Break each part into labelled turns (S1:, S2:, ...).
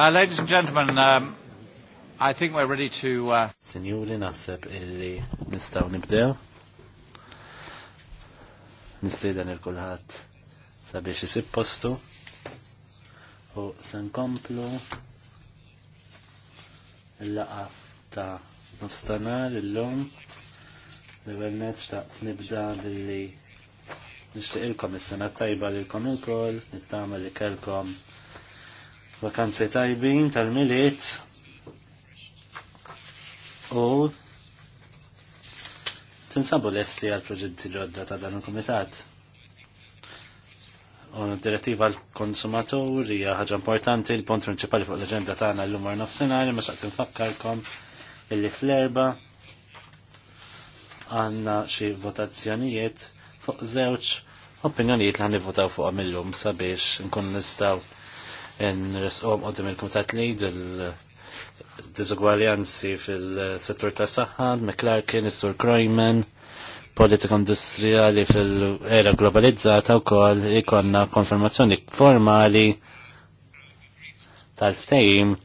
S1: Uh, ladies and gentlemen, um, I think we're ready to... Signori, uh, Sinjuri naħseb illi
S2: nistaw nibdew. Nistidan il-kulħat sabiex isib postu. U sen komplu il-laqa ta' nofstanar il-lum. L-għennet xtaqt nibda li nishtiqilkom il-sena tajba li l-kom il-kol, nittama li kelkom vakanzi tajbin tal-miliet u tinsabu l-esti għal proġetti ġodda ta' dan il-komitat. U direttiva għal konsumatur hija ħaġa importanti l-punt prinċipali fuq l-aġenda tagħna l lumar nofsenari, ma xaqt nfakkarkom illi fl-erba għandna xi votazzjonijiet fuq żewġ opinjonijiet li votaw fuq mill-lum sabiex nkun nistgħu resqom għoddim il-Kumitat li il-dizugwaljanzi fil-settur ta' saħħa, McClarkin, Sur Kroyman, politika industrijali fil-era globalizzata u kol ikonna konfermazzjoni formali tal-ftejim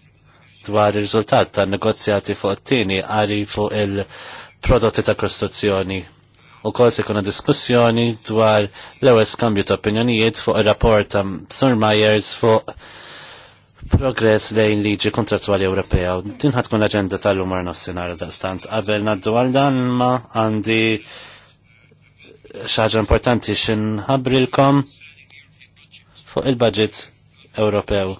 S2: dwar il-rizultat ta' negozjati fuq t-tini għali fuq il-prodotti ta' kostruzzjoni. U kol se kuna diskussjoni dwar l ewwel skambju ta' opinjonijiet fuq il-rapport ta' Sir Myers fuq Progress lejn liġi kontrattwali Ewropea. Din ħatkun l-aġenda tal-lum għar nofsinhar daqstant. Qabel naddu għal dan ma għandi xaġa importanti ħabrilkom fuq il-budget Ewropew.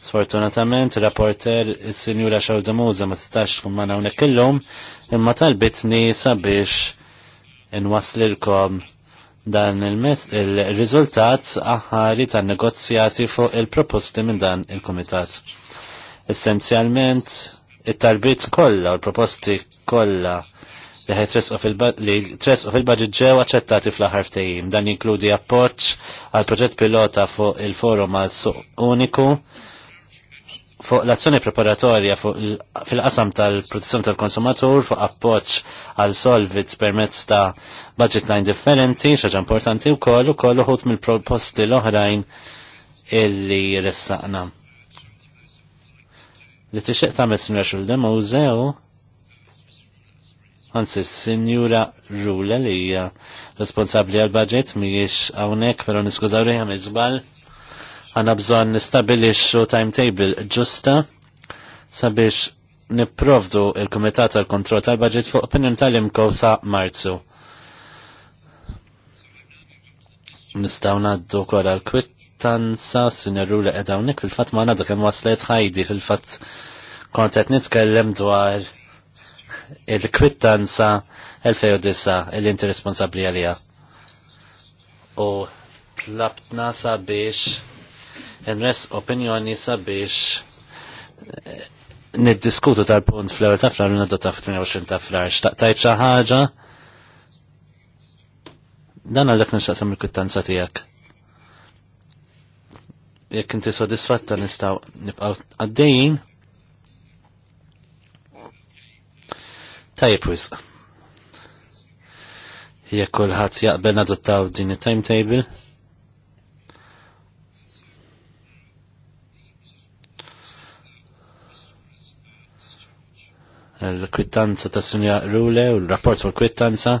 S2: Sfortunatament, rapporter is-Sinjura Xawdamuza ma tistax tkun magħna hawnhekk illum, imma talbitni sabiex inwaslilkom dan il-riżultat aħħari tan negozjati fuq il-proposti minn dan il-Kumitat. Essenzjalment, it-tarbit kollha u l-proposti kollha li u fil-budget ġew aċċettati fl-aħħar Dan jinkludi appoġġ għal proġett pilota fuq il-forum għal suq uniku fuq l-azzjoni preparatorja fil-qasam tal-protezzjoni tal-konsumatur fuq appoġġ għal solvit permezz ta' budget line differenti, xaġa importanti u koll u koll uħut mill-proposti l-oħrajn illi ressaqna. Li t-ixeq ta' messinra xulda mużew għansi s-Sinjura Rula li hija responsabbli għal budget mhijiex hawnhekk, però niskużaw rejha miżbal. Għana bżon nistabilixxu timetable ġusta sabiex niprovdu il-Kumitat tal-Kontroll tal-Budget fuq opinjoni tal im sa' Marzu. Nistaw naddu kol għal-kwittanza s sinjeru li għedawnik fil-fat ma' naddu kem waslet ħajdi fil-fat kontet nitkellem dwar il-kwittanza 2009 il-inti għalija. U tlabtna sabiex nres opinjoni sabiex eh, niddiskutu tal-punt fl-ewwel ta' frar u fl-28 ta' frar. Xtaqtajt xi ħaġa dan għalhekk nixtaqsam il kuttanza tiegħek. Jekk inti sodisfatta nistgħu nibqgħu għaddejjin. Tajjeb wisq jekk kulħadd jaqbel adottaw din it-timetable. l-kwittanza ta' Sunja Rule u l-rapport fuq kwittanza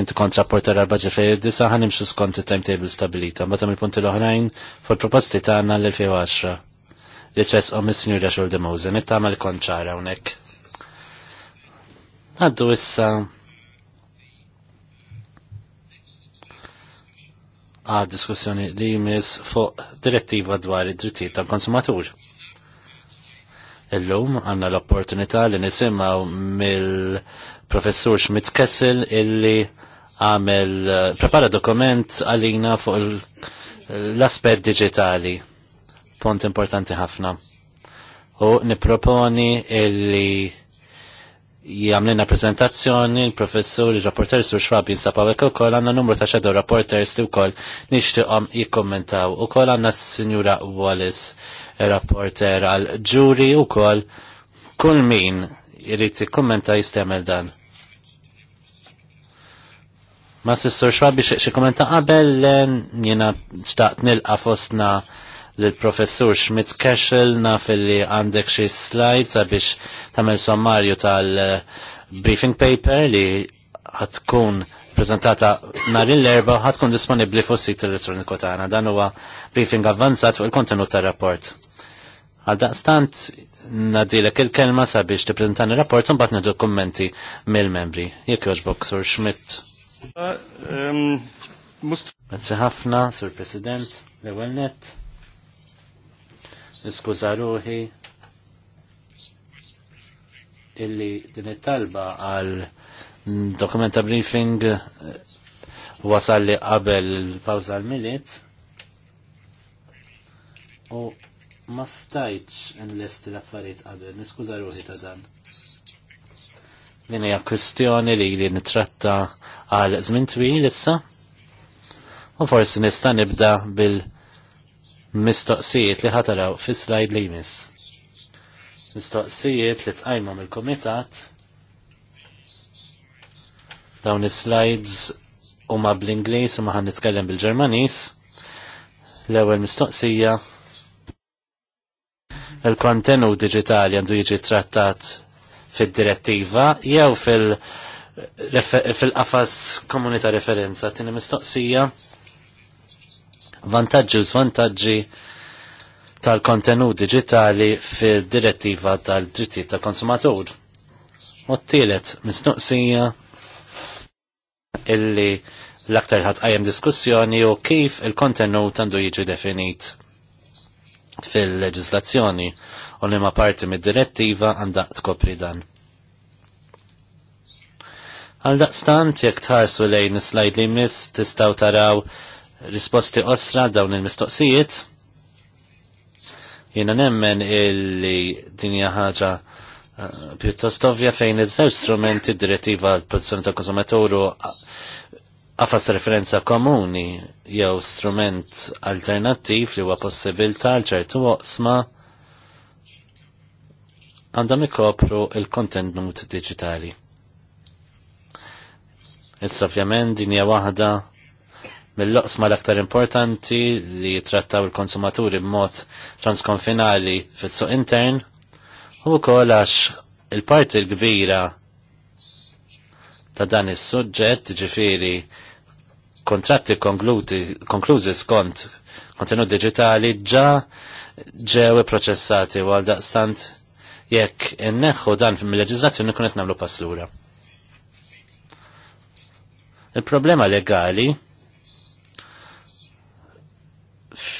S2: inti kont l erba' ġifej disa ħanimxu skont it-timetable stabilita. Mbata mill punti l-oħrajn fuq il-proposti tagħna l-2010 li ċess u mis-Sinjura Xol de Mose, nittama l-konċara unek. Għaddu issa għad diskussjoni li jmiss fuq direttiva dwar id-drittijiet tal-konsumatur. Illum għanna l-opportunità li nisimaw mill-professur Schmidt Kessel illi għamel eh, prepara dokument għalina fuq l-aspet digitali. Pont importanti ħafna. U niproponi illi jgħamlina prezentazzjoni, il-professur, il-rapporter Sur Xwab jinsabaw u ukoll għandna numru ta' xedew rapporters li wkoll nixtieqhom u kol għandna s-Sinjura Wallis rapporter għal ġuri kol kull min jrid jikkommenta jistemel dan. Ma s-Sur Xwab biex xi kommenta qabel jiena xtaqt nilqa' fostna l-professur Schmidt Keschel naf li għandek xi slides sabiex tagħmel sommarju tal-briefing paper li ħatkun prezentata nhar l-erba ħatkun disponibbli fuq sit elettroniku tagħna. Dan huwa briefing avvanzat fuq il-kontenut tar-rapport. Għaldaqstant nadilek il-kelma sabiex tippreżentani rapport un batni dokumenti mill-membri. Jekk jogħġbok Sur Schmidt. Uh, um, Grazzi ħafna, Sur President, l-ewwel nett niskuża ruħi illi din it-talba għal dokumenta briefing eh, wasal li qabel pawza l-milit u ma stajċ nlesti l-affarijiet qabel, niskuża ruħi ta' dan. Din hija kwestjoni li li nitratta għal żmien twil issa u forsi nista' nibda bil- mistoqsijiet li ħataraw fi slide li jmiss. Mistoqsijiet li tqajmu mill-komitat dawn is-slides huma bl-Ingliż u ma nitkellem bil-Ġermaniż. L-ewwel mistoqsija il-kontenut diġitali għandu jiġi trattat fid-direttiva jew fil- fil-qafas komunità referenza. Tini mistoqsija vantaġġi u svantaġġi tal-kontenut digitali fil-direttiva tal-dritti tal-konsumatur. U t-tielet misnuqsija illi l-aktar ħat għajem diskussjoni u kif il-kontenut għandu jiġi definit fil-leġislazzjoni u li ma parti mid-direttiva għanda tkopri dan. Għal daqstant jek tħarsu lejn slajd li mis tistaw taraw risposti osra dawn il-mistoqsijiet. Jiena nemmen illi dinja ħaġa eh, pjuttost ovvja fejn iż-żewġ strumenti direttiva l produzzjoni ta' konsumaturu għafas referenza komuni jew strument alternattiv li huwa possibilità għal ċertu oqsma għandhom ikopru il-kontenut digitali. il ovvjament din hija waħda mill-loqsma l-aktar importanti li jitrattaw il-konsumaturi b'mod transkonfinali fit suq intern u wkoll għax il-parti l-kbira ta' dan is-suġġett ġifiri kontratti konklużi skont kontenut digitali ġa ġew proċessati u għal daqstant jekk inneħħu dan mill-leġizzazzjoni kunet qed nagħmlu pass lura. Il-problema legali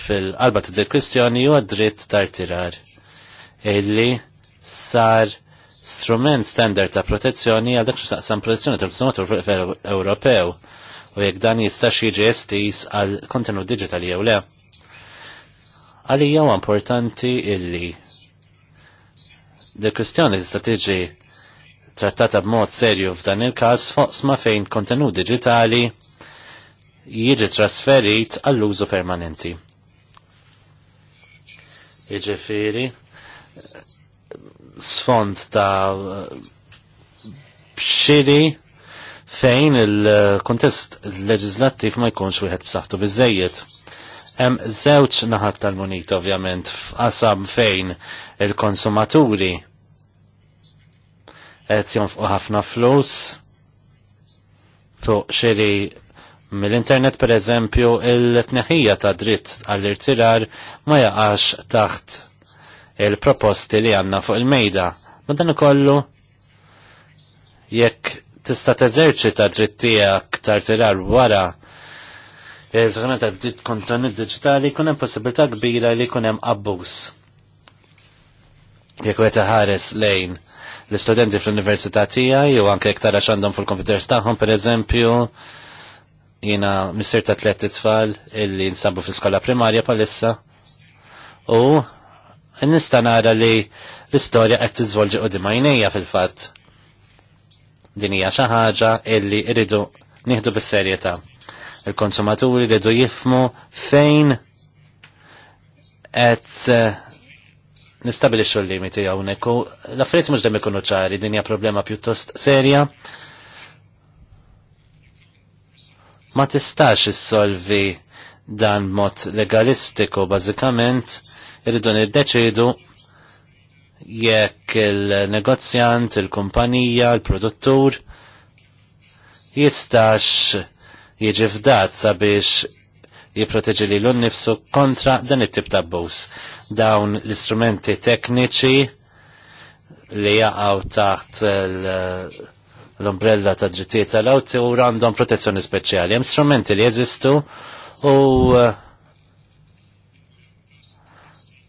S2: fil-qalba ta' dil-kwistjoni huwa dritt tar-tirar illi sar strument standard ta' protezzjoni għal dak x'taqsam protezzjoni tal sumatur fil Ewropew u jekk dan jistax jiġi estis għal kontenut digitali jew le. Għalija huwa importanti illi dil-kwistjoni tista' tiġi trattata b'mod serju f'dan il-każ fosma fejn kontenut digitali jiġi trasferit għall-użu permanenti iġifiri sfond ta' xiri fejn il-kontest leġislattiv ma jkunx wieħed b'saħħtu biżejjed. Hemm żewġ naħat tal-munit ovvjament f'qasam fejn il-konsumaturi qed jonfqu ħafna flus fuq xiri Mill-internet per eżempju il-tneħija ta' dritt għall-irtirar ma jaqax taħt il-proposti li għanna fuq il-mejda. Ma dan kollu jekk tista' teżerċi ta' tiegħek ta' irtirar wara il-trattamento ta' dritt kontenut digitali kun hemm possibilità kbira li kun hemm abbuż. Jekk weta ħares lejn l-istudenti fl-università tiegħi jew anke iktar għax għandhom fil-komputers tagħhom pereżempju eżempju jina missir ta' tlet tfal illi nsambu fil-skola primarja palissa u nista nara li l-istorja qed tiżvolġi qudiem għajnejja fil-fatt. Din hija xi ħaġa illi rridu nieħdu bis-serjetà. Il-konsumaturi rridu jifmu fejn qed eh, nistabilixxu l-limiti hawnhekk u l-affarijiet mhux dem ikunu ċari, din hija problema pjuttost serja ma tistax issolvi dan mod legalistiku bażikament irridu niddeċidu jekk il-negozjant, il-kumpanija, il-produttur jistax jiġi fdat sabiex jiproteġi li l-unnifsu kontra dan it-tip ta' bus. Dawn l-istrumenti tekniċi li jaqgħu taħt l- l-ombrella ta' drittijiet tal u għandhom protezzjoni speċjali. Hemm strumenti li jeżistu u eh,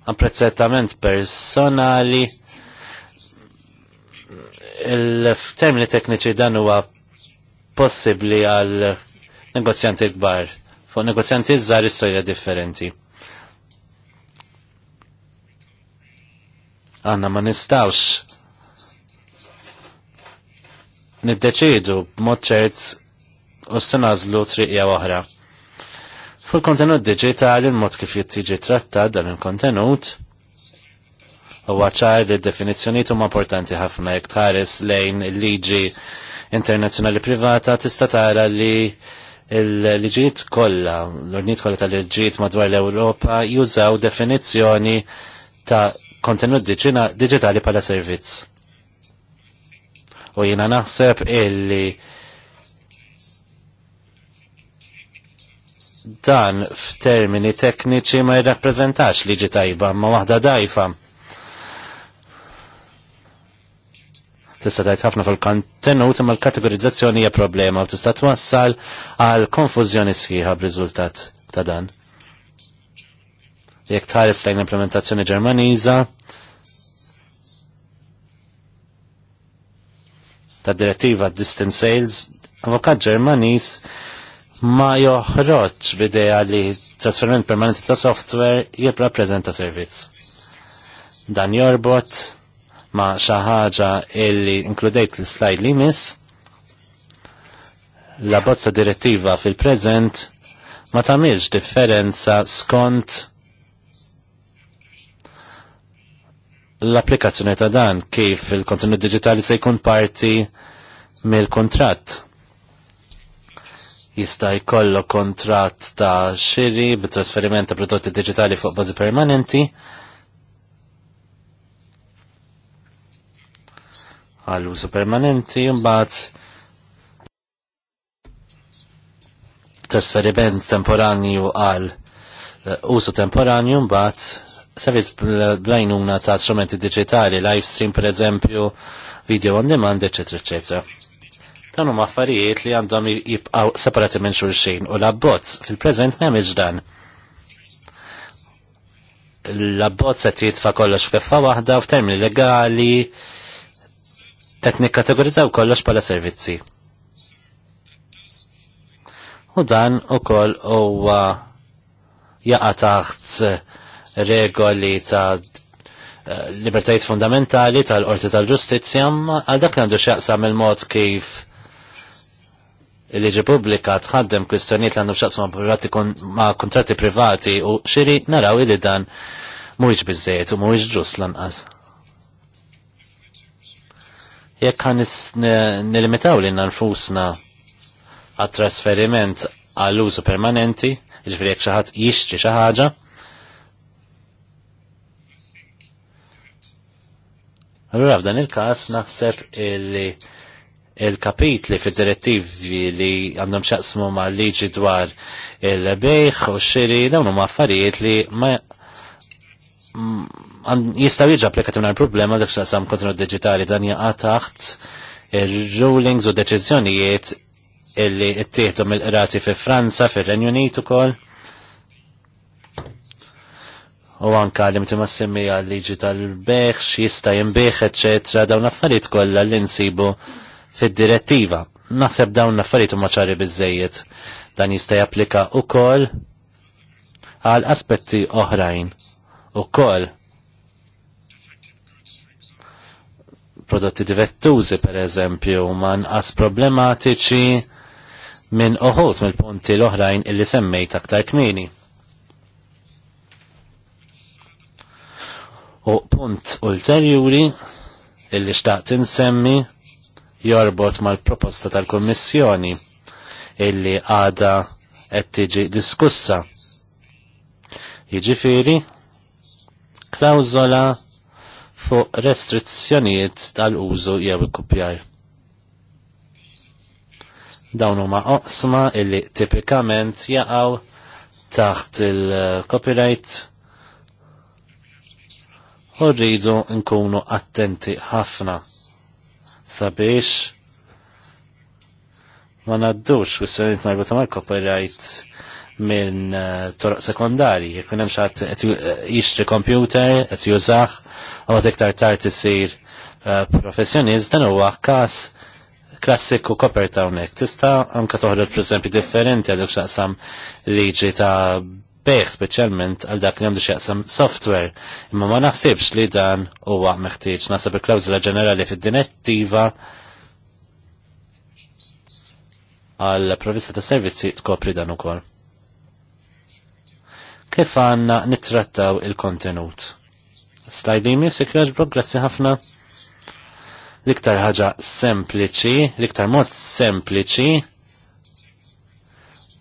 S2: apprezzettament personali il-termini tekniċi dan huwa possibbli għal negozjanti kbar. Fuq negozjanti żgħar istorja differenti. Għanna ma nistawx niddeċidu b'mod ċert u s-sanażlu triqja oħra. Fuq kontenut digitali l-mod kif jittiġi trattat dan il-kontenut huwa ċar li d-definizzjonijiet huma importanti ħafna jek tħares lejn il-liġi internazzjonali privata tista' tara li l-liġijiet kollha, l-ordnijiet kollha tal-liġijiet madwar l-Ewropa jużaw definizzjoni ta' kontenut digitali bħala servizz U jina naħseb illi dan f'termini tekniċi ma jirrappreżentax liġi tajba, ma waħda dajfa. Tista' tajt ħafna fil-kontenut imma l-kategorizzazzjoni hija problema u tista' twassal għal konfużjoni sħiħa b'riżultat ta' dan. Jekk tħares lejn implementazzjoni Ġermaniża, ta' direttiva Distant Sales, avokat Ġermanis ma joħroġ bidea li trasferment permanenti ta' software jibra prezenta servizz. Dan jorbot ma xi ħaġa illi inkludejt l-slide li mis, la bozza direttiva fil-preżent ma tagħmilx differenza skont l-applikazzjoni ta' dan kif il-kontenut digitali se jkun parti mill-kontratt. Jista' jkollok kontratt ta' xiri bit-trasferiment ta' prodotti digitali fuq bażi permanenti. għal użu permanenti mbagħad trasferiment temporanju għal eh, użu temporanju mbagħad servizz blajnuna ta' strumenti digitali, live stream per eżempju, video on demand, ecc. ecc. Dan huma affarijiet li għandhom jibqgħu separati minn xulxin u l-abbozz fil-preżent m'hemmx dan. L-abbozz qed jitfa' kollox f'keffa waħda f'termini legali qed nikkategorizzaw kollox bħala servizzi. U dan ukoll huwa jaqa' taħt regoli ta' libertajiet fundamentali tal-qorti tal-ġustizzja għal dak għandu xaqsam il-mod kif il-liġi pubblika tħaddem kwistjoniet li għandhom xaqsam ma' kontratti privati u xiri naraw li dan mhuwiex bizzejt u mhuwiex ġust lanqas. Jekk għan nilimitaw li nfusna għat-trasferiment għall-użu permanenti, ġifri jek xi ħadd jixtri xi ħaġa, Allura f'dan il-każ naħseb il-kapitli fid-direttivi li għandhom xaqsmu ma' liġi dwar il-bejħ u xiri dawn huma affarijiet li ma jistaw jiġu applikati minn problema dak xaqsam kontinu digitali dan jaqa' taħt il-rulings u deċiżjonijiet illi ttieħdu mill-qrati fi Franza, fir-Renju Unit ukoll u anka li mti massimi għal-liġi tal-beħ, jista jimbeħ, eccetera, dawn affarijiet kollha li nsibu fid-direttiva. Naħseb dawn affarijiet huma ċari biżejjed. Dan jista' japplika wkoll għal aspetti oħrajn ukoll prodotti divettużi per eżempju ma nqas problematiċi minn oħut mill-punti l-oħrajn illi semmejt aktar kmini U punt ulterjuri illi xtaqt insemmi jorbot mal-proposta tal-Kommissjoni illi għada qed tiġi diskussa. Jiġifieri klawżola fuq restrizzjonijiet tal-użu jew ikkupjar. Dawn huma oqsma illi tipikament jaqgħu taħt il-copyright u rridu nkunu attenti ħafna sabiex ma naddux kwistjoniet marbuta mal-copyright minn eh, toroq sekondari, jekun hemm xatt qed eh, jixtri computer, qed jużah, u għad iktar tard isir eh, professjonist, dan huwa każ klassiku koperta hawnhekk. Tista' anke toħroġ preżempju differenti għal xaqsam liġi ta' fil specialment speċjalment għal dak li għandu xieqsam software. Imma ma naħsibx li dan huwa meħtieġ nasab il-klawżula ġenerali fid-direttiva għal provvista ta' servizzi tkopri dan ukoll. Kif għanna nittrattaw il-kontenut? Slajdi mi sekreġ blog, grazzi ħafna. L-iktar ħaġa sempliċi, l-iktar mod sempliċi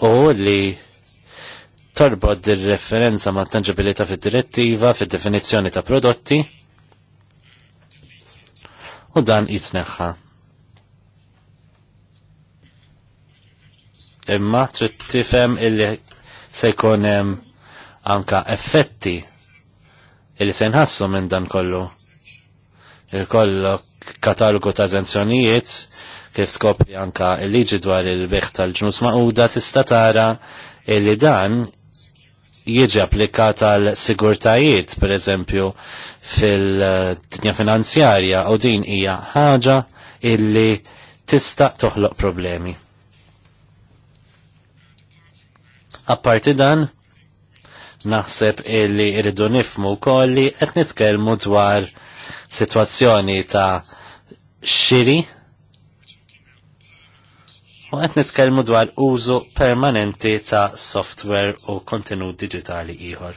S2: u li torbod dir-referenza ma' tangibilità fid-direttiva fid-definizzjoni ta' prodotti u dan jitneħħa. Imma trid tifhem illi se jkun hemm anka effetti illi se nħassu minn dan kollu. Il-kollok katalogu ta' zenzjonijiet kif tkopri anka il-liġi dwar il-beħ tal-ġnus maquda tista' tara illi dan jieġi applikata għal sigurtajiet, per eżempju, fil-dinja finanzjarja, u din hija ħaġa illi tista' toħloq problemi. Apparti dan, naħseb illi irridu nifmu kolli qed nitkellmu dwar sitwazzjoni ta' xiri U qed nitkellmu dwar użu permanenti ta' software u kontenut digitali ieħor.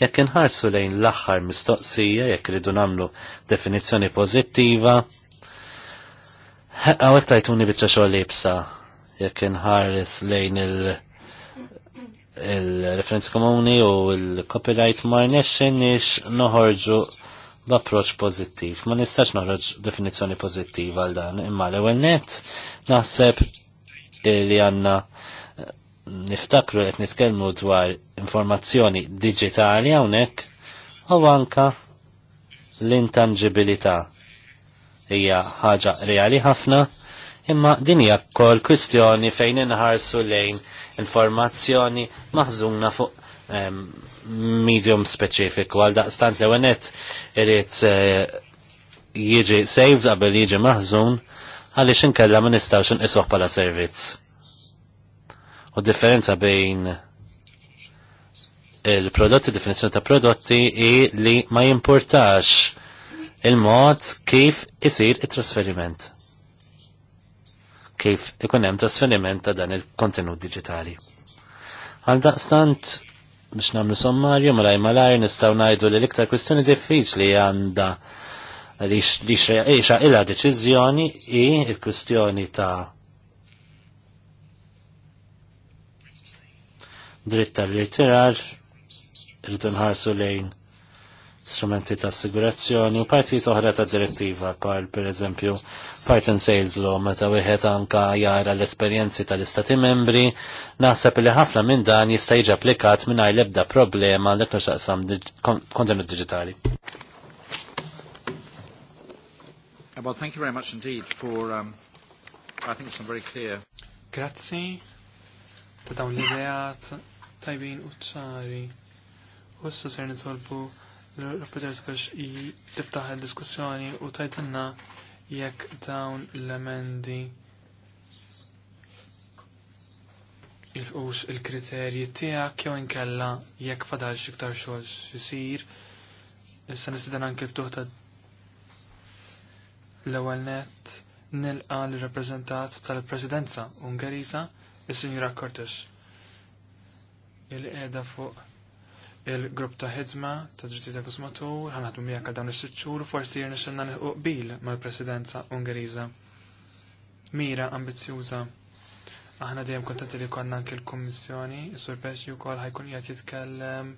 S2: Jekk inħarsu lejn l-aħħar mistoqsija jekk ridu nagħmlu definizzjoni pożittiva, għawek tajtuni bieċa xogħol jekk inħares lejn il- il-referenzi komuni u il-copyright ma nix noħorġu l-approċ pozittiv. Ma nistax noħroġ definizjoni pozittiva għal dan, imma l ewwel net naħseb li għanna eh, niftakru qed nitkellmu dwar informazzjoni digitali hawnhekk u anka l-intangibilità hija ħaġa reali ħafna imma din hija kwistjoni fejn inħarsu lejn informazzjoni maħżuna fuq medium specific għal daqstant li għanet irrit eh, jieġi saved qabel jieġi maħżun għalix inkella ma xin nqisuh bħala servizz. U differenza bejn il-prodotti, definizjoni ta' prodotti i li ma jimportax il-mod kif isir it-trasferiment. Kif ikun hemm trasferiment ta' dan il-kontenut digitali. Għal daqstant biex namlu sommarju, malaj malaj nistaw najdu li l-iktar kwestjoni diffiċli għanda li xa illa deċizjoni i il-kwestjoni ta' dritt tal-ritirar rritun ħarsu lejn strumenti ta' assigurazzjoni u partijiet oħra ta' direttiva bħal per eżempju part and sales law meta wieħed anka jara l-esperjenzi tal-istati membri naħseb li ħafna minn dan jista' jiġi applikat mingħajr l-ebda problema dak xaqsam kontenut diġitali.
S1: Well, thank you very much indeed for, um, I think, some very clear.
S3: Grazzi, ta' dawn l-ideat tajbin u ċari. nitolbu l-rappresentax tiftaħ il-diskussjoni u tajtanna jekk dawn l-emendi il-qux il-kriterji tiegħek jew inkella jekk fadal xiktar xogħol xisir. Issa nisidan anki ftuħ ta' l-ewwel net nilqa l-rappreżentat tal-Presidenza Ungerisa, il sinjura Kortes Il-qiegħda fuq il-grupp ta' ħidma ta' dritti ta' konsumatur ħanħadmu miegħek għal dawn is-sitt forsi jirnexxilna nilħuq qbil mal-Presidenza Ungeriża. Mira ambizzjuża. Aħna dejjem kontenti li konna anke l-Kummissjoni, is-Sur Pesci wkoll ħajkun qiegħed jitkellem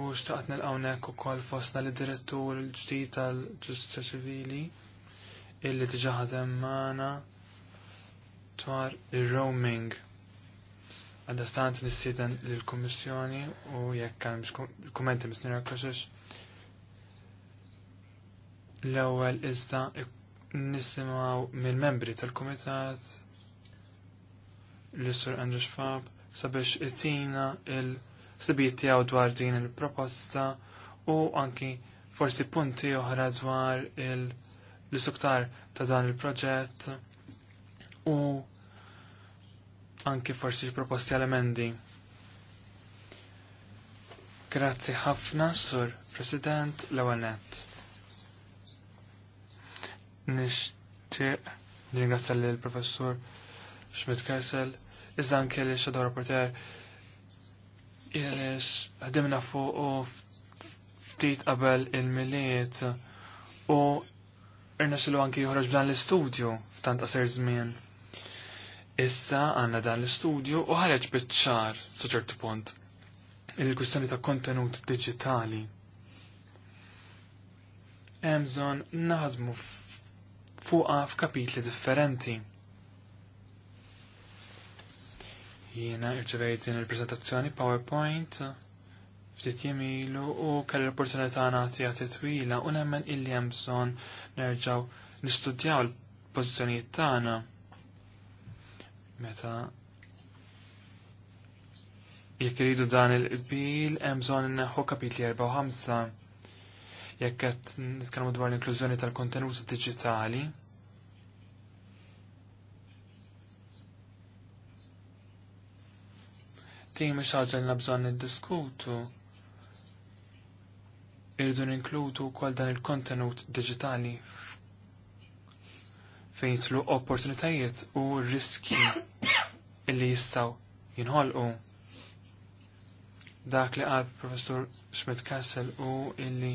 S3: u xtaqt nilqawnek ukoll fostna l direttur l-ġdid tal-ġustizja ċivili illi diġà ħadem magħna dwar ir-roaming Għadastant nissiden l komissjoni u jekk kan kommenti mis nirra kuxiex. L-ewel iżda nisimaw mill-membri tal-Komitat l-Sur Andrew Schwab sabiex it-tina il-sibiet tiegħu dwar din il-proposta u anki forsi punti oħra dwar il-suktar ta' dan il-proġett u anki forsi proposti għal-emendi. Grazzi ħafna, Sur President Lewanet. Nishtiq nirringrazzja l-Professur Schmidt Kessel, iżda anke li xadu rapporter jelix għadimna fuq u ftit qabel il-miliet u irnaxilu anki joħroġ b'dan l-istudju f'tant qasir żmien. Issa għanna dan l-istudju u ħareġ bitċar su ċertu punt il-kustjoni ta' kontenut digitali. Emżon naħdmu fuqa f'kapitli differenti. Jiena irċevejt din il-prezentazzjoni PowerPoint ftit jemilu u kelli l-opportunità nagħti għati twila u nemmen illi hemm bżonn nerġgħu nistudjaw l-pożizzjonijiet tagħna Meta jekk iridu dan il-qbil hemm bżonn inneħħu kapitli 4 jekk qed nitkellmu dwar l-inklużjoni tal-kontenut diġitali. Din mhix ħaġa li bżonn niddiskutu. Irridu ninkludu wkoll dan il-kontenut diġitali fejn jitlu opportunitajiet u riski illi jistaw jinħolqu. Dak li għal professor Schmidt Kassel u illi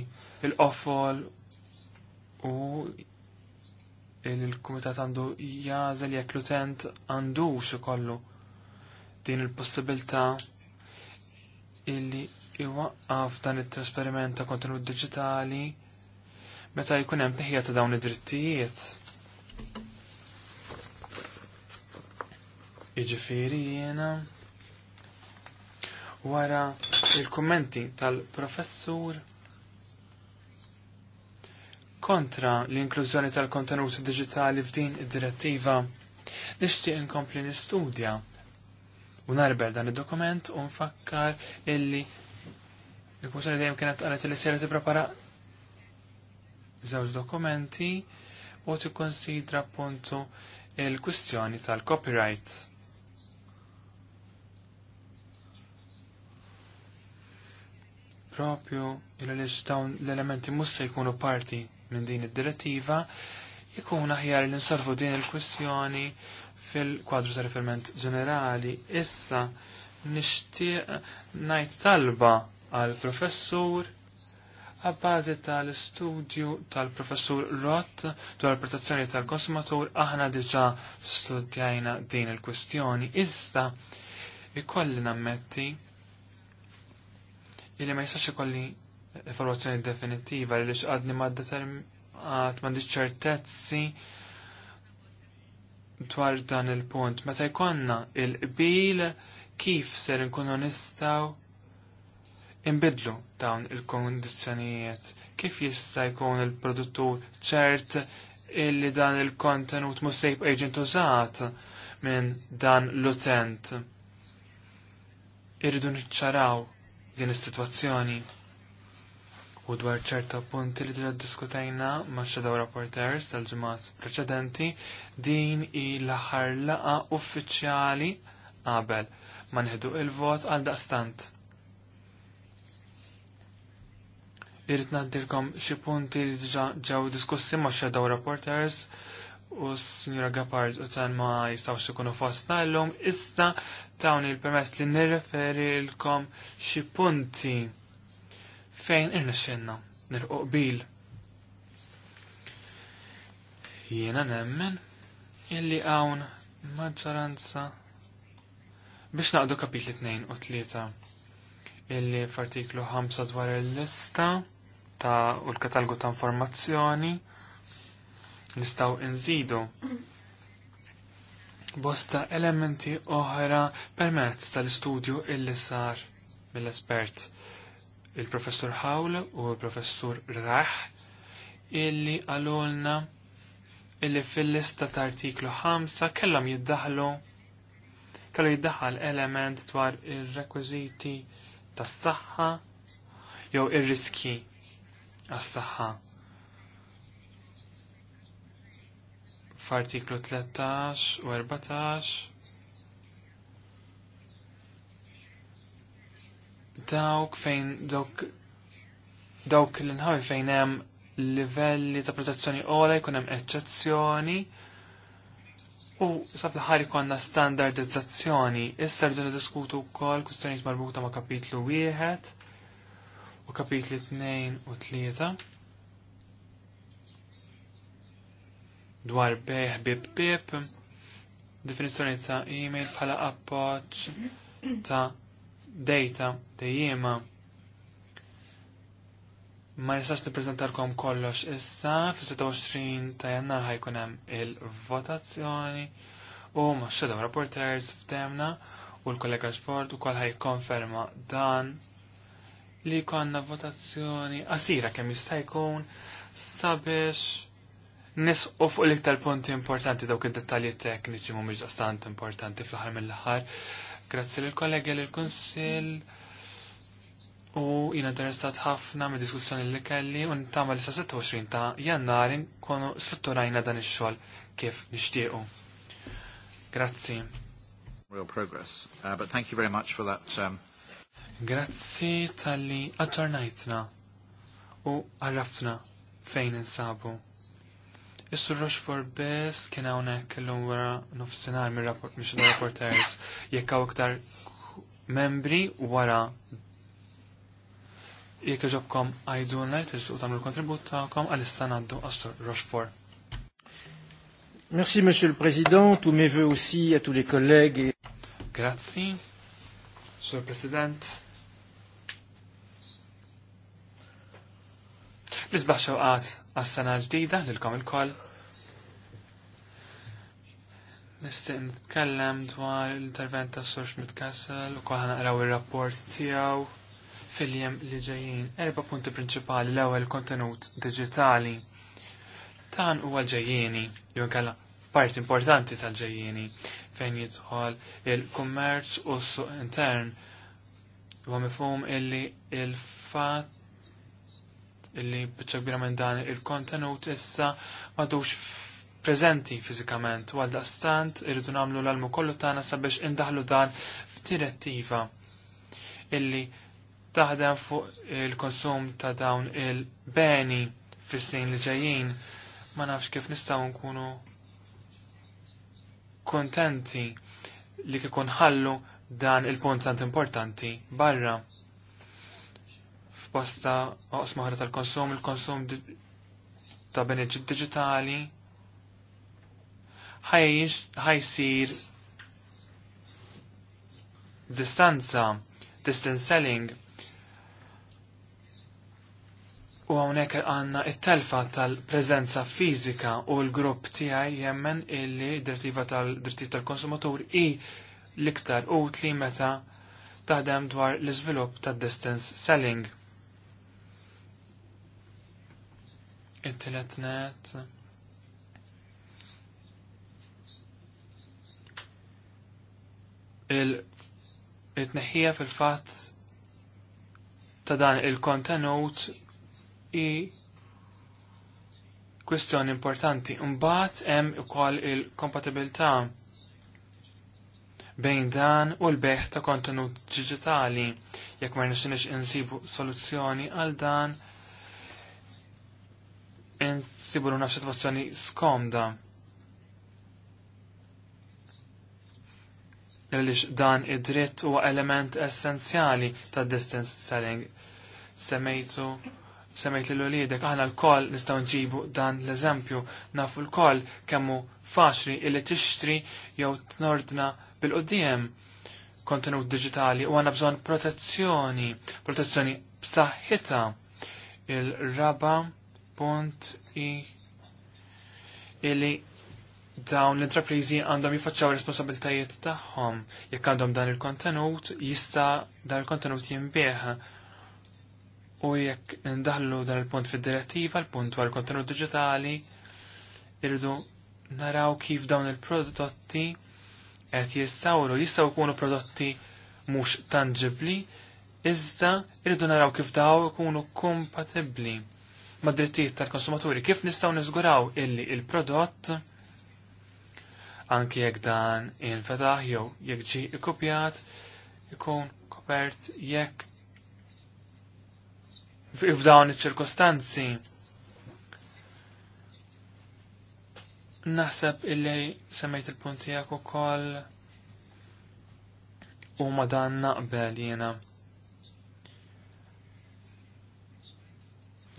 S3: il-offol u il-komitat għandu jazel jekk l-utent għandu xikollu din il-possibilta illi iwaqqaf dan il trasperimenta ta' kontenut digitali meta jkun hemm teħija ta' dawn id-drittijiet Iġifiri jena wara il-kommenti tal-professur kontra l-inklużjoni tal-kontenuti digitali f'din id-direttiva nixtieq inkompli nistudja u narbel dan id-dokument u nfakkar illi il-kummissjoni dejjem kienet qalet li se prepara żewġ dokumenti u tikkonsidra appuntu il-kustjoni tal-copyrights. Propju il-għalix dawn l-elementi musta jkunu parti minn din id-direttiva, jkun aħjar li insolvu din il-kwistjoni fil-kwadru ta' riferment ġenerali. Issa nixtieq ngħid talba għal professur għabbażi tal-studju tal-professur Rott dwar protezzjoni tal-konsumatur aħna diġa studjajna din il-kwestjoni. Iżda ikolli nammetti illi ma jistax ikolli informazzjoni definitiva li xqadni ma determinat ma ċertezzi dwar dan il-punt. Meta jkonna il-qbil kif ser nkunu nistaw imbidlu dawn il kondizjonijiet Kif jista' jkun il-produttur ċert illi dan il-kontenut mhux sejb agent użat minn dan l-utent? Irridu niċċaraw din is-sitwazzjoni. U dwar ċerta punti li diġa diskutajna ma' Shadow Reporters tal-ġimgħat preċedenti, din il l-aħħar laqa uffiċjali qabel ma nħedu il-vot għal daqstant irrit naddilkom xi punti li ġew diskussi ma' Shadow Reporters u s signora Gapard u tan ma jistawx ikunu fostna l-lum, issa tawni il-permess li nirreferi l-kom xi punti fejn irna xenna nir-qbil. Jiena nemmen illi għawn maġġoranza biex naqdu kapitli 2 u 3 illi f'artiklu 5 dwar il-lista ta' u l-katalgu ta' informazzjoni nistaw nżidu bosta elementi oħra permezz tal-istudju illi sar mill-espert il-professur Hawl u il-professur Rah illi għalulna illi fil-lista ta' artiklu 5 kellhom jiddaħlu kellu jiddaħħal element dwar ir-rekwiżiti tas-saħħa jew ir-riski għas-saħħa. F'artiklu 13 u 14 dawk fejn dawk dawk l-inħawi fejn hemm livelli ta' protezzjoni ola jkun hemm eċċezzjoni U saf l-ħari konna standardizzazzjoni, issa rridu diskutu wkoll kwistjonijiet marbuta ma' kapitlu wieħed u kapitli 2 u 3 dwar bejħ bib bib definizzjoni ta' email bħala appoċ ta' data dejjema ma nistax nippreżentarkom kollox issa fis-26 ta' jannar ħajkun hemm il-votazzjoni u ma' shadow reporters f'temna u l-kollega Xford ukoll ħajkonferma dan li konna votazzjoni qasira kemm jista' jkun sabiex nisqu fuq l-iktar punti importanti dawk id-dettalji tekniċi mhumiex stant importanti fl-aħħar mill-aħħar. Grazzi lill kollegi lill kunsill u jina interessat ħafna mid diskussjoni li kelli u nittama li sa 26 ta' jannar konu strutturajna dan ix-xogħol kif nixtiequ. Grazzi.
S1: Real progress, uh, but thank you very much for that um,
S3: Grazzi tal-li aġġornajtna u għarrafna fejn insabu. Is-sur Rochefort Bess kien hawnhekk illum wara nofsinhar mix rapporters jekk hawn iktar membri wara jekk iġobkom għajdunna li tirġu tagħmlu l-kontribut tagħkom għalissa ngħaddu għas-sur Rochefort.
S1: Merci, Monsieur le Président. Tous mes voeux aussi à tous les
S3: collègues. Et... Grazie, Monsieur le Président. Nisbaħ xawqat għas-sena ġdida lilkom il-koll. Nistaq nitkellem dwar l-intervent ta' Sur Schmidt Kassel u kol għaraw ir-rapport tiegħu fil-jem li ġejjin. Erba' punti prinċipali l-ewwel kontenut diġitali. Tan huwa l ġejjini jew nkella parti importanti tal-ġejjini fejn jidħol il-kummerċ u s-suq intern u għamifum illi il-fat illi bieċa kbira minn dan il-kontenut issa madux prezenti fizikament u għal-dastant irridu namlu l-almu kollu tana sabiex indaħlu dan f'direttiva illi taħdem fuq il-konsum ta' dawn il-beni fis-snin li ġejjin ma nafx kif nistgħu nkunu kontenti li kikun ħallu dan il-punt tant importanti barra f'bosta oqs maħra tal-konsum, il-konsum ta' beneġib digitali ħajsir distanza, distance selling. U għonek għanna it-telfa tal-prezenza fizika u l-grupp tijaj jemmen illi direttiva tal-drittijiet tal-konsumatur i l-iktar u tli meta taħdem dwar l-izvilupp tad distance selling. it-tlet net. Il-tneħħija fil-fatt ta' dan il-kontenut i kwistjoni importanti. Mbagħad hemm ukoll il-kompatibilità bejn dan u l-beħ ta' kontenut digitali jekk ma nixinix insibu soluzzjoni għal dan insibu l situazzjoni skomda. Għalix dan id-dritt huwa element essenzjali ta' distance selling. semejt li l uliedek aħna l-koll nistaw nġibu dan l-eżempju, nafu l-koll kemmu faċli illi tixtri jew tnordna bil qoddijem kontenut digitali u għanna bżon protezzjoni, protezzjoni b'saħħitha il-raba' punt i illi dawn l-intraprizi għandhom jifacċaw responsabiltajiet tagħhom. Jekk għandhom dan il-kontenut, jista' dan il-kontenut jinbieħ. U jekk ndaħlu dan il-punt fid-direttiva, l-punt dwar il-kontenut diġitali, irridu naraw kif dawn il-prodotti qed jistawru, jistgħu jkunu prodotti mhux tangibbli, iżda irridu naraw kif daw ikunu kompatibbli mad drittijiet tal-konsumaturi. Kif nistgħu niżguraw illi il-prodott anki jekk dan infetaħ jew jekk ġi ikkupjat ikun kopert jekk f'dawn iċ-ċirkostanzi. Naħseb illi semmejt il-punt tiegħek ukoll u dan naqbel jiena.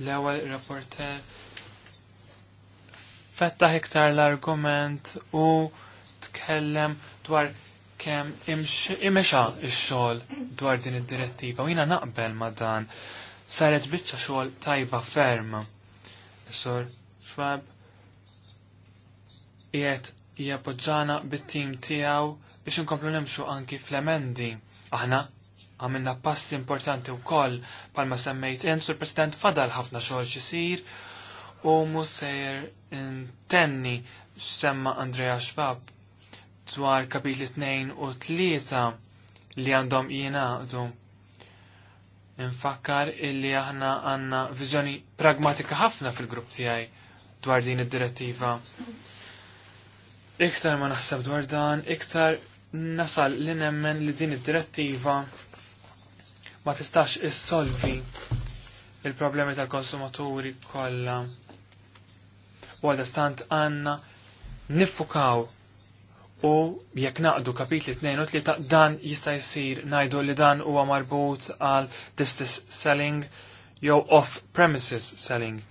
S3: l-ewwel rapporter fettaħ iktar l-argument u tkellem dwar kemm imxa x-xogħol dwar din id-direttiva u jiena naqbel ma' dan saret biċċa xogħol tajba ferm. Sur Schwab qiegħed jappoġġana bit-tim tiegħu biex inkomplu nimxu anki fl-emendi. Aħna għamilna passi importanti wkoll palma semmejt int sur President fadal ħafna xoħl xisir u musajr intenni x'semma Andrea Schwab dwar kapitli 2 u 3 li għandhom jingħaqdu. Infakkar illi aħna għandna viżjoni pragmatika ħafna fil-grupp tiegħi dwar din id-direttiva. Iktar ma naħseb dwar dan, iktar nasal li nemmen li din id-direttiva ma tistax issolvi il-problemi tal-konsumaturi kollha. Għalda stant għanna nifukaw u jekk naqdu kapitli 2 u 3 dan jista' jsir ngħidu li dan huwa marbut għal distance selling jew off-premises selling.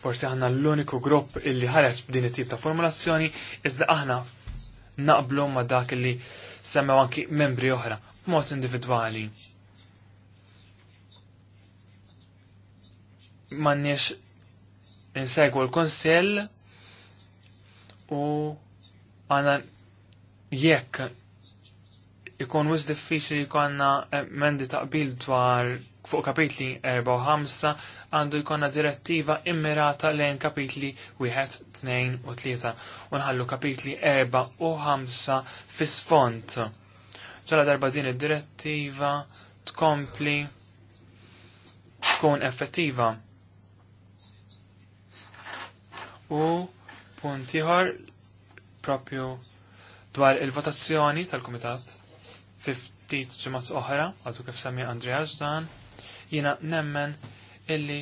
S3: Forsi aħna l-uniku grupp illi ħareġ b'din it-tip ta' formulazzjoni iżda aħna naqblu ma' dak illi semmew anki membri oħra b'mod individwali. M'għandniex insegwu l-Konsell u għana jekk ikun wis diffiċli jkollna mendi taqbil dwar fuq kapitli 4 5 għandu jkonna direttiva immirata lejn kapitli 1, 2 u 3 u nħallu kapitli 4 u 5 fis-sfont. ċala darba din id-direttiva tkompli tkun effettiva. U punt ieħor propju dwar il-votazzjoni tal-Kumitat 50 ġimgħat oħra, għadu kif semmi Andrija dan. Jiena nemmen illi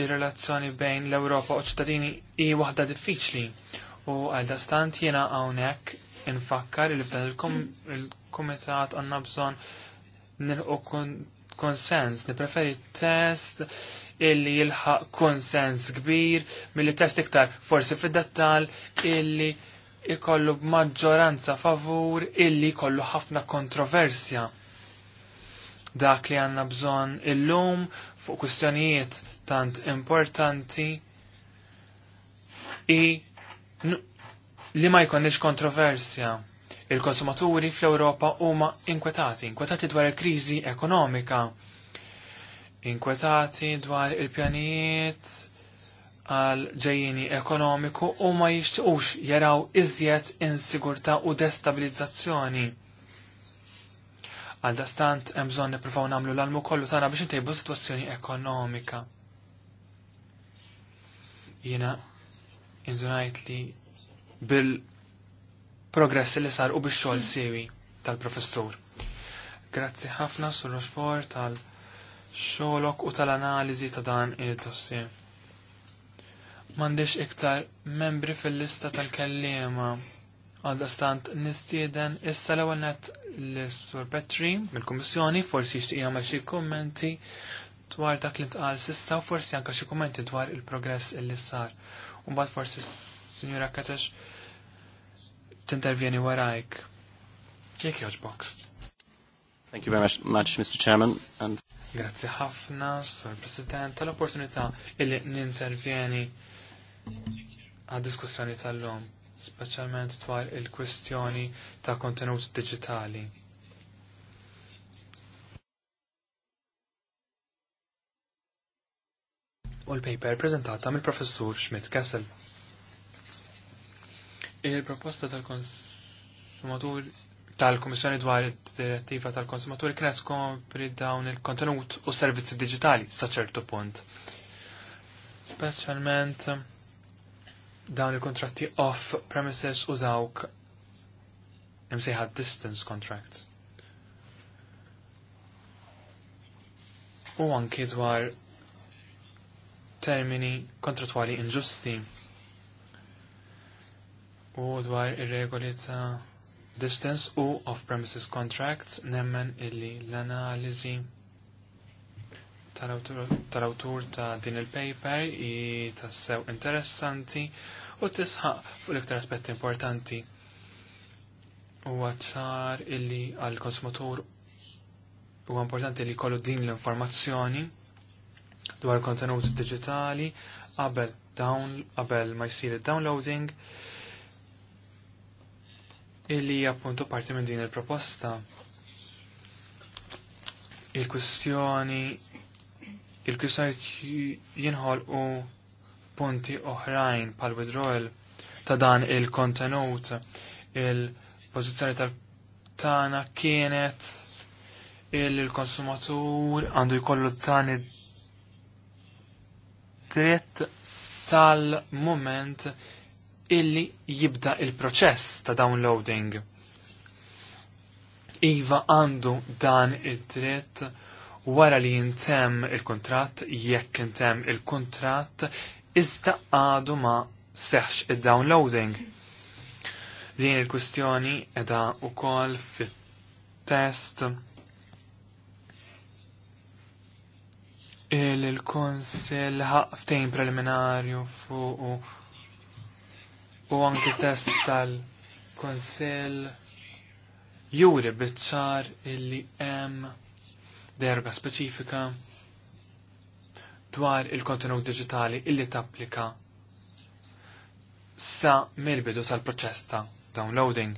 S3: il relazzjoni bejn l-Ewropa u ċittadini i waħda diffiċli. U għal dastant jiena hawnhekk infakkar li f'dan il-kumitat għandna bżonn nilqu konsens, nipreferi test illi jilħaq konsens kbir milli test iktar forsi fid-dettal illi ikollu b'maġġoranza favur illi kollu ħafna kontroversja dak li għanna bżon illum fuq kustjonijiet tant importanti i li ma jkonniex kontroversja. Il-konsumaturi fl-Ewropa huma inkwetati, inkwetati dwar il-kriżi ekonomika, inkwetati dwar il-pjanijiet għal ġejjini ekonomiku u ma jixtiqux jaraw iżjed insigurta u destabilizzazzjoni Għal dastant hemm bżonn nippruvaw nagħmlu l-almu kollu tagħna biex intejbu sitwazzjoni ekonomika. Jiena inżunajt li bil-progress li sar u bix-xogħol siewi tal-professur. Grazzi ħafna sur Rochefort tal-xolok u tal-analiżi ta' dan id-dossier. M'għandix iktar membri fil-lista tal-kellima. Għadda nistieden issa l ewwel nett l-Sur Petri mill-Kummissjoni forsi jixtieq għal xi kummenti dwar dak li tqal sissa u forsi anke xi kummenti dwar il-progress illi sar. Umbat forsi s Sinjura Katex tintervjeni warajk. Jekk jogħġbok. Thank you very much,
S2: much Mr. Chairman. And...
S3: Grazie ħafna, Sur President, tal-opportunità illi nintervjeni għad diskussjoni tal-lum speċjalment dwar il-kwistjoni ta' kontenut diġitali. U l-paper prezentata mill professur Schmidt Kessel. Il-proposta tal-konsumatur tal-Komissjoni dwar id-direttiva tal-konsumaturi kienet skompri dawn il-kontenut u servizzi digitali sa ċertu punt. Speċjalment dawn il-kontratti off premises użawk imsejħa distance contracts. U anki dwar termini kontratwali inġusti u dwar irregoli ta' distance u off-premises contracts nemmen illi l-analizi tal-awtur ta' din il-paper i tassew interessanti u tisħaq fuq l-iktar aspetti importanti. U għacċar illi għal-konsumatur u importanti li kollu din l-informazzjoni dwar kontenut digitali qabel down qabel ma jsir il-downloading illi appuntu parti minn din il-proposta il-kustjoni il-kwistjonijiet jinħolqu punti oħrajn pal withdrawal ta' dan il-kontenut il-pożizzjoni tal-tana kienet il-konsumatur għandu jkollu tani dritt sal-moment illi jibda il-proċess ta' downloading. Iva għandu dan id-dritt wara li jintem il-kontrat, jekk jintem il-kontrat, iżda għadu ma seħx il-downloading. Din il-kustjoni edha u kol fit-test il-konsil ħaqftejn preliminarju fuq u anki test tal-konsil juri bitċar illi hemm derga speċifika dwar il-kontenut digitali illi tapplika sa mill-bidu tal-proċess ta' downloading.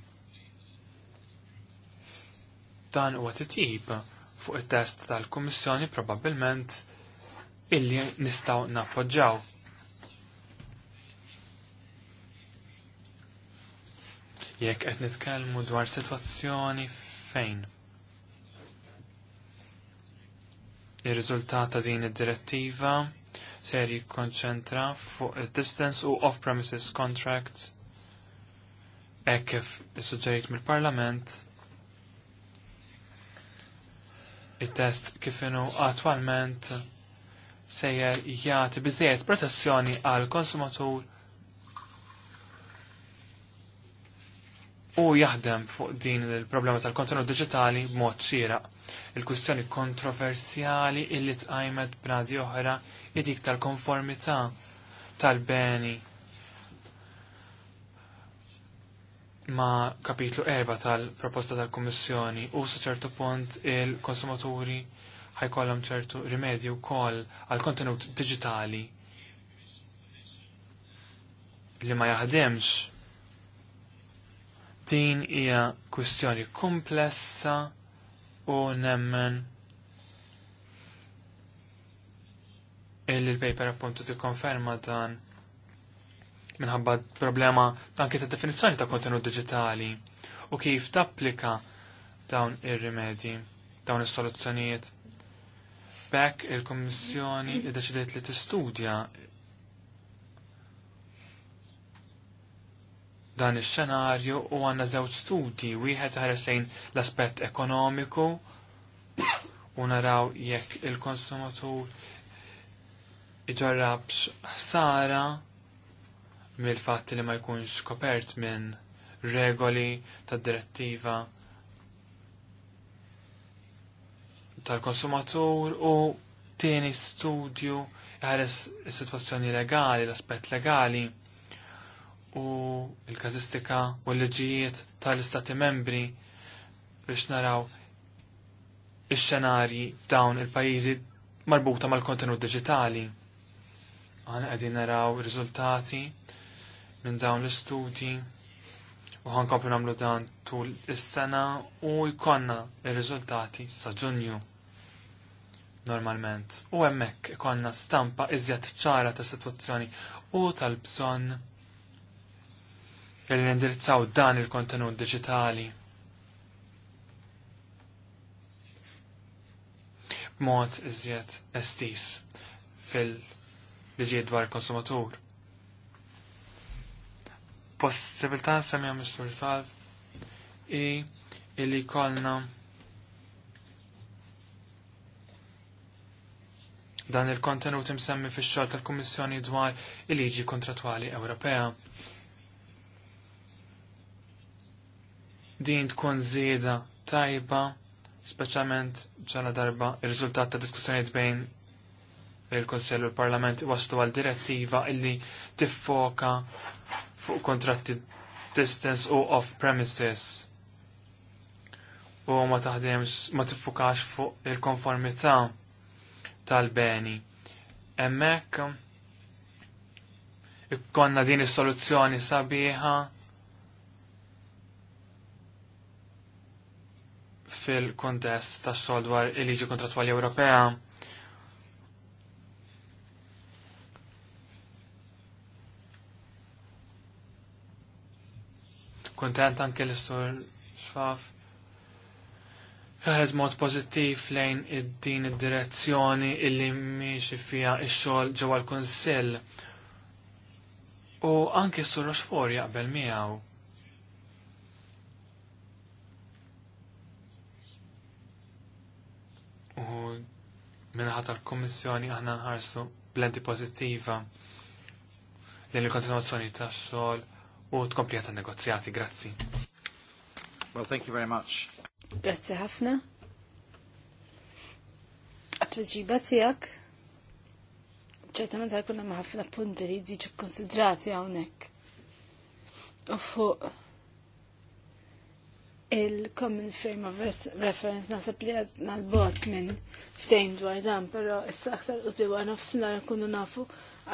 S3: Dan huwa titjib fuq it-test tal-Kummissjoni probabbilment illi nistgħu nappoġġaw. Jekk qed nitkellmu dwar sitwazzjoni fejn Ir-riżultat ta' din id-direttiva ser jikkonċentra fuq il-distance u off-premises contracts hekk kif suġġerit mill-Parlament it-test kif attualment attwalment sejjer jagħti biżejjed protezzjoni għal konsumatur u jaħdem fuq din il-problema tal-kontenut digitali b'mod xieraq. Il-kustjoni kontroversjali illi tqajmet b'nadi oħra id-dik tal-konformità tal-beni ma' kapitlu 4 tal-proposta tal-Kommissjoni u sa ċertu punt il-konsumaturi ħajkollhom ċertu rimedju wkoll għal kontenut digitali li ma jaħdemx din hija kwistjoni komplessa u nemmen il-paper appuntu tikkonferma dan minħabba problema anke ta' definizzjoni ta' kontenut digitali u kif tapplika dawn ir-rimedji, dawn is-soluzzjonijiet. Bekk il-Kommissjoni iddeċidiet li tistudja dan is xenarju u għandna żewġ studji wieħed ħares lejn l-aspett ekonomiku u naraw jekk il-konsumatur iġarrabx ħsara mill-fatt li ma jkunx kopert minn regoli tad direttiva tal-konsumatur u tieni studju ħares is-sitwazzjoni legali, l-aspett legali u l-kazistika u l-leġijiet tal-istati membri biex naraw ix-xenarji f'dawn il-pajjiżi marbuta mal-kontenut digitali. Għana qegħdin naraw riżultati minn dawn l-istudji u ħankomplu nagħmlu dan tul is-sena u jkollna il riżultati sa' Ġunju normalment. U hemmhekk ikollna stampa iżjed ċara ta' sitwazzjoni u tal-bżonn li nindirizzaw dan il-kontenut digitali. Mod iżjed estis fil-liġijiet dwar il-konsumatur. Possibilità semja mistur tal i illi kolna dan il-kontenut imsemmi fix-xogħol tal-Kummissjoni dwar il-liġi kontratwali Ewropea din tkun zieda tajba, speċjalment ċana darba ir-riżultat ta' diskussjonijiet bejn il-Konsell u l-Parlament waslu għal direttiva illi tiffoka fuq kontratti distance u off-premises u ma taħdemx ma tiffukax fuq il-konformità tal-beni. Emmek ikkonna din is-soluzzjoni sabiħa fil-kontest ta' xogħol dwar il-liġi kontrattwali Ewropea. Kontent anke l-istur xfaf. Ħares mod pozittiv lejn id-din id-direzzjoni illi miexi fija x-xogħol ġewwa l-Kunsill. U anke s-sur Roxfor jaqbel miegħu u minnaħat tal komissjoni aħna nħarsu plenti pozittiva l kontinuazzjoni ta' xogħol u tkomplija ta' negozjati. Grazzi. Well, thank you very much.
S4: Grazzi ħafna. Għat-tweġiba ċertament għal maħafna ħafna punti li jġiġu konsidrati hawnhekk. U fuq il-Common Frame of Reference nasab li għadna l-bot minn stejn dwar dan, pero issa aktar u tiwa nafsina nkunu nafu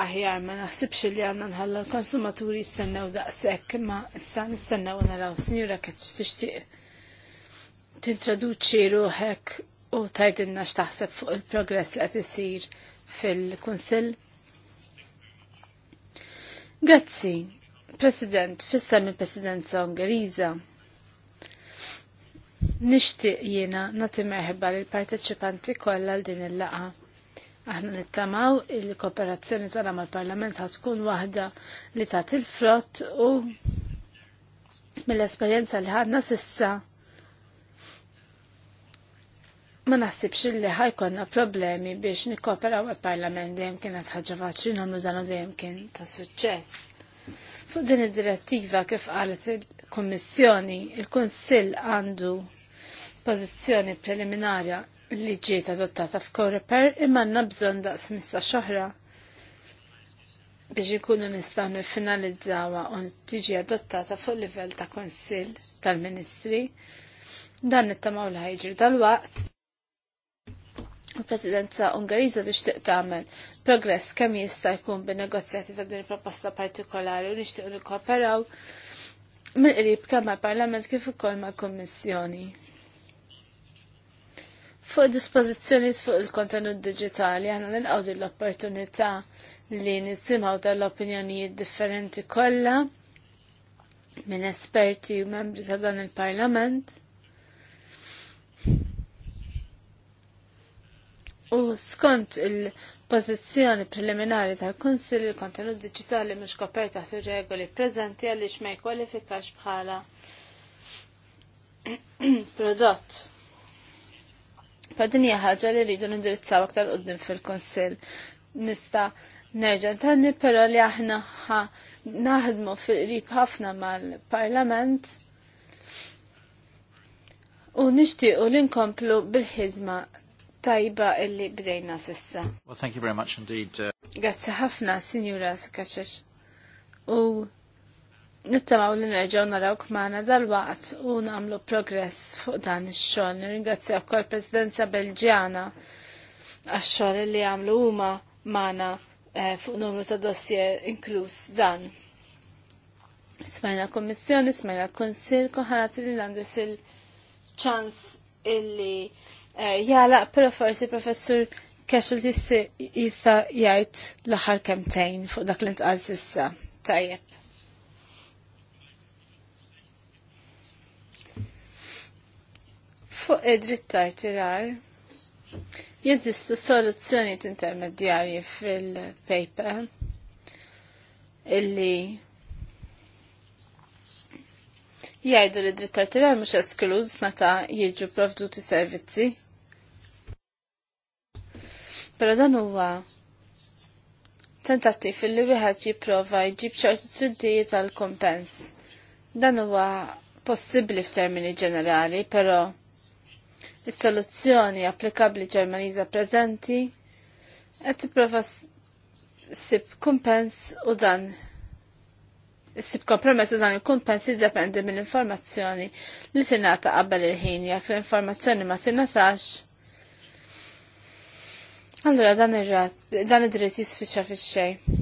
S4: aħjar ma naħsibx li għanna nħalla l-konsumaturi jistennew daqsek, ma issa nistennew naraw t kħed tixtieq intraduċi ruħek u tajdinna x'taħseb fuq il-progress li qed isir fil-Kunsill. Grazzi, President, fissa mill-Presidenza Ungeriża. Nixtieq jiena nagħti meħba l parteċipanti kollha għal din il-laqa. Aħna nittamaw il-kooperazzjoni tagħna mal-Parlament ħad tkun waħda li tat il-frott u mill-esperjenza li ħadna sissa ma naħsibx li ħajkonna problemi biex nikkooperaw il-Parlament dejjem kienet ħaġa faċli nagħmlu dan dejjem kien ta' suċċess. Fuq din id-direttiva kif qalet il-Kummissjoni, il-Kunsill għandu pożizzjoni preliminarja li ġiet adottata f'Koreper imma għandna bżonn daqs mista' xoħra biex ikunu nistgħu niffinalizzawha u tiġi adottata fuq livell ta' Konsill tal-Ministri. Dan nittamaw li ħajġri dal-waqt. Il-Presidenza Ungariża tixtieq tagħmel progress kemm jista' jkun bin-negozjati ta' din proposta partikolari u nixtiequ nikkooperaw mill-qrib kemm mal-Parlament kif ukoll mal-Kummissjoni. Fuq dispozizjoni fuq il-kontenut digitali għanna nilqaw din l-opportunità li nisimaw dal-opinjonijiet differenti kollha minn esperti u membri ta' dan il-Parlament. U skont il-pożizzjoni preliminari tal-Kunsil il-kontenut digitali mhux kopert taħt ir-regoli preżenti għaliex ma jkwalifikax bħala prodott Pa ħagġa ħaġa li rridu nindirizzaw aktar qudiem fil konsil Nista' nerġa' tanni però li aħna naħdmu fil-qrib ħafna mal-Parlament u nixtiequ li nkomplu bil-ħidma tajba illi bdejna sissa.
S1: Well, thank you very much indeed. Uh,
S4: Grazzi ħafna, Sinjura Skaċex. U nittamaw li nerġaw narawk maħna dal-waqt u namlu progress fuq dan il-xol. Ringrazzja kol Presidenza Belġjana għax-xol li għamlu huma maħna eh, fuq numru ta' dossier inkluż dan. Smajna kommissjoni, smajna konsil, konħanat li l-għandus il-ċans illi eh, jala, pero forsi professur Casual jista jgħid l-aħħar kemtejn fuq dak li ntqal sissa. Tajjeb. Fuq id-dritt tartirar, jeżistu soluzzjoni intermedjarji fil-paper illi jgħidu li dritt tartirar mhux eskluż meta jiġu provduti servizzi. Però dan huwa tentattiv li wieħed jipprova jġib ċertu triddijiet għal kompens. Dan huwa possibbli f'termini ġenerali, però Is-soluzzjoni applikabbli Ġermaniża prezenti qed tipprova sib kumpens u dan Sib kompromess u dan il-kumpens jiddependi mill-informazzjoni li tingħata qabel il-ħin jekk l-informazzjoni ma tingħatax. Allura dan dan id-dritt jisfiċċa fix-xejn.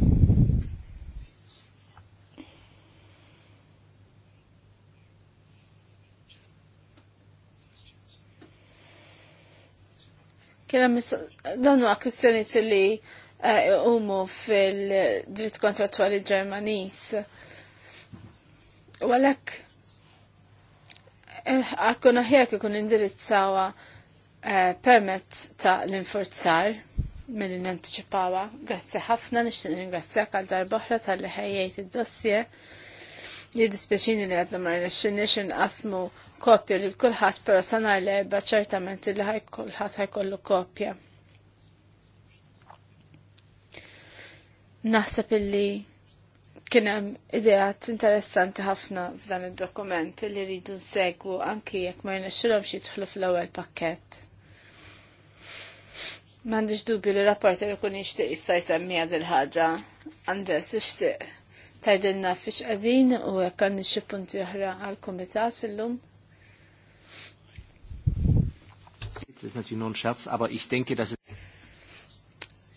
S4: Kena dan huwa kwistjoni li eh, umu fil-dritt kontrattwali Ġermanis. U għalek, eh, ħjek aħjak ikun indirizzawa eh, permezz ta' l-infurzar mill nantiċipawa. Grazzi ħafna, nixtieq ringrazzjak għal darboħra tal-li ħajjajt id-dossier. Jiddispeċini li għadna nishtin nishtin asmu kopja li l-kulħadd però sanar l-erba ċertament li ħaj kulħadd ħajkollu kopja. Naħseb illi kien hemm ideat interessanti ħafna f'dan id-dokument li rridu nsegwu anki jekk ma xi jidħlu fl-ewwel pakkett. M'għandix dubju li li ikun jixtieq issa jsemmiha dil-ħaġa. Andres ixtieq tgħidilna fiex qegħdin u jekk għandna xi punti oħra għall-kumitat illum.
S2: ist natürlich nur ein Scherz, aber ich denke, dass es...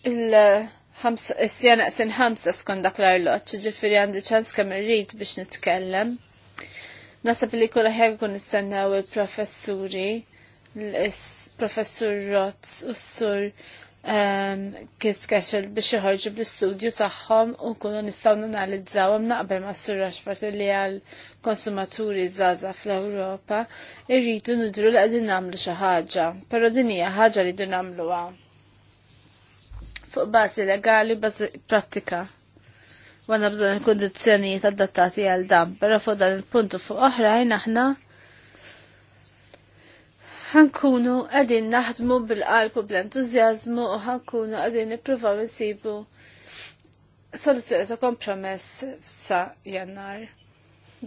S4: Il-sena sin ħamsa skon dak l-arloċ, ġifiri għandi ċans kemm irrid biex nitkellem. Nasab li kull ħer kun nistennew il-professuri, il-professur Rotz u s-sur kif special biex iħorġu bl-istudju tagħhom u nkunu nistgħu nanalizzawhom naqbel ma' Sur Rashford li għal konsumaturi żgħażagħ fl-Ewropa irridu nidru li qegħdin nagħmlu xi ħaġa, però din hija ħaġa li rridu nagħmluha fuq bażi legali bażi prattika. Għanna bżon kundizzjonijiet adattati għal dan, pero fuq dan il-puntu fuq oħrajn aħna ħankunu għadin naħdmu bil-qalb u bl-entuzjazmu u ħankunu għadin niprofaw nsibu soluzzjoni ta' kompromess sa jannar.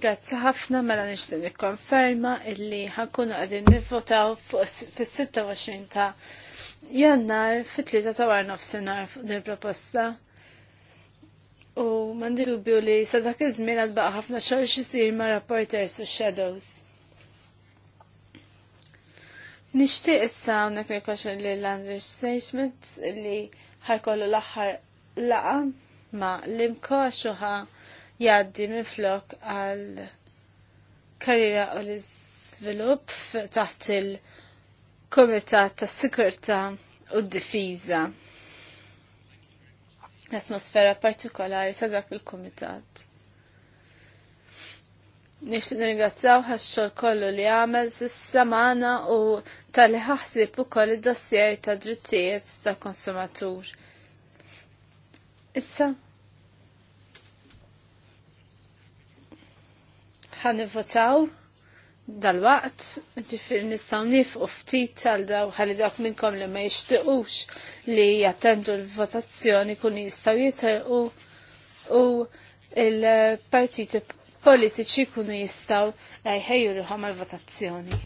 S4: Grazzi ħafna mela nixtin ikkonferma illi ħankunu qegħdin nivvotaw fis-26 ta' jannar fit-3 ta' war nofsinhar fuq din proposta. U mandi dubju li sa dak iż-żmien għadbaq ħafna xogħol xisir ma' rapporters u shadows. Nishtiq issa għonek il-koxen li l-Andrish Sejxmet li ħajkollu l-axħar laqa ma l-imkoxuħa jaddi minn flok għal karriera u l-izvilup taħt il-Komitat ta' Sikurta u d-Difiża. L-atmosfera partikolari ta' dak il-Komitat. Nishtu nirgazzaw ħaxxol kollu li għamel s-samana u tal-li ħaxsib u koll id-dossier ta' drittijiet ta' konsumatur. Issa, ħan votaw dal-waqt, ġifir nistaw nifqu ftit tal daw ħalli dawk minnkom li ma jixtiqux li jattendu l-votazzjoni kun jistaw jitilqu u il-partiti politiċi kunu jistaw jħejju eh, l-ħom votazzjoni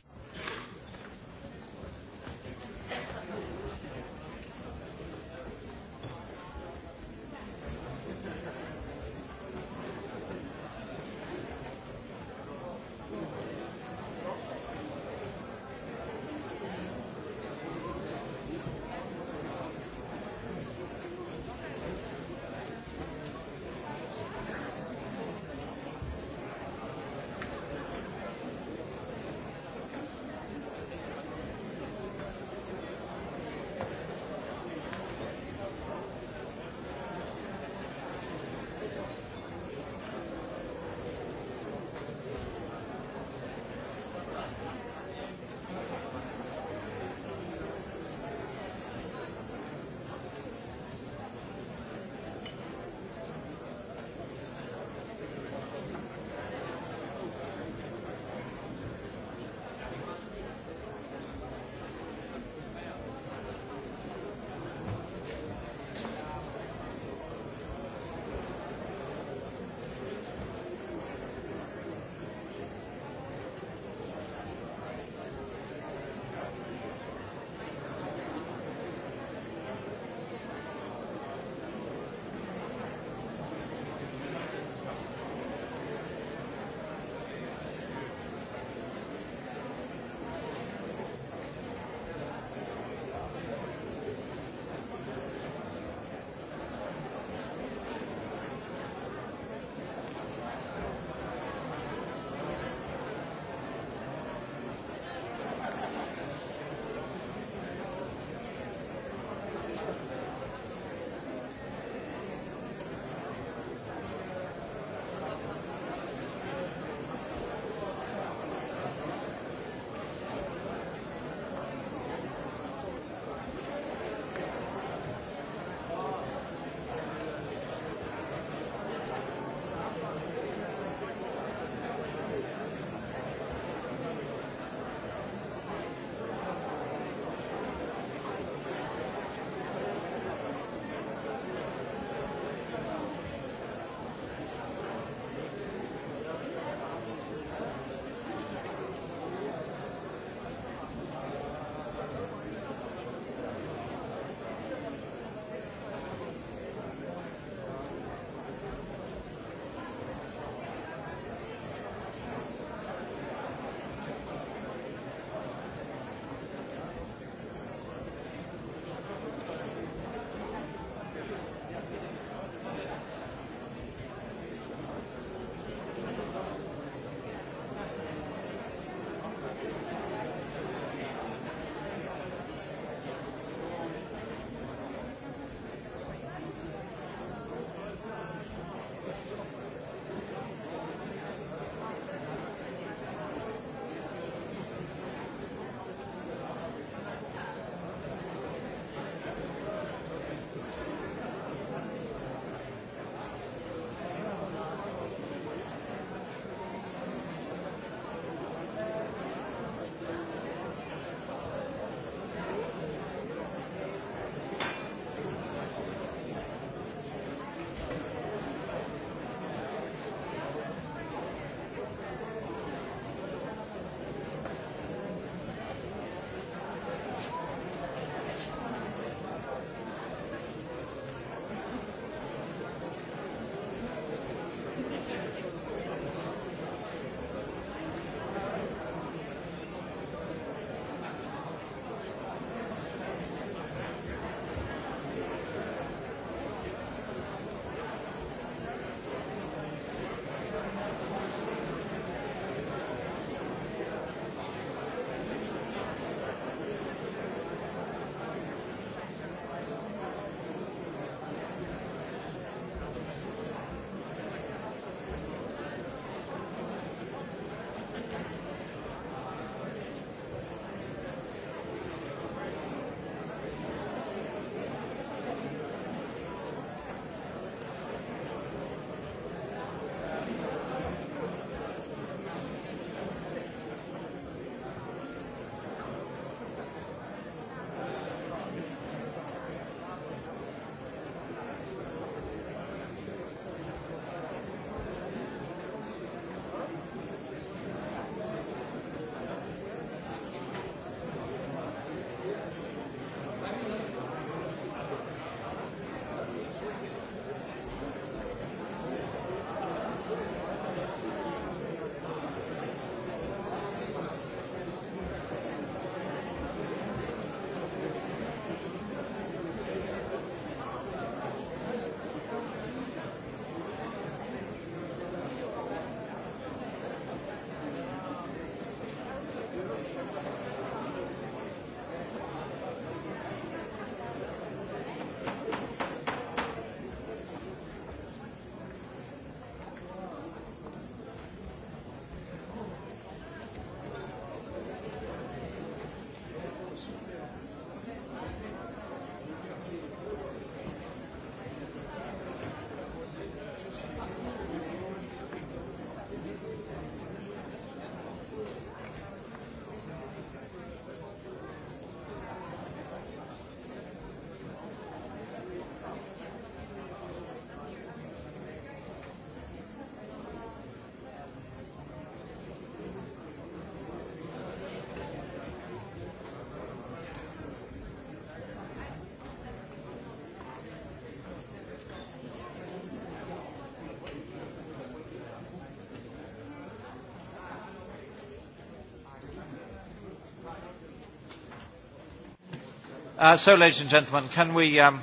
S1: Uh, so, ladies and gentlemen, can we um,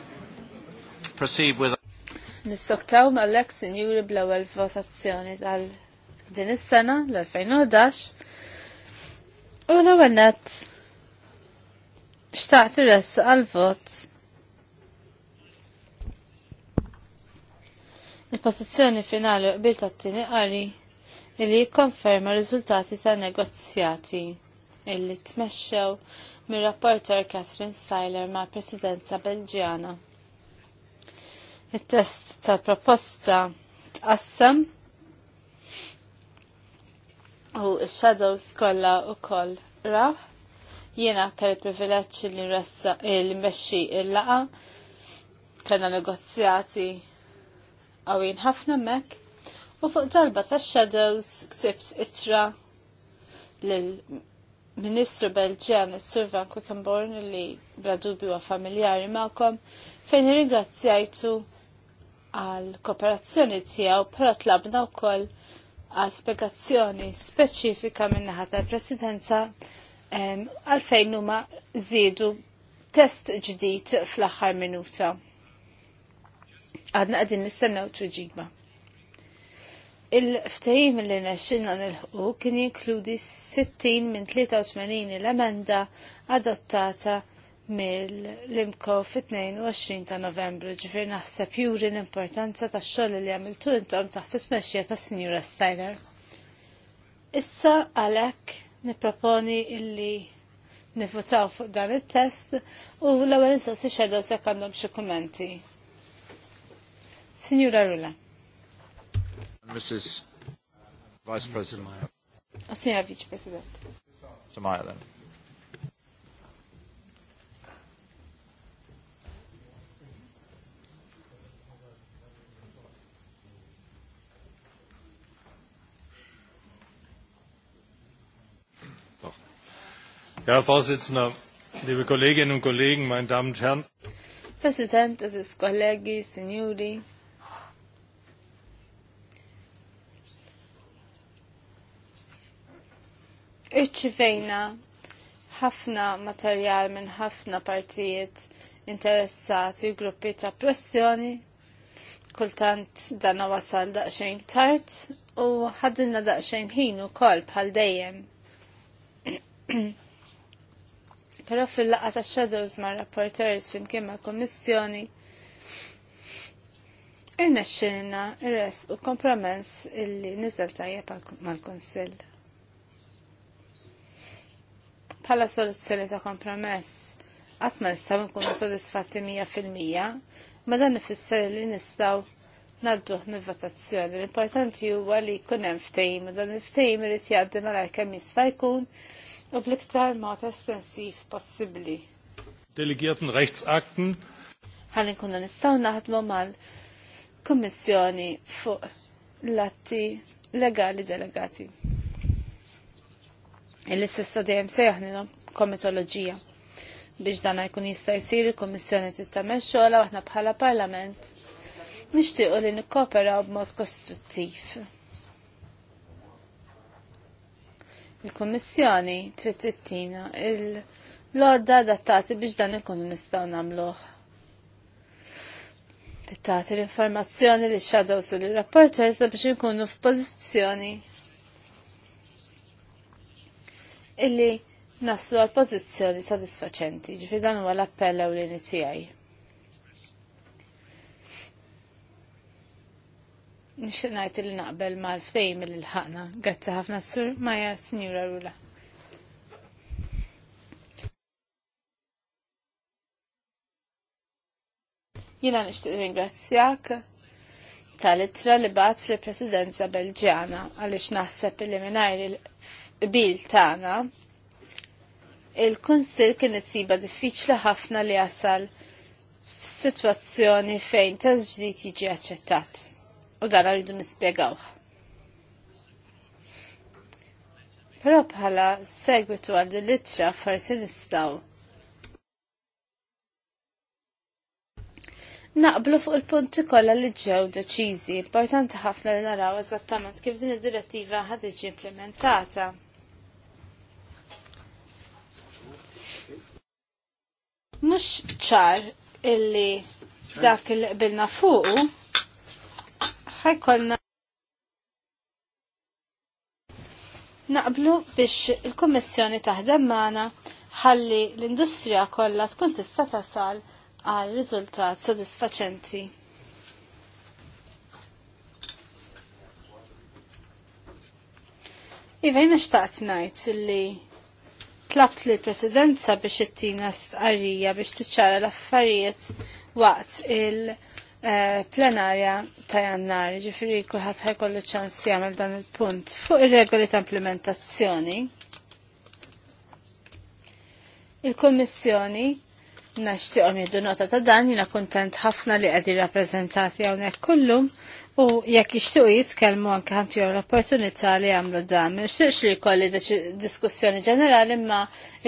S1: proceed with...
S4: ma l lek sinjuri bl-ewel votazzjoni tal din is-sena l-2011 u l-ewwel nett xtaqt irress għal-vot il-pożizzjoni finali u qbil tat-tieni qari li jikkonferma r-riżultati tan-negozjati illi tmexxew mir-rapporter Catherine Styler ma' Presidenza Belġjana. Il-test tal-proposta tqassam u il shadows kollha koll raħ jiena kelli privileġġ li l-mexxi il-laqa kellna negozjati qawwin ħafna mek u fuq talba tax-shadows ksibs itra lil ministru Belġian il-Survan Quickenborn, li bla dubju familjari ma'kom, fejn ringrazzjajtu għal kooperazzjoni tiegħu però tlabna wkoll għal spiegazzjoni speċifika minnaħa tal-Presidenza għalfejn huma żiedu test ġdid fl-aħħar minuta. Għadna qegħdin nistennew tuġiba. Il-ftajim li nesċinna nilħu kien jinkludi 60 minn 83 l-emenda adottata mill-Limko fit-22 ta' novembru ġifir naħseb juri l-importanza ta' xoll li għamiltu intom taħt ismexxija ta' Sinjura Steiner. Issa għalek niproponi illi nifutaw fuq dan il-test u l-ewwel insa si xedaw se għandhom xi kumenti. Signora Rula.
S1: Mrs. Vice President.
S4: Signora Vice President.
S1: Samaya then.
S3: Ja, Herr Vorsitzender, liebe Kolleginnen und Kollegen, meine Damen und Herren.
S4: Präsident, das ist Kollegi, Signori. irċivejna ħafna materjal minn ħafna partijiet interessati, u gruppi ta' pressjoni, kultant dan wasal daqsxejn tard u ħaddinna daqsxejn ħin ukoll bħal dejjem. Pero fil laqqa ta' shadows ma' rapporteurs flimkien ma' kommissjoni, irnexxilna ir-res u kompromess illi niżel tajjeb mal-Konsill bħala soluzzjoni ta' kompromess. Qatt ma nkunu sodisfatti 100%, ma dan ifisser li nistgħu nadduħ mill-votazzjoni. L-importanti huwa li jkun hemm ftehim, u dan il-ftehim irid jgħaddi malajr kemm jista' jkun u bl-iktar mod estensiv possibbli.
S3: Delegierten Rechtsakten.
S4: Ħalli nkunu nistgħu naħdmu mal-Kummissjoni fuq l-atti legali delegati. Il sista dejjem sejħnina komitoloġija. Biex dan jkun jista' jsir il-Kummissjoni tittamel xogħla aħna bħala Parlament nixtiequ li nikkoperaw b'mod kostruttiv. Il-Kummissjoni trid tittina l lodda adattati biex dan ikun nistgħu nagħmluh tittati l-informazzjoni li shadows u l-rapporters biex nkunu f'pożizzjoni illi naslu għal pozizjoni sodisfaċenti, ġifi dan huwa l-appell ewlieni tiegħi. Nixtieq ngħid li naqbel mal-ftejm li l-ħaqna. Grazzi ħafna s-sur Maja s-njura Rula. Jina nishtiq ringrazzjak tal-ittra li bat li presidenza belġjana għalix naħseb li minnajr bil tagħna il-Kunsill kien isiba diffiċli ħafna li jasal f'sitwazzjoni fejn tażġdid jiġi aċċettat. U dan rridu nispjegawh. Però bħala segwitu għal din litra forsi nistgħu Naqblu fuq il-punti kollha li ġew deċiżi, importanti ħafna li naraw eżattament kif din id-direttiva ħad iġi implementata. Mux ċar illi dak il bilna fuq ħajkolna naqblu biex il-Kommissjoni taħdem maħna ħalli l-industrija kollha tkun tista' tasal għal riżultat sodisfaċenti. Iva jina xtaqt najt li Tlab li l-presidenza biex ittina stqarrija biex tiċċara l-affarijiet waqt il-plenarja eh, ta' jannar, ġifiri kullħat ħajkollu ċans jagħmel dan il-punt fuq ir-regoli ta' implementazzjoni. Il-Kommissjoni naxtiqom jiddu nota ta' dan, jina kontent ħafna li għedi rappresentati għawnek kullum, U jekk ixtuq jitkellmu anke ħanti l-opportunità li jagħmlu dan. Mixtieqx li jkolli diskussjoni ġenerali imma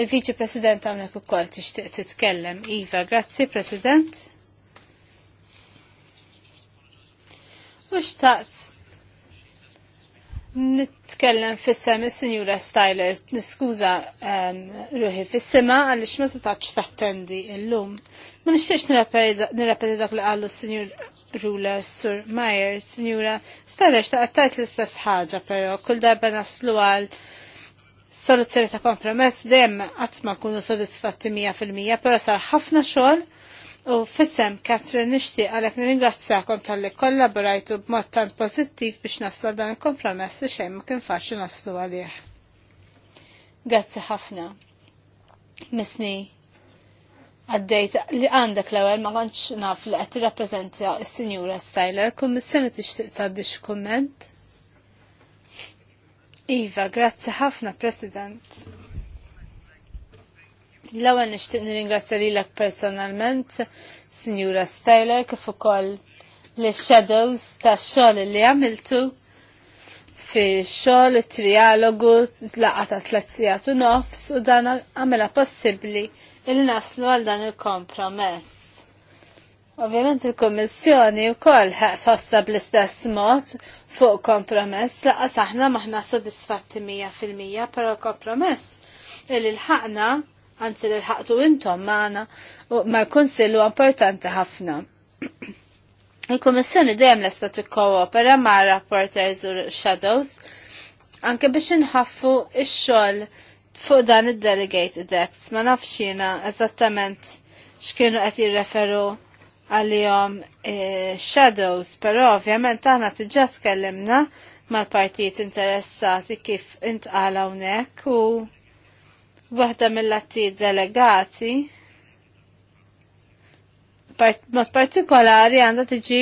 S4: il-Viċi President hawnhekk ukoll tixtieq titkellem. Iva, grazzi President. U xtaqt nitkellem fissem is-Sinjura Styler, niskuża ruħi fissima għalix għaliex ma setax tattendi il-lum. Ma nixtieqx nirrapedi dak li qalu s-Sinjur Rula Sur Meyer, Sinjura, stalex ta' għattajt l-istess ħaġa, pero kull darba naslu għal soluzzjoni ta' kompromess dem għatma kunu sodisfatti 100%, pero sar ħafna xogħol u fissem Katrin nixtieq għalhekk nirringrazzakom tal-li kollaborajtu b'mod tant pozittiv biex naslu dan il-kompromess li xejn ma kien faċli naslu għalih. Grazzi ħafna. Misni għaddejt li għandek l-ewel ma għanċ naf li għed rappresenta s-Sinjura Styler, kummissjoni tixtiq taddix komment. Iva, grazzi ħafna, President. L-ewel nixtieq nirringrazzja lilek personalment, Sinjura Styler, kif ukoll li shadows ta' xogħol li għamiltu fi xogħol trialogu l ta' tliet lazzijatu nofs u dan għamela possibbli Il naslu għal dan il-kompromess. Ovvjament il-Kommissjoni wkoll ħossa bl-istess mod fuq kompromess laqas aħna maħna sodisfatti 100% fil-mija, però kompromess li l-ħaqna, anzi li l-ħaqtu intom maħna, ma l-Konsillu importanti ħafna. Il-Kommissjoni dejjem lesta tikkoopera ma' rapporters u shadows anke biex nħaffu ix-xogħol fuq dan id-delegated acts ma nafx eżattament x'kienu qed jirreferu għal-jom eh, shadows, però ovvjament aħna tiġà tkellimna mal-partijiet interessati kif intqala hawnhekk u waħda mill-atti delegati mod partikolari għandha tiġi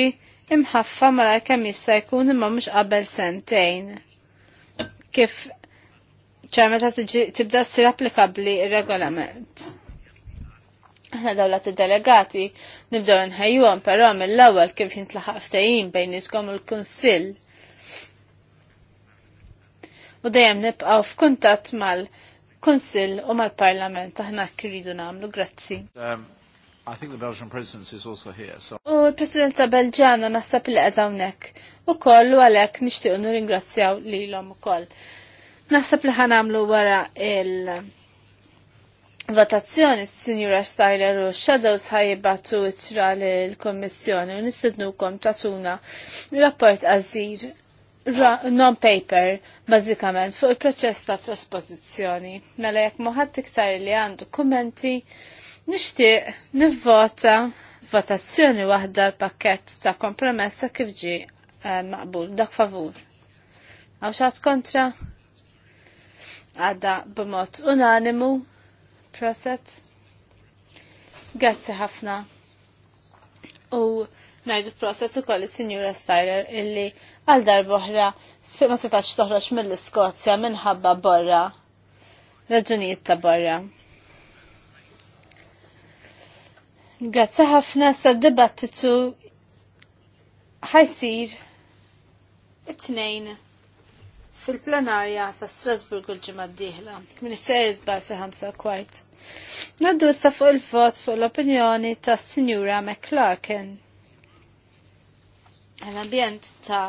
S4: imħaffa mara kemm jista' jkun imma mhux qabel sentejn. Kif ċa meta tibda ssir applikabbli il regolament Aħna dawla delegati nibdew nħejjuhom però mill-ewwel kif jintlaħaq ftehim bejn niskom il-Kunsill. U dejjem nibqgħu f'kuntatt mal-Kunsill u mal-Parlament aħna kridu nagħmlu grazzi.
S1: Um, I think the Belgian presidency is also here. So.
S4: U l-President ta' Belġana naħseb li qed hawnhekk. Ukoll u għalhekk nixtiequ nirringrazzjaw lilhom ukoll. Naħseb li ħanamlu wara il- Votazzjoni s-Sinjura Stajler u Shadows ħajibatu it-tra l-Kommissjoni u kom tatuna rapport għazir non-paper bazzikament fuq il-proċess ta' trasposizjoni. Mela jekk moħad iktar li għandu kommenti nixtieq nivvota votazzjoni waħda l-pakket ta' kompromessa kif ġi eh, maqbul dak favur. Għaw xaħat kontra? għadda b'mod unanimu proset. Grazzi ħafna. U najdu proset u kolli sinjura Styler illi għal darboħra sfi ma setax toħroġ mill skozja minħabba borra. Raġunijiet ta' borra. Grazzi ħafna sa' dibattitu ħajsir it-tnejn fil-plenarja ta' Strasburg il-ġimgħa d-dieħla. Minister żbar fi ħamsa kwart. Naddu issa fuq il-vot fuq l-opinjoni ta' Sinjura McClarkin l-ambjent ta'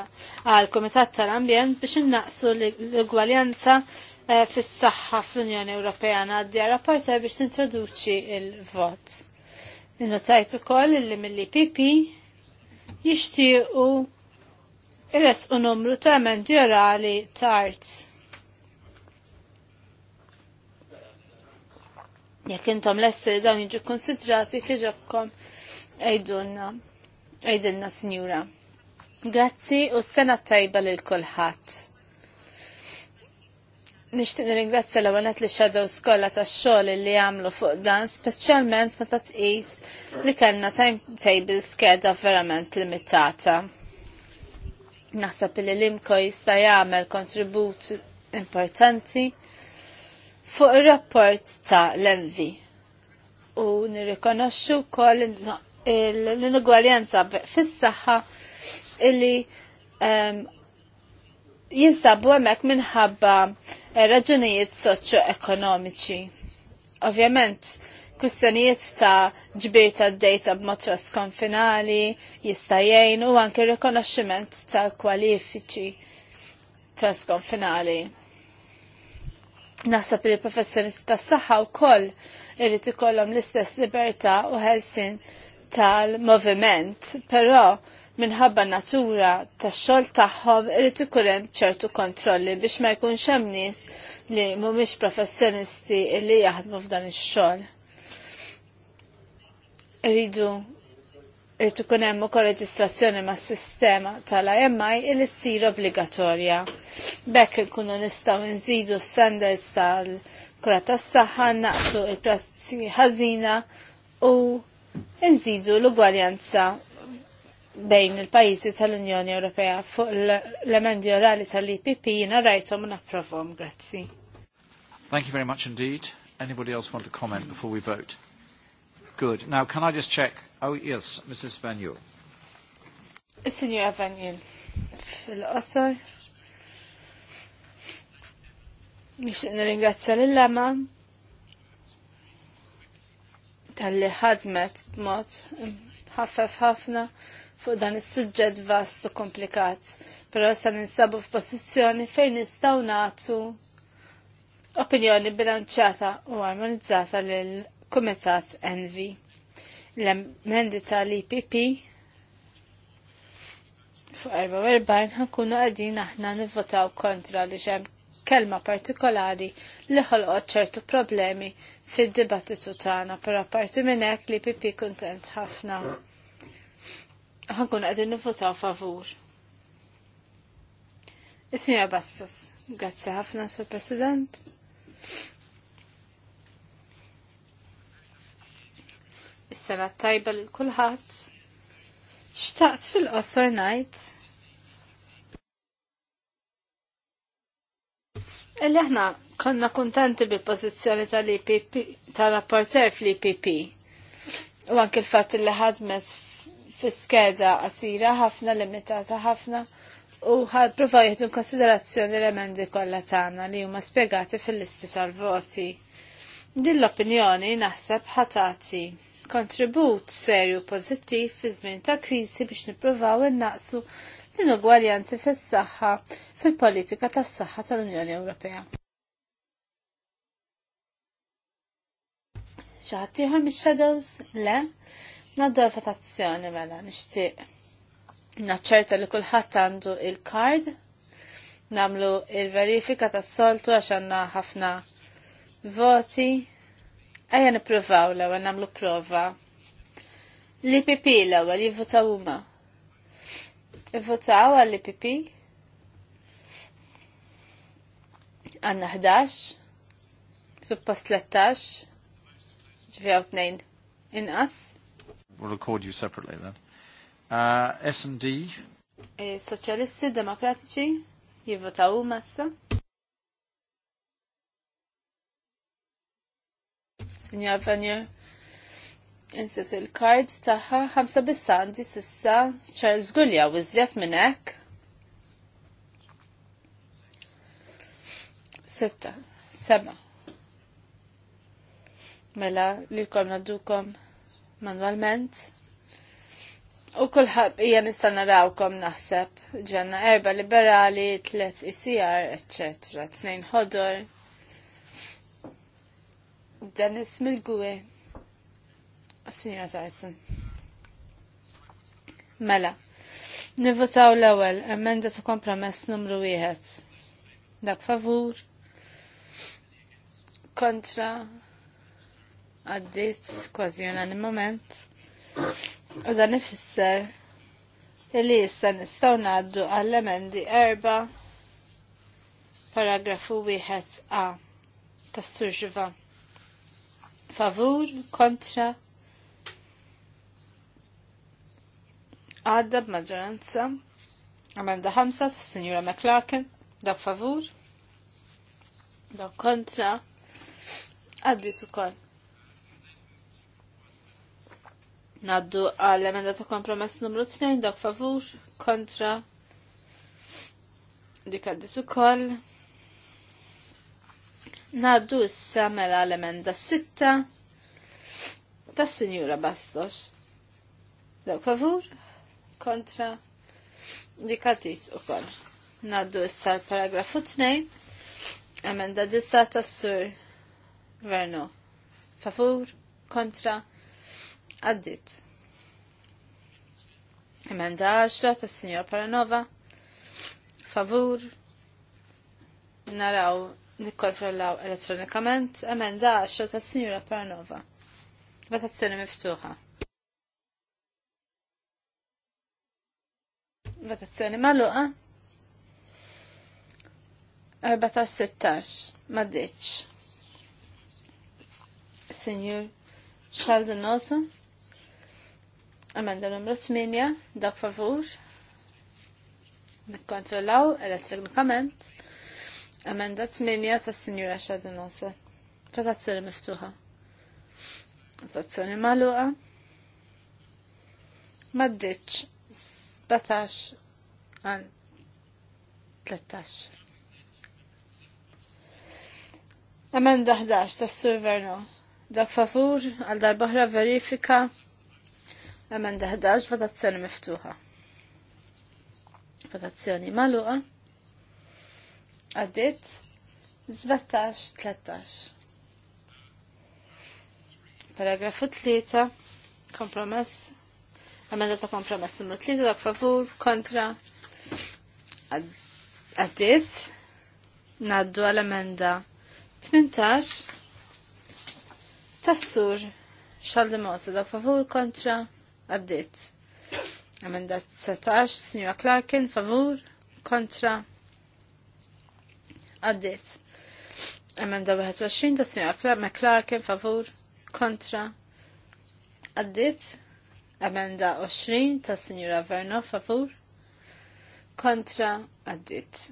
S4: għal komitat tal-ambjent biex innaqsu l-ugwaljanza eh, fis-saħħa fl-Unjoni Ewropea għaddi rapporta biex introduċi il-vot. Innotajt ukoll li mill-PP jixtiequ Ires u numru ta' emendi orali tard. Jekk intom lesti dawn jiġu konsidrati kieġobkom ejdunna, ejdunna sinjura. Grazzi u s-sena tajba lil kulħadd. Nixtieq nirringrazzja l għanet li xadow skola ta' xoll li għamlu fuq dan, speċjalment meta tqis li kellna timetable skeda verament limitata naħseb li l-imko jista' jagħmel kontribut importanti fuq ir-rapport ta' l-envi. U nirrikonoxxu wkoll l-inugwaljanza fis-saħħa illi ehm, jinsabu hemmhekk minħabba raġunijiet soċjo-ekonomiċi. Ovvjament, kwistjonijiet ta' ġbir ta' d-dejta b'matras konfinali, jistajjajn u anke rikonoxximent ta' kwalifiċi transkonfinali. Naħseb li professjonisti tas saħħa wkoll irid ikollhom l-istess libertà u ħelsin tal-moviment, però minħabba natura tax-xogħol tagħhom irid ikun hemm ċertu kontrolli biex ma jkunx hemm nies li mhumiex professjonisti li jaħdmu f'dan ix-xogħol rridu irrid ikun hemm ukoll reġistrazzjoni mas-sistema tal-IMI li ssir obbligatorja. Bekk nkunu nistgħu nżidu standards tal-kura tas-saħħa, naqsu l-prassi ħażina u nżidu l-ugwaljanza bejn il-pajjiżi tal-Unjoni Ewropea fuq l-emendi orali tal-IPP jiena rajthom u napprovom. Grazzi.
S1: Thank you very much indeed. Anybody else want to comment before we vote? Good. Now, can I just check? Oh, yes, Mrs. Van Yul.
S4: Signora Van Yul, fil-qosor. Nixtieq nirringrazzja lill-lema tal-li ħadmet b'mod ħaffef ħafna fuq dan is-suġġett vast u komplikat, però sa ninsabu f'pożizzjoni fejn nistgħu nagħtu opinjoni bilanċata u armonizzata lil Kumitat Envi. L-emendi tal-IPP fuq 44 ħankunu għedin aħna nivvotaw kontra li ġem kelma partikolari li ħolqot ċertu problemi fid-dibattitu tagħna, però parti minn hekk li e pp kuntent ħafna. Ħankun qegħdin nivvotaw favur. Is-Sinja Bastas, grazzi ħafna, Sur President. sena tajba lil kulħadd. Xtaqt fil-qosor ngħid. Illi aħna konna kuntenti bil-pożizzjoni tal-IPP tal-rapporter fl-IPP u anke l-fatt li ħadmet fis-skeda qasira ħafna limitata ħafna u ħad provaw jieħdu konsiderazzjoni l-emendi kollha tagħna li huma spjegati fil-listi tal-voti. Din l-opinjoni naħseb ħatati kontribut serju pozittiv fi żmien ta' krizi biex nippruvaw innaqsu l-inugwaljanzi fis-saħħa fil-politika tas-saħħa tal-Unjoni Ewropea. Xi ħadd ieħor mix-shadows? Le, ngħaddu votazzjoni mela nixtieq naċċerta li kulħadd għandu il-kard namlu il-verifika tas-soltu għax għandna ħafna voti Ejja nippruvaw l għan namlu prova. Li pipi l għal jivvotaw huma. Ivvotaw li pipi. Għanna 11, suppost 13, Ġvijaw 2. inqas.
S1: We'll record you separately then. Uh, S&D.
S4: Eh, Socialisti Demokratiċi jivvotaw massa. Signor Vanier. Insis il-kard taħħa ħamsa bissandi sissa Charles Gullia, wizzjat minnek. minn hekk. Sitta, seba. Mela li kom nadukom manualment. U kullħab hija nista' narawkom naħseb ġenna erba liberali, 3 ICR, e eċċetra, tnejn ħodor, Dennis Milgwe. Sinjora Tyson. Mela. Nivotaw l-ewwel emenda ta' kompromess numru wieħed. Dak favur. Kontra. Għaddit kważi unanimament. U dan ifisser li issa nistgħu ngħaddu għall-emendi erba' paragrafu wieħed A tas-surġiva favur kontra għadda b'maġġoranza għamenda ħamsa Signora Sinjura dak favur dak kontra għaddit ukoll. Naddu għal emenda ta' kompromess numru 2 dak favur kontra dik għaddit ukoll. Naddu issa mela l-emenda sitta tas sinjura Bastos. Dawk favur kontra dikatit u kol. Naddu issa l-paragrafu 2 emenda dissa tas sur Verno. Favur kontra addit. Emenda 10 tas sinjura Paranova. Favur naraw nikkontrollaw elettronikament emenda 10 ta' Sinjura Paranova. Votazzjoni miftuħa. Votazzjoni magħluqa. 14-16 Maddiċ. Sinjur Xaldinosa. Emenda numru 8, dak favur. Nikkontrollaw elettronikament t 8 ta' Signora Xadunosa. Fatazzjoni miftuħa. Fatazzjoni maluqa. Maddiċ. 17 għan 13. Amanda 11 ta' Sur surverno Dak favur għal darbaħra verifika. Amanda 11 fatazzjoni miftuħa. Fatazzjoni maluqa għaddit 17-13 paragrafu 3 kompromess għamenda ta' kompromess numru 3 dak favur kontra għaddit naddu għal amenda 18 tassur xaldi mosa da' favur kontra għaddit amenda 19 signora Clarkin favur kontra għaddit. Emenda 21 ta' Sinjora McClarkin favur kontra għaddit. Emenda 20 ta' Sinjora Verno favur kontra għaddit.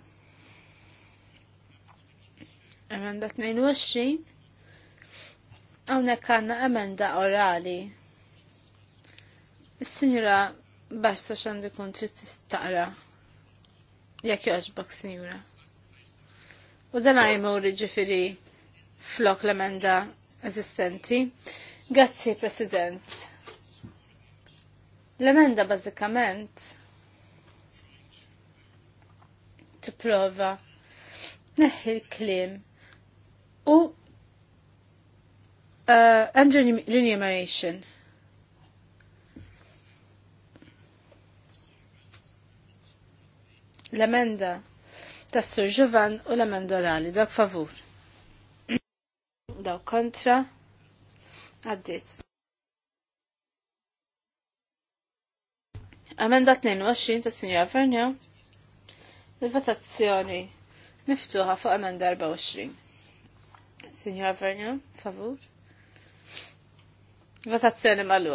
S4: Emenda 22 għawnek għanna emenda orali. is sinjura basta xandikun kun trid tistaqra. Jekk joġbok, Sinjura. U dan għajmu ġifiri flok l-emenda eżistenti. Grazzi, President. L-emenda bazzikament tipprova neħi l-klim u uh, L-emenda tas-Sur Giovan u l amendorali dak favur. Daw kontra, għaddit. Amenda 22 tas Sinjora Vernio, il-votazzjoni miftuħa fuq amenda 24. Sinjora Vernio, favur. Votazzjoni mal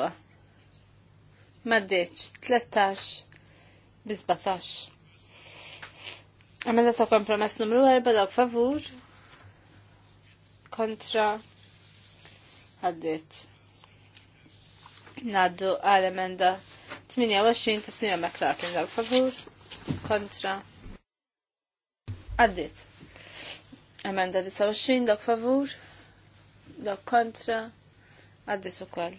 S4: Maddeċ, 13, 17. Għamenda ta' kompromess numru 4 dawk favur kontra għaddit. Naddu għal emenda 28 ta' Sinja McLaren, dawk favur kontra għaddit. Emenda 29 dawk favur dawk kontra għaddit ukoll.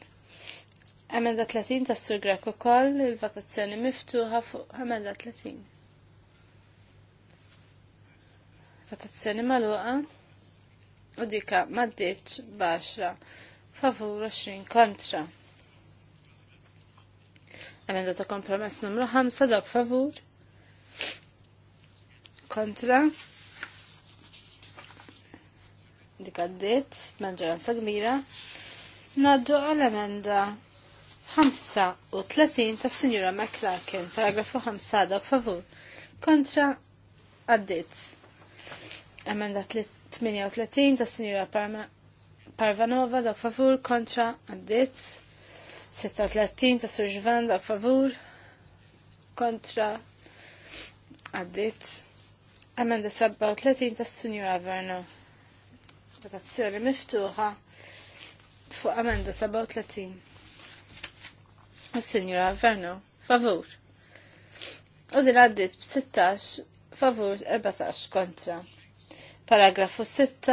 S4: Emenda 30 ta' Sur Grek ukoll il-votazzjoni miftuħa fuq 30. votazzjoni maluqa u dika maddiċ baxra favur 20 kontra. Emenda ta' kompromess numru 5 dak favur kontra dik għaddit maġġoranza gmira naddu għal-emenda 35 ta' Sinjura McClarkin, paragrafu 5 dak favur kontra għaddit emenda 38 ta' Sinjura Parvanova dak favur kontra għaddit. 36 ta' Surġvan dak favur kontra għaddit. Emenda 37 ta' Sinjura Verno. Votazzjoni miftuħa fuq emenda 37. Sinjura Verno, favur. U din għaddit 16 favur 14 kontra. Paragrafu 6,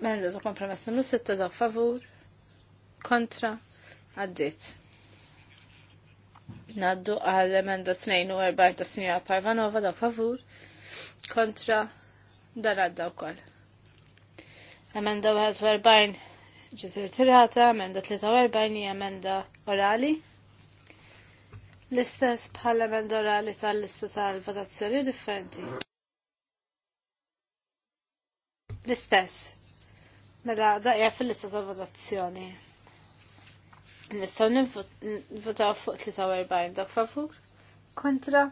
S4: emenda ta' kompromess numru 6 da' favur kontra għaddit. Naddu għal emenda 42 ta' Sinjora Parvanova da' favur kontra dan għadda u koll. Emenda 41 ġitir tirata, emenda 43 emenda orali. L-istess bħal emenda orali tal-lista tal-votazzjoni differenti. L-istess. Mela jgħaf fil-lista ta' votazzjoni. Nistgħu nivvotaw fuq 43 dak favur kontra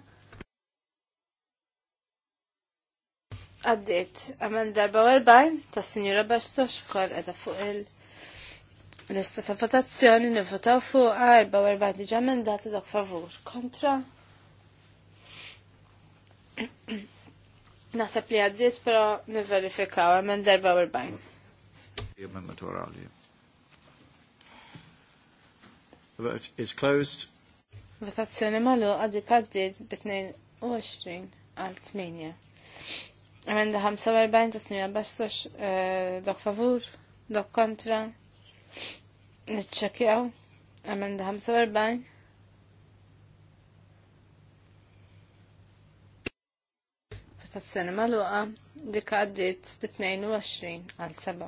S4: Għaddit, għamen darba 40 ta' Signora Bastox xkor edha fuq il-lista ta' votazzjoni nivvotaw fuq 44 diġa mendati dak favur kontra Nasab li għaddit, pero niverifikaw, għamen darba u l-bajn.
S1: Jemmen naturali. It's closed.
S4: Votazzjoni malu għaddi għaddit b-22 għal 8. Għamen da 45 ta' snija bastox eh, dok favur, dok kontra. Nitċakjaw. Għamen da 45. votazzjoni magħluqa, dik għaddit b-22 għal 7.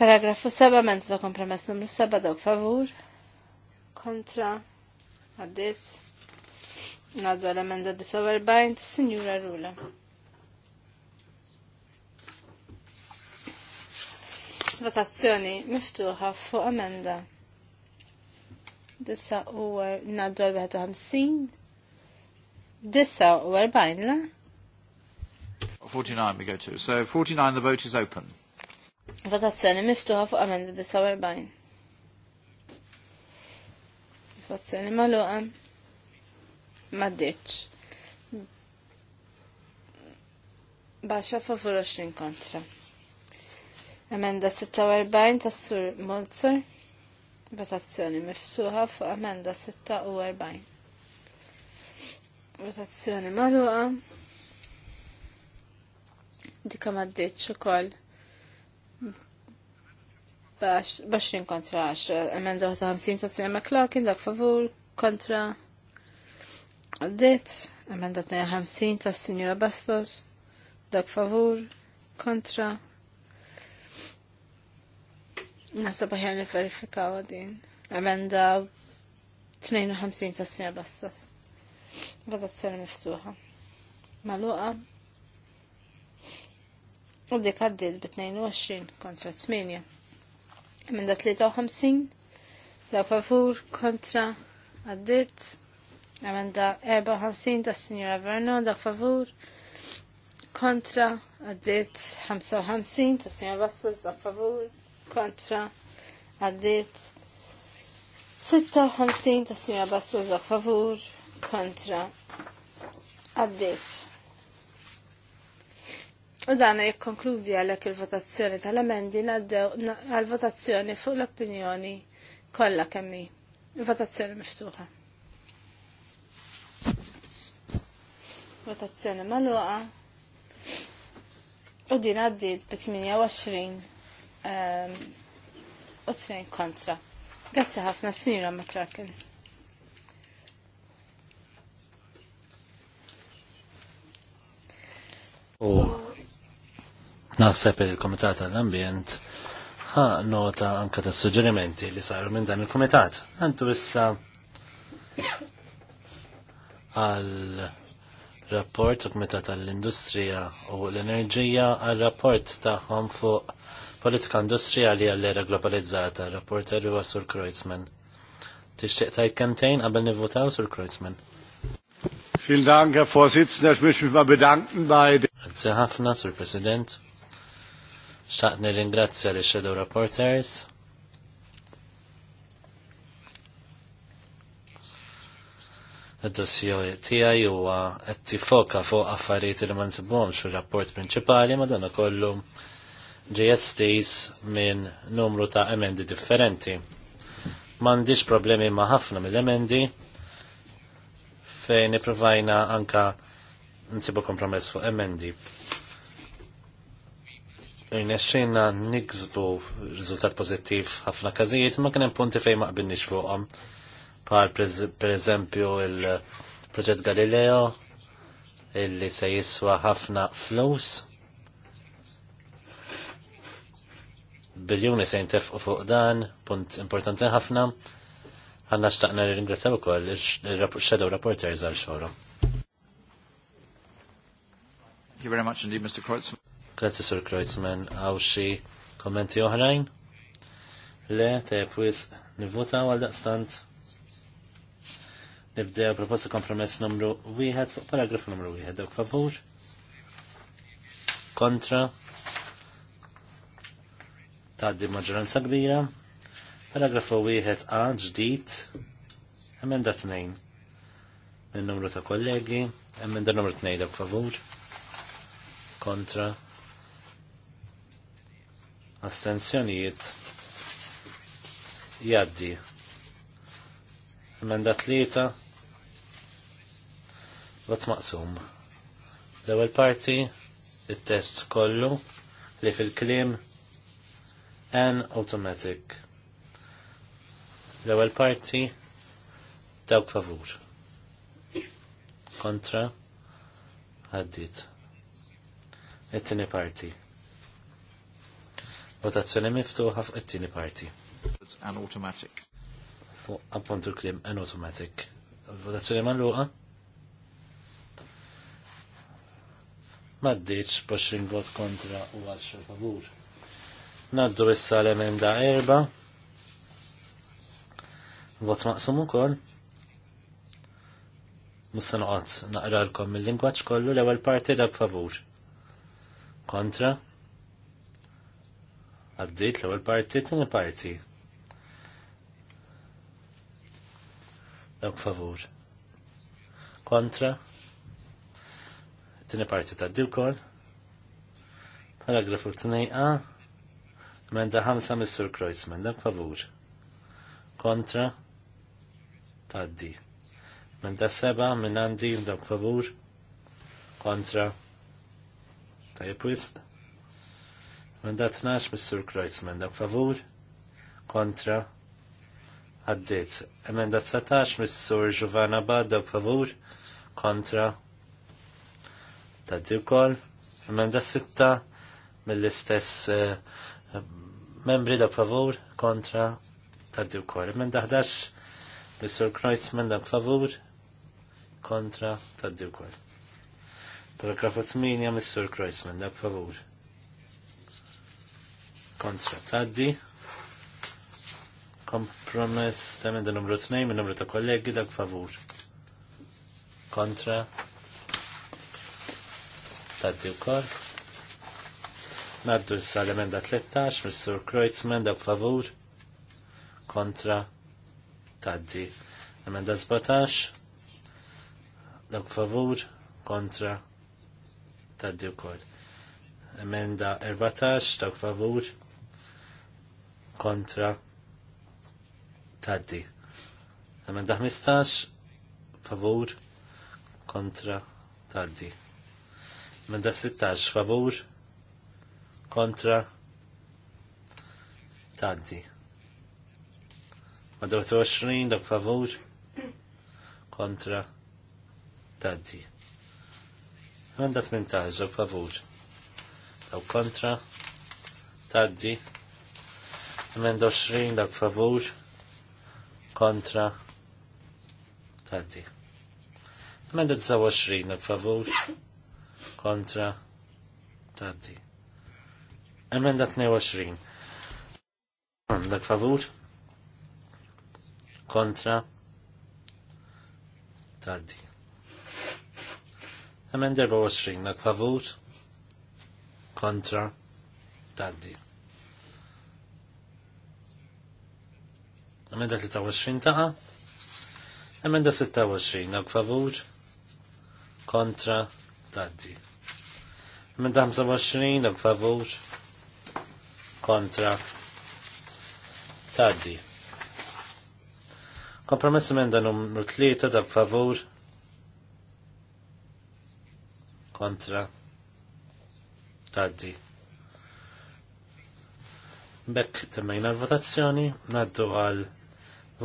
S4: Paragrafu 7 menta ta' kompromess numru 7 dawk favur kontra għaddit naddu għal-emenda 49 ta' Signora Rula. Votazzjoni miftuħa fuq emenda. Dissa u naddu għal-51 49
S1: we go to. So 49 the vote is open.
S4: Votazzjoni miftuħa fuq amenda 49. Votazzjoni maluqa. Maddiċ. Baxa favur 20 kontra. Amenda 46 tas-sur Molzer. Votazzjoni mifsuħa fuq amenda 46. Votazzjoni maluqa. Dika maddiċ ukoll. Bax kontra 10, eh, emenda 50 ta' Sinema Clarkin, dak favur, kontra għaddit, emenda 52 ta' Sinjora Bastos, dak favur, kontra. Nasa baħjar li verifikaw għadin. Emenda 52 ta' Sinjora Bastos. Bada t Votazzjoni miftuħa. Maluqa. U dik għaddil b-22 kontra 8. Minda 53. La pavur kontra għaddit. Emenda 54 ta' Signora Verno, da' pavur kontra għaddit 55 ta' Signora Vasquez da' pavur kontra għaddit 56 ta' Signora Bastos da' favur kontra għaddis. U dana jikkonkludi għalek il-votazzjoni tal-emendi għal-votazzjoni fuq l-opinjoni kollha kemmi. Votazzjoni miftuħa. Votazzjoni maluqa. U din għaddit bi 28 u 2 ehm, kontra. Grazzi ħafna, Sinjura McClarkin.
S2: U naħseb il-Komitat għall-Ambjent ħa nota anka ta' suġġerimenti li saru minn dan il-Komitat. Għandu issa għal rapport u Komitat għall-Industrija u l-Enerġija għal rapport tagħhom fuq politika industrijali għall-era globalizzata, rapport erwa sur Kreuzmann. Tixtieq tajt kemtejn qabel nivvotaw sur Kreuzmann. Vielen Dank, Herr Vorsitzender. Ich möchte mich mal bedanken bei Grazie ħafna, Sur President. Xtaqt nirringrazzja li Shadow Reporters. Id-dossier tiegħi huwa qed tifoka fuq affarijiet li ma nsibhomx fir-rapport prinċipali ma dan kollu GSTs minn numru ta' emendi differenti. M'għandix problemi ma' ħafna mill-emendi, fejn niprovajna anka nsibu kompromess fuq emendi. Irnexxina nigzbu riżultat pożittiv ħafna każijiet ma kien hemm punti fejn ma qbilniex fuqhom. Par pereżempju il-proġett Galileo illi se jiswa ħafna flus. Biljuni se jintefqu fuq dan, punt importanti ħafna, Għanna xtaqna ringrazzaw ukoll il-Shadow Reporters għal xogħolhom. Thank you very much indeed, Mr. Kreutzmann. Grazie, Sir Kreutzmann. Għaw xi kommenti oħrajn? Le, te pwis nivvota għal daqstant. Nibdew proposta kompromess numru 1 fuq paragrafu numru 1. Dawk favur? Kontra? Taddi maġġoranza kbira. Paragrafu wieħed A ġdid, emenda tnejn. Minn numru ta' kollegi, emenda numru tnejn da' favur. Kontra. Astenzjonijiet. Jaddi. Emenda tlieta. Vot maqsum. L-ewwel parti, it-test kollu li fil-kliem an automatic L-ewwel parti dawk favur. Kontra għaddit. It-tieni parti. Votazzjoni miftuħa fuq it-tieni parti. An automatic. Fuq appunt il-klim an automatic. Votazzjoni magħluqa? Maddiċ boxing vot kontra u għaxra favur. Naddu issa l-emenda erba' Vot maqsum ukoll. Mussa noqgħod naqralkom il-lingwaġġ kollu l-ewwel parti da b'favur. Kontra. Għaddit l-ewwel parti tieni parti. Da favur. Kontra. Tieni parti ta' dilkol. Paragrafu 2a. Menda ħamsa missur Kreuzman, dak favur. Kontra taddi. Menda seba minn għandi mdok favur kontra tajib wisq. Menda tnax mis-Sur Kreuzman dak favur kontra għaddit. Emenda tsatax, mis-Sur Giovanna Badda favur kontra taddi wkoll. Emenda sitta mill-istess eh, membri da favur kontra taddi wkoll. Emenda 11 Mr. Kreitzman dak favur kontra taddi wkoll. Paragrafu 8 Mr. Kreitzman dak favur kontra taddi. Kompromess temen da numru t-nej min numru ta' kollegi dak favur kontra taddi wkoll. Naddu s-salemenda 13, Mr. Kreutzmann dak favur kontra taddi. Emenda 17, dak favur, kontra, taddi u koll. Emenda 14, dak favur, kontra, taddi. Emenda 15, favur, kontra, taddi. Emenda 16, favur, kontra, taddi. Madwar 20 dak favur kontra taddi. Għanda 18 dak favur. Daw kontra taddi. Emenda 20 dak favur kontra taddi. Emenda 29 dak favur kontra taddi. Emenda 22 dak favur kontra taddi. Hemen 24 na kavut kontra taddi. Emenda 23 taħa. Emenda 26 dak favur kontra taddi. Emenda 25 na favur kontra taddi. Kompromess emenda numru 3 dak favur kontra taddi. Bekk temmejna l-votazzjoni, naddu għal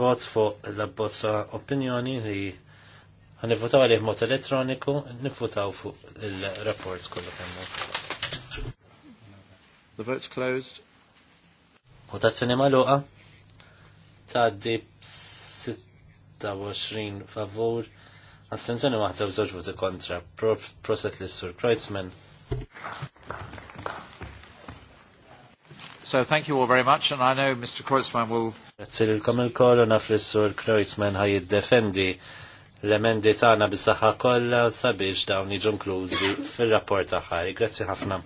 S2: vot fuq l-abbozza opinjoni li għanivvotaw għalih mod elettroniku, nivvotaw fuq il-rapport kollu kemmu. The vote's closed. Votazzjoni maluqa. Taddi ps 26 favor. astenzjoni waħda u voti kontra. Proset li sur Kreutzmann. So thank you all very much and I know Mr. Kreutzmann will... Grazie l-kom il-koll u naf li sur Kreutzmann ħaj defendi l-emendi tagħna bis-saħħa kollha sabiex dawn jiġu inklużi fir-rapport aħari. Grazzi ħafna.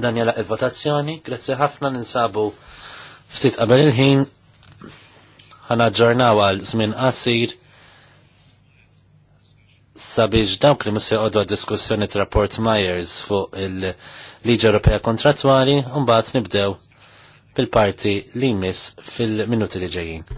S2: Dan il-votazzjoni, grazzi ħafna ninsabu Ftit qabel il-ħin ħanaġġornaw għal żmien qasir sabiex dawk li musi għoddu diskussjoni rapport Myers fuq il-Liġi Ewropea Kontrattwali, u mbagħad nibdew bil-parti li jmiss fil-minuti li ġejjin.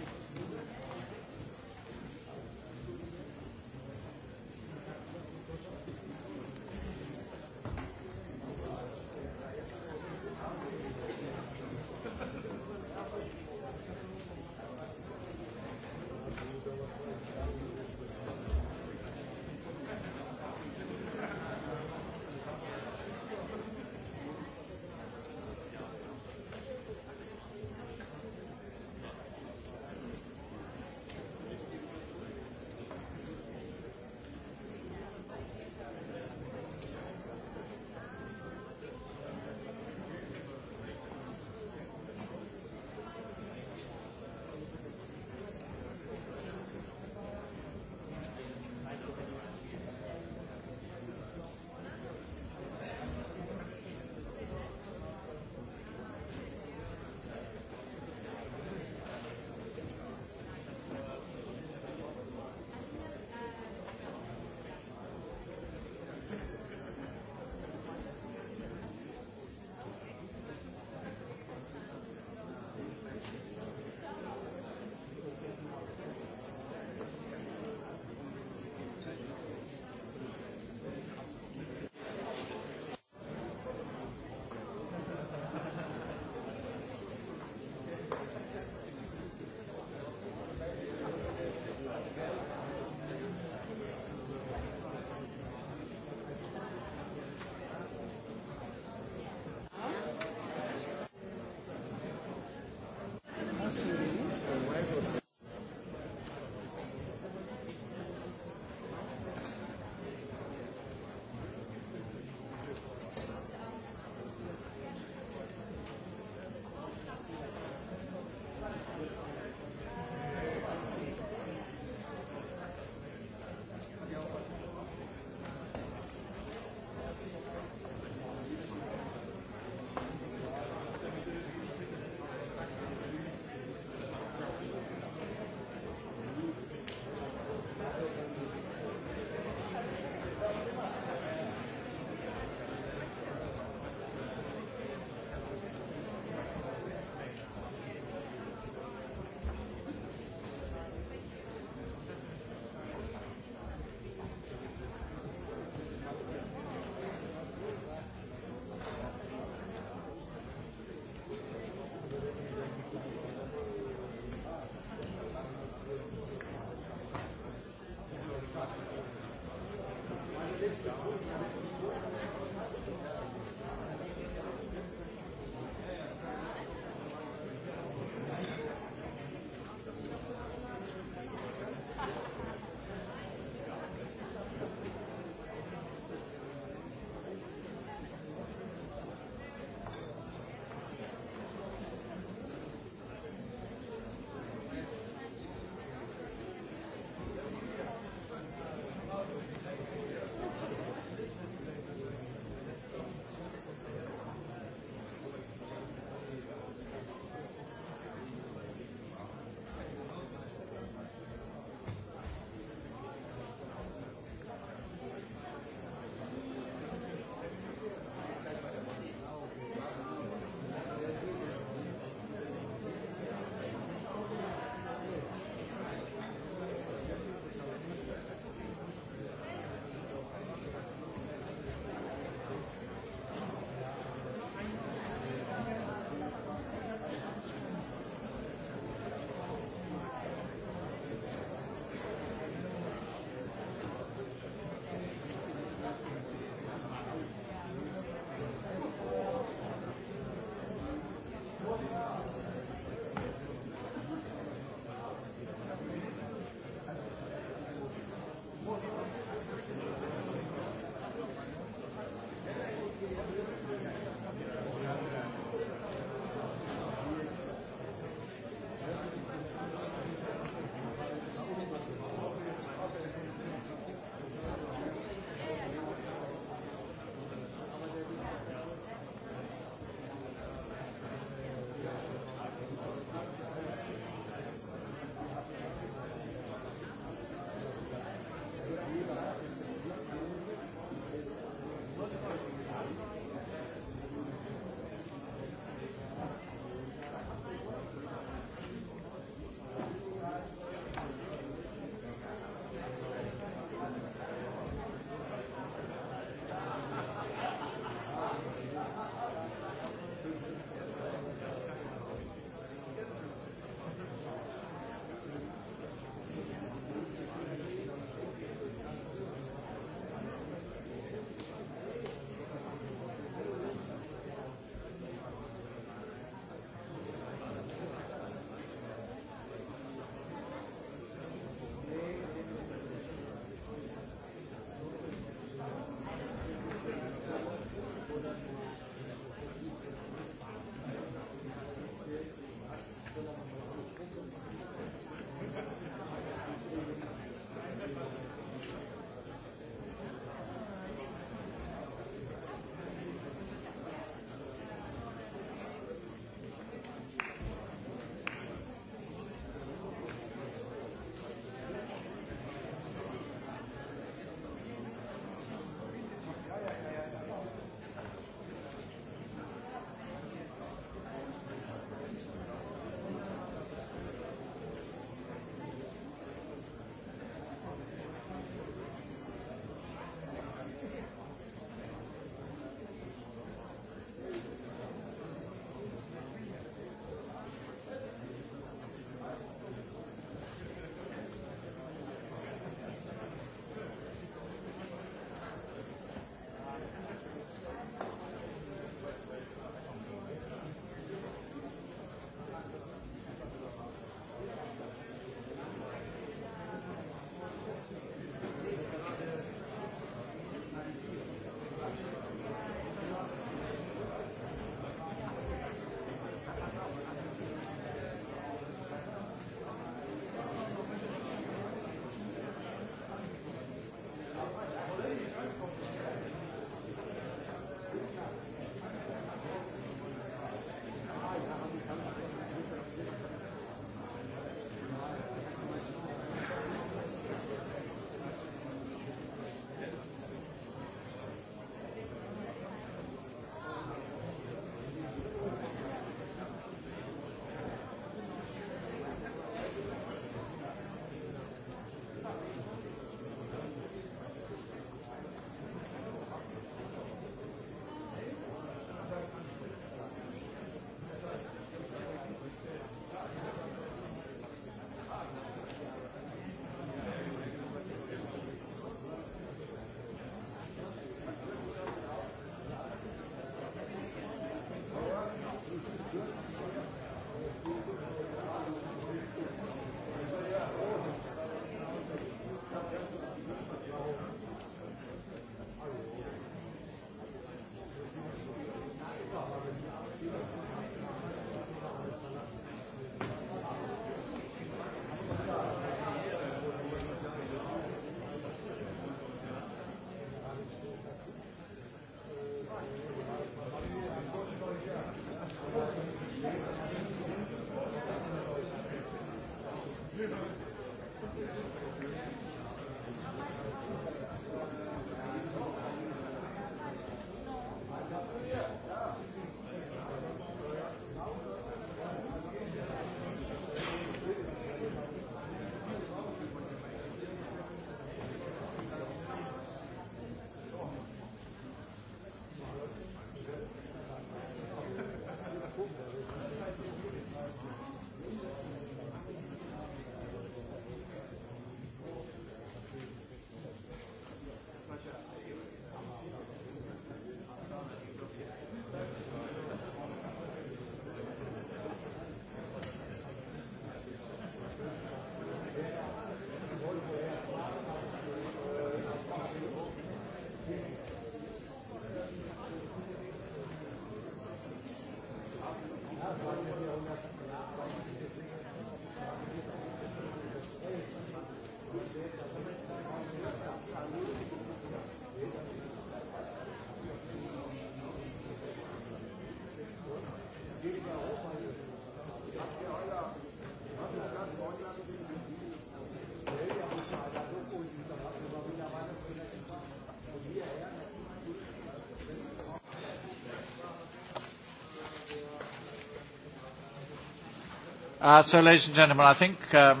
S1: Uh, so, ladies and gentlemen, I think um,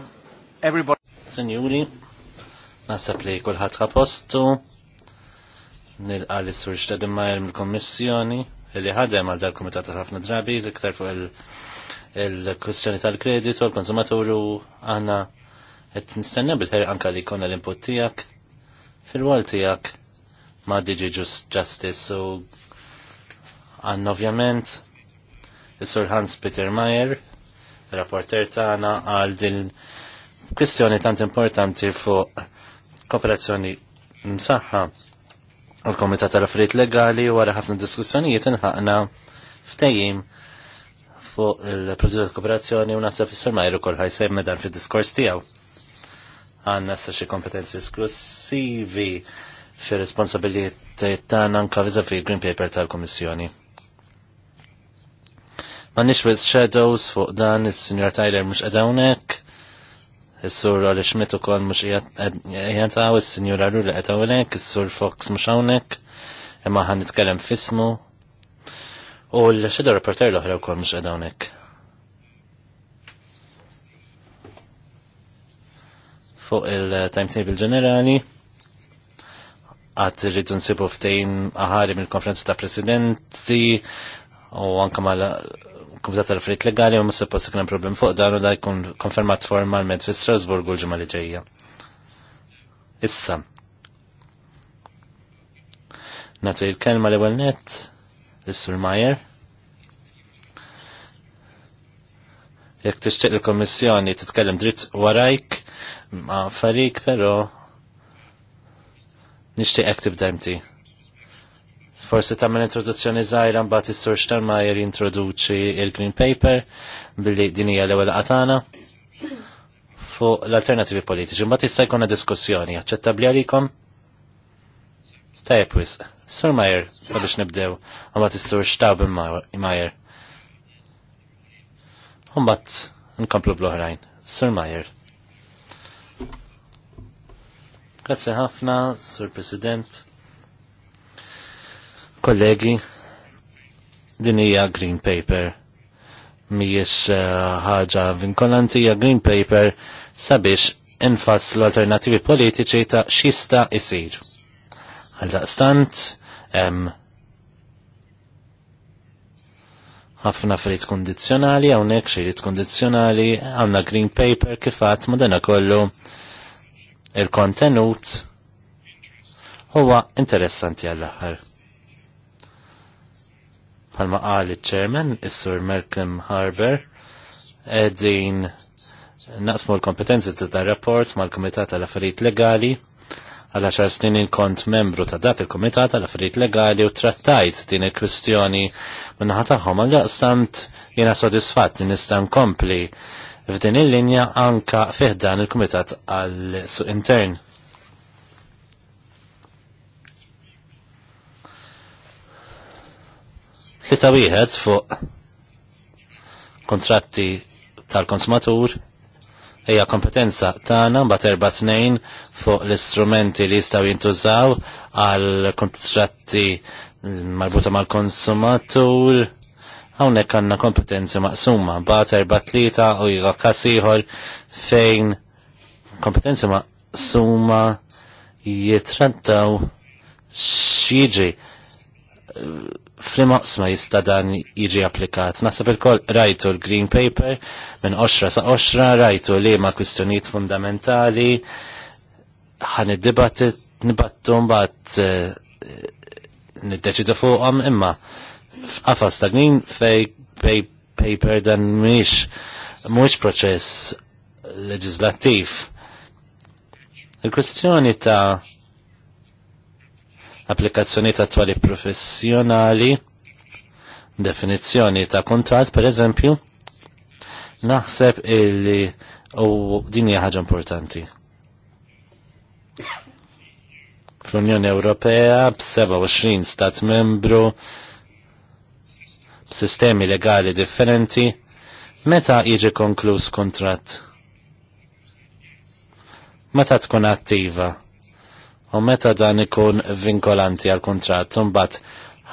S1: everybody... Senjuri,
S2: nasab li kullħat postu, nilqa li sur Xtadim majer mill-kommissjoni, li ħadem għal dal-komitat ħafna drabi, l-iktar fuq il kustjoni tal-kreditu, l konsumaturu għana għet nistenna bil ħer anka li konna l-input tijak, fil għal tijak, ma' Digi Justice u għanna ovvjament, il-sur Hans Peter Mayer, rapporter tagħna għal din kwistjoni tant importanti fuq kooperazzjoni msaħħa u l-Komitat tal-Affarijiet Legali wara ħafna diskussjonijiet inħaqna ftejjim fuq il-proċedura kooperazzjoni u naħseb is-sermajru kol ħajsejm dan fid-diskors tiegħu. Għandna sa xi kompetenzi esklusivi fir responsabbiljiet tagħna anke viżavi green paper tal-Kummissjoni. Għannix with shadows fuq dan, il-Sinjor Tyler mux għadawnek. il-Sur Oli Schmidt u kol mux jgħataw, il-Sinjor Arur għadawnek, il-Sur Fox mux għawnek, imma għan nitkellem fismu, u l-Shadow Reporter l-ohra u kol mux għadawnek. Fuq il-timetable ġenerali, għad rridu nsibu ftejn aħari mill-konferenza ta' presidenti u anka mal Kumitat tal-Affarijiet Legali u ma suppost kien problem fuq dan u da jkun konfermat formalment fi Strasburg u l-ġimgħa li ġejja. Issa. Nagħti l-kelma l-ewwel nett lis-Sur Majer. jekk tixtieq il-Kommissjoni titkellem dritt warajk ma' farik, però nixtieq hekk tibdenti. Forsi ta' minn introduzzjoni zaħira mbagħad is-Sur Sternmajer jintroduċi il-Green Paper billi din hija l-ewwel qatana fuq l-alternativi politiċi. Mbagħad jista' jkun diskussjoni aċċettabbli għalikom? Tajb wis. Sur Majer, sabiex nibdew, mbagħad is-Sur Stab Majer. Mbagħad nkomplu bl-oħrajn. Sur Majer. Grazie ħafna, Sur President. Kollegi, din hija Green Paper. Mijis eh, ħaġa uh, vinkolanti hija Green Paper sabiex infass l-alternativi politiċi ta' xista isir. Għal daqstant, ħafna frit kondizjonali, għawnek xirit kondizjonali, għanna Green Paper kifat ma dana kollu il-kontenut huwa interessanti għall-aħħar palma qal iċ-ċermen, is-sur Malcolm Harber, edin naqsmu l-kompetenzi ta' dar rapport mal-Komitat tal affarijiet Legali għal xar snin kont membru ta' dak il-Komitat tal affarijiet Legali u trattajt din il-kwistjoni minnaħa tagħhom għal daqstant jiena sodisfat li nista' nkompli f'din il-linja anka fih dan il-Kumitat għal suq intern. ta' wieħed fuq kontratti tal-konsumatur hija kompetenza tagħna mbagħad erba' tnejn fuq l-istrumenti li jistgħu jintużaw għal kontratti marbuta mal-konsumatur hawnhekk għandna kompetenzi maqsuma mbagħad erba' tlieta u jiva każ ieħor fejn kompetenzi maqsuma jitrattaw x'jiġri fl jista dan jiġi applikat. Nasab il rajtu l-Green Paper minn 10 sa 10, rajtu li ma kwistjoniet fundamentali, ħan id nibattu mbagħad eh, niddeċidu fuqhom imma f'qafas ta' Green Paper dan mhix mhuwiex proċess leġislattiv. Il-kwistjoni ta' applikazzjoni ta' twali professjonali, definizzjoni ta' kontrat, per eżempju, naħseb illi u din hija ħaġa importanti. Fl-Unjoni Ewropea b-27 stat membru b'sistemi legali differenti meta jiġi konkluż kontrat? Meta tkun attiva? U meta dan ikun vinkolanti għal kontrat, mbagħad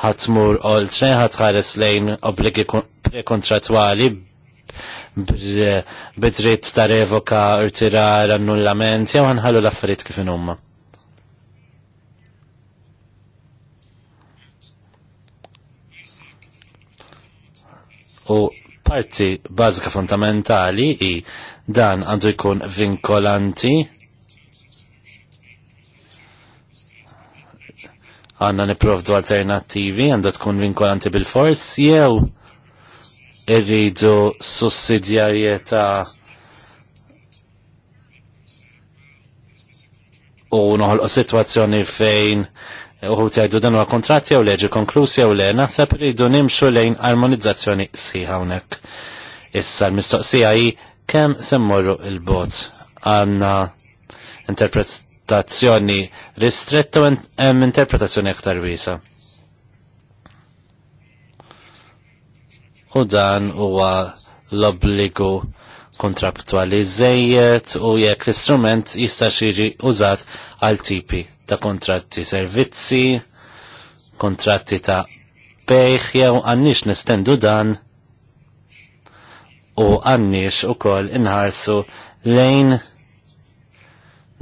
S2: ħatmur oltre ħatħares lejn obbligi prekontratwali bidritt ta' revoka, l annullament, jew ħanħallu l-affarijiet kif huma. U parti bażika fundamentali i dan għandu jkun vinkolanti għanna niprovdu alternativi għanda tkun vinkolanti bil-fors jew irridu sussidjarieta u noħolqu situazzjoni fejn uħu tajdu dan huwa kontratti jew leġi konklusi jew le naħseb irridu nimxu lejn armonizzazzjoni sħiħa hawnhekk. Issa l-mistoqsija hi kemm semmorru il-bot għandna interpretazzjoni interpretazzjoni ristretta u hemm interpretazzjoni aktar wiesa. U dan huwa l-obbligu kontraptuali zejjed u jekk l-istrument jista' jiġi użat għal tipi ta' kontratti servizzi, kontratti ta' pejħ jew għannix nestendu dan u għannix ukoll inħarsu lejn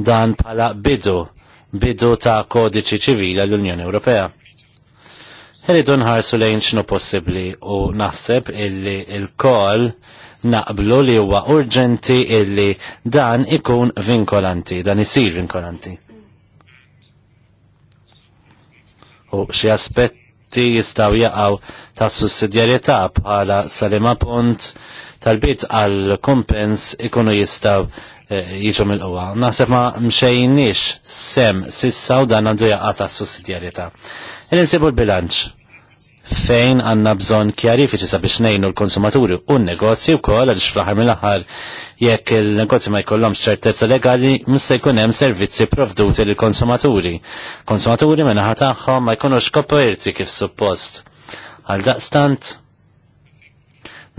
S2: dan bħala bidu, bidu ta' kodiċi ċivili l-Unjoni Ewropea. Rridu nħarsu lejn x'nu possibbli u naħseb illi il-kol naqblu li huwa urġenti illi dan ikun vinkolanti, dan isir vinkolanti. U xi aspetti jistgħu jaqgħu ta' sussidjarjetà bħala salima punt tal-bit għal kompens ikunu jistaw Eh, jiġu mill-qwa. Naħseb ma mxejniex sem sissa u dan għandu jaqata s-sussidjarjetà. Il-insibu l-bilanċ fejn għanna bżon kjarifiċi sabiex nejnu l-konsumaturi u n-negozji u koll fl-ħar mill-ħar jekk il negozju ma jkollhomx ċertezza legali mista jkun hemm servizzi provduti lill-konsumaturi. Konsumaturi minn ħa tagħhom ma jkunux koperti kif suppost. Għal daqstant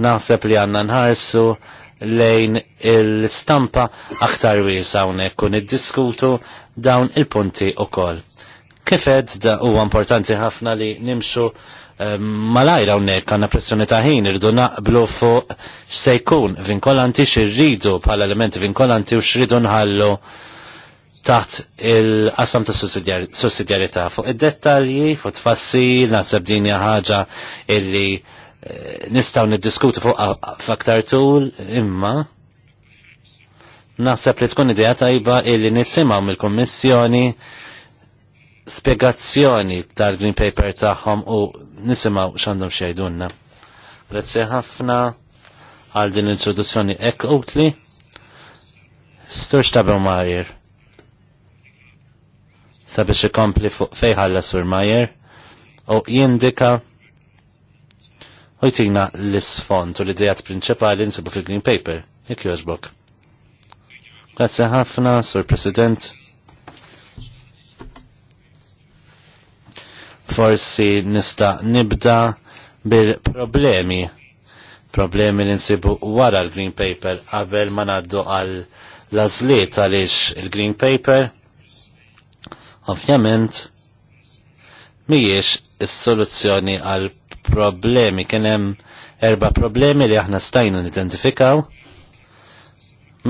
S2: naħseb li għanna nħarsu lejn il-stampa aktar wiesa hawnhekk u iddiskutu dawn il-punti ukoll. Kifed da huwa importanti ħafna li nimxu ehm, malajra hawnhekk għanna pressjoni ta' ħin irridu naqblu fuq x'se jkun vinkolanti xirridu bħala elementi vinkolanti u xirridu nħallu taħt il-qasam ta' sussidjarità fuq id-dettalji, fuq tfassil, naħseb din ħaġa illi nistaw niddiskutu fuq faktar tul imma naħseb li tkun idea tajba illi nisimgħu mill-Kummissjoni spiegazzjoni tal-Green Paper tagħhom u nisimgħu x'għandhom xejdunna. Grazzi ħafna għal din l-introduzzjoni ek utli. Sturx tabew Majer. Sabiex ikompli fuq fejħalla Sur Majer u jindika Ujtina l-sfond u l-idejat prinċipali nsibu fil-Green Paper. Jek joġbok. Grazie ħafna, Sur President. Forsi nista nibda bil-problemi. Problemi li nsibu wara l-Green Paper qabel ma naddu għal lażliet għaliex il-Green Paper ovvjament mhijiex is-soluzzjoni għal problemi, kien hemm erba problemi li aħna stajna nidentifikaw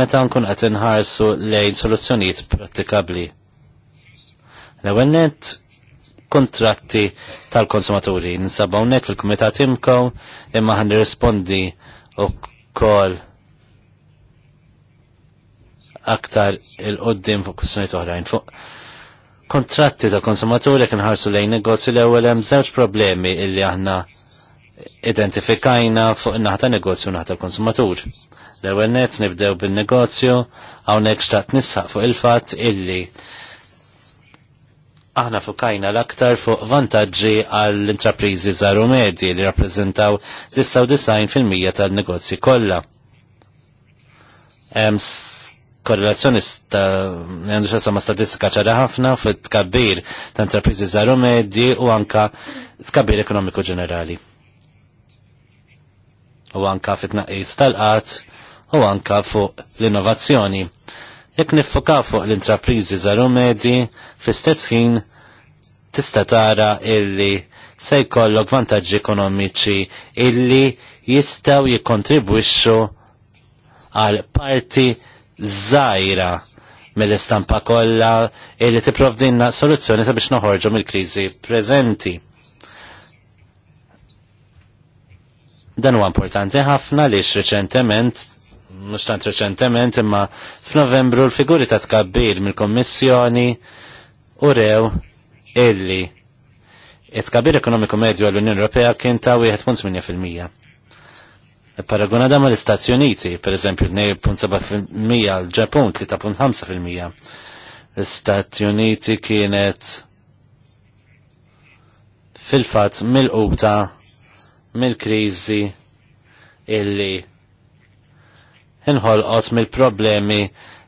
S2: meta nkun qed inħarsu lejn soluzzjonijiet prattikabbli. L-ewwel nett kontratti tal-konsumaturi. Ninsab hawnhekk fil-Kumitat Imkow imma ħan nirrispondi ukoll aktar il-qoddim fuq kwistjonijiet oħrajn fuq kontratti ta' konsumaturi kien ħarsu lejn negozju l-ewwel hemm żewġ problemi illi aħna identifikajna fuq in-naħa ta' negozju naħa ta' konsumatur. L-ewwel net nibdew bin-negozju hawnhekk xtaqt nisaq fuq il-fatt illi aħna fukajna l-aktar fuq vantaġġi għall-intrapriżi żaru medji li rappreżentaw 99% tal-negozji kollha korrelazzjoni għandu xesa statistika ċara ħafna fit tkabbir ta' intrapriżi żaru medji u anka tkabbir ekonomiku ġenerali. U anka fit tnaqqis tal qat u anka fuq l-innovazzjoni. Jekk nifuka fuq l-intrapriżi Zaru medji fi stess ħin tista' tara illi se jkollok vantaġġi ekonomiċi illi jistaw jikkontribwixxu għal parti żgħira mill-istampa kollha illi tipprovdinna soluzzjoni ta' biex noħorġu mill-kriżi prezenti. Dan huwa importanti ħafna li reċentement mhux tant reċentement imma f'Novembru l-figuri ta' tkabbir mill-Kommissjoni u rew illi it-tkabbir ekonomiku medju għall-Unjoni Ewropea kien ta' 1.8 fil-mija paragona ma l-Istati Uniti, per eżempju, mija l-Ġapun, mija L-Istati Uniti kienet fil-fat mil qubta mill-krizi illi inħolqot mill-problemi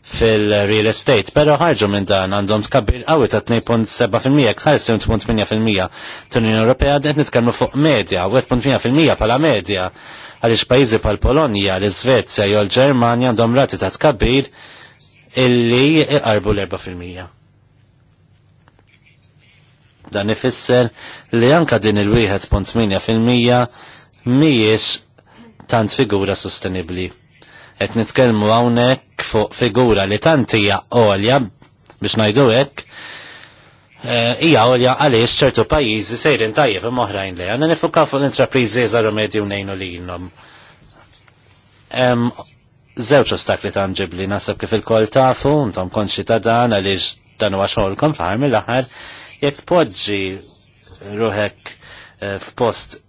S2: fil-real estate, pero ħarġu minn dan għandhom tkabbir qawwi ta' 2.7% ktar 7.8% tal-Unjoni Ewropea qed nitkellmu fuq medja, 1.8% bħala medja għaliex pajjiżi pal Polonja, l-Iżvezja jew l-Ġermanja għandhom rati ta' tkabbir illi iqarbu l-4%. Dan ifisser li anka din il-1.8% mhijiex tant figura sostenibbli qed nitkellmu hawnhekk fuq figura li tant hija għolja biex ngħidu hekk eh, hija għolja għaliex ċertu pajjiżi sejrin tajjeb imma oħrajn li għanna nifukaw fuq l-intrapriżi zaru medju ngħinu lilhom. Zewċ ostakli tanġibli nasab kif il-kol tafu, ntom konċi ta' dan għaliex dan huwa xogħolkom fl-ħar mill-aħħar, jekk tpoġġi ruħek eh, f'post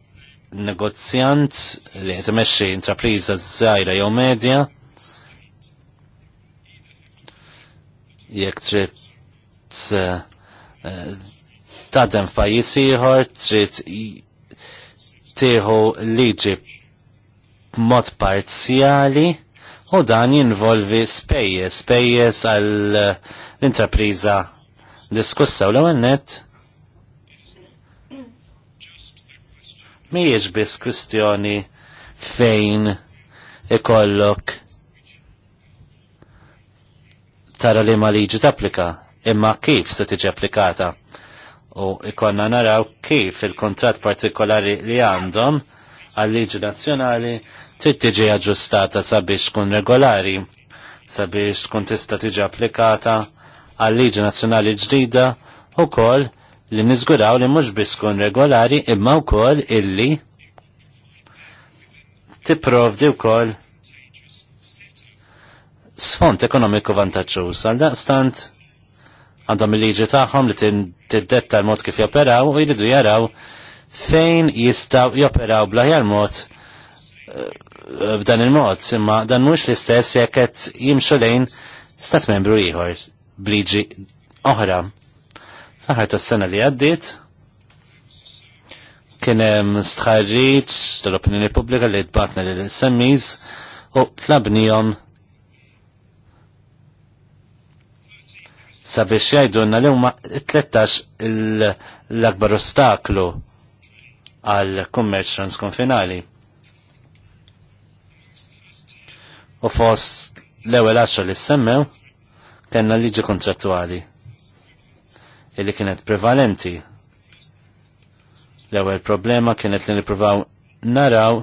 S2: negozjant li qed intrapriża żgħira jew medja jekk trid eh, eh, tadem f'pajjiż ieħor trid tieħu liġi b'mod parzjali u dan jinvolvi spejjeż spejjeż għall intrapriża diskussa u l-ewwel nett mhijiex biss kwistjoni fejn ikollok tara li ma liġi tapplika, imma kif se tiġi applikata. U ikonna naraw kif il-kontrat partikolari li għandhom għal-liġi nazzjonali trid tiġi aġġustata sabiex tkun regolari, sabiex tkun tista' tiġi applikata għal-liġi nazzjonali ġdida u koll li nizguraw li mhux biss regolari imma wkoll illi tipprovdi wkoll sfond ekonomiku vantaġġuż għal daqstant għandhom il-liġi tagħhom li tiddetta l-mod kif joperaw u jridu jaraw fejn jistgħu joperaw bl-aħjar mod eh, eh, b'dan il-mod imma dan mux l-istess jekk qed jimxu lejn stat membru ieħor bliġi oħra Aħar tas-sena li għaddiet kien hemm tal-opinjoni pubblika li tbatna l-semmiz u tlabnihom sabiex jgħidulna li huma 13 l-akbar ostaklu għal kummerċ transkonfinali. U fost l-ewwel 10 li semmew kellna liġi kontrattwali illi kienet prevalenti. L-ewwel problema kienet li nippruvaw naraw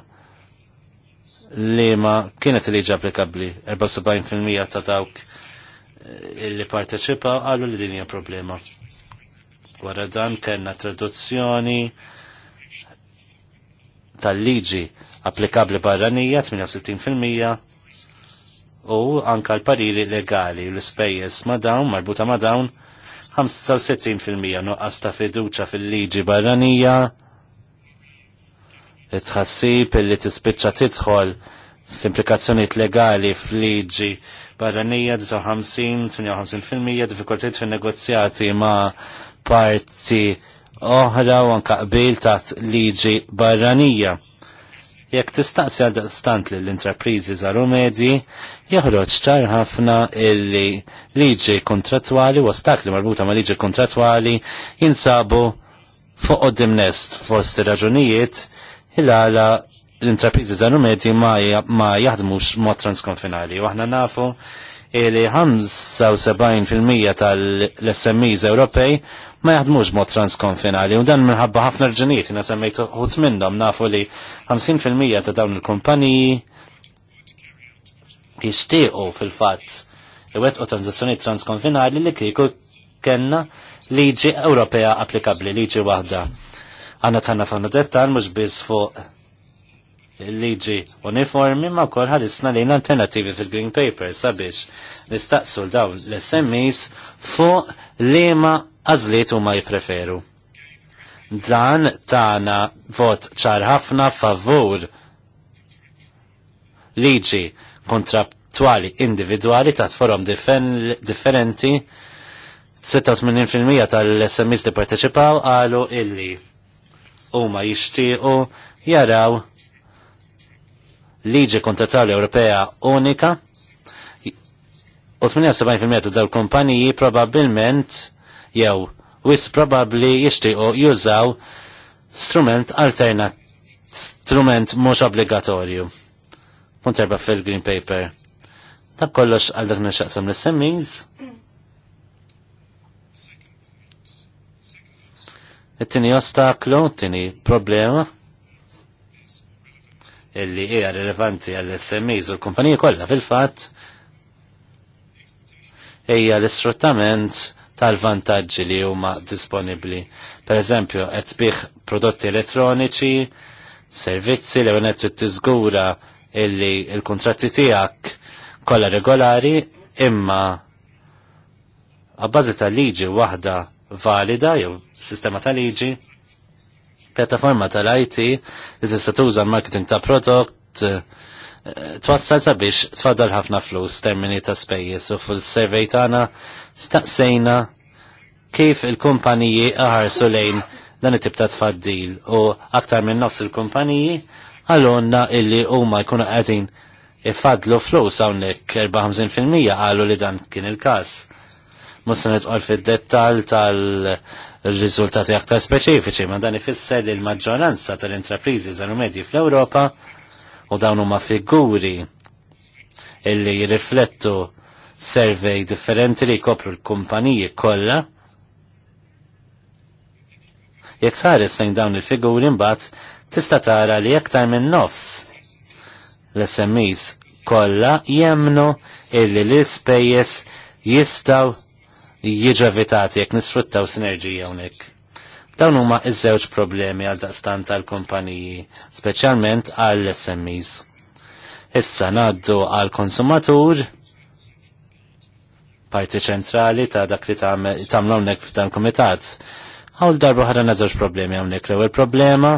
S2: li ma kienet li ġa applikabbli 74% ta' dawk eh, illi parteċipaw għallu li din hija problema. Wara dan kellna traduzzjoni tal-liġi applikabli barranija 68% u anka l-pariri legali l-ispejjeż ma dawn marbuta ma dawn 65% nuqqas ta' fiduċa fil-liġi barranija, tħassib li tispiċċa tidħol f'implikazzjonijiet legali f'liġi barranija 59-58% diffikultajiet fin-negozjati ma' parti oħra u anka qbil taħt liġi barranija. Jekk tistaqsi għal daqstant li l-intrapriżi żaru medji, jeħroġ ċar ħafna illi liġi kontratwali u ostakli marbuta ma' liġi kontratwali jinsabu fuq qoddim nest fost raġunijiet il-għala l-intrapriżi żaru medji ma, jaħdmux mod transkonfinali. U aħna nafu il 75% tal-SMEs Ewropej ma jaħdmux mod transkonfinali u dan minħabba ħafna rġunijiet jina semmejt uħut minnhom nafu li 50% ta' dawn il-kumpaniji jishtiqu fil-fatt iwettqu tranzazzjoni transkonfinali li kieku kenna liġi Ewropea applikabli, liġi waħda. Għanna tħanna fanna dettal mux biss fuq liġi uniformi ma wkoll ħarisna lejn alternativi fil-Green Paper sabiex nistaqsu dawn l-SMEs fuq liema u huma jippreferu. Dan tagħna vot ċar ħafna favur liġi kontrattwali individwali ta' forum differenti 86% tal-SMEs li parteċipaw għalu illi huma jixtiequ jaraw liġi kontratali Ewropea unika 78% ta' dal-kumpaniji probabbilment jew wis probabbli u jużaw strument alternat strument mhux obbligatorju. Punt erba' fil-Green Paper. Ta' kollox għal dak nixtaqsam l-semmiz. it tini ostaklu, it tieni problema illi hija rilevanti għall smis u l-kumpaniji kollha fil-fatt hija l-isfruttament tal-vantaġġi li huma disponibbli. Per eżempju, qed tbih prodotti elettroniċi, servizzi li għonet tiżgura illi l kontratti tiegħek kollha regolari imma għabbażi tal-liġi waħda valida jew sistema tal-liġi Pjattaforma tal-IT li tista' tuża l-marketing ta' prodott eh, twassal sabiex tfaddal ħafna flus termini ta' spejjeż u fil-survey tagħna staqsejna kif il-kumpaniji aħarsu lejn dan it-tip ta' tfaddil u aktar minn nofs il-kumpaniji għalonna illi huma jkunu qegħdin ifadlu flus hawnhekk 54% qalu li dan kien il-każ. Mussanet għal fid-dettal tal- riżultati aktar speċifiċi, ma dan ifisser li l-maġġoranza tal-intrapriżi żanu medji fl-Ewropa u dawn huma figuri illi jirriflettu survey differenti li jkopru l-kumpaniji kollha jekk saris lejn dawn il-figuri mbagħad tista' tara li aktar minn nofs l-SMEs kollha jemnu illi l-ispejjeż jistgħu jiġu evitati jekk nisfruttaw sinerġija hawnhekk. Dawn huma iż-żewġ problemi għal daqstan tal-kumpaniji, speċjalment għall smes Issa ngħaddu għal konsumatur parti ċentrali ta' dak li tagħmlu hawnhekk f'dan kumitat. Hawn darba ħadna żewġ problemi hawnhekk. L-ewwel problema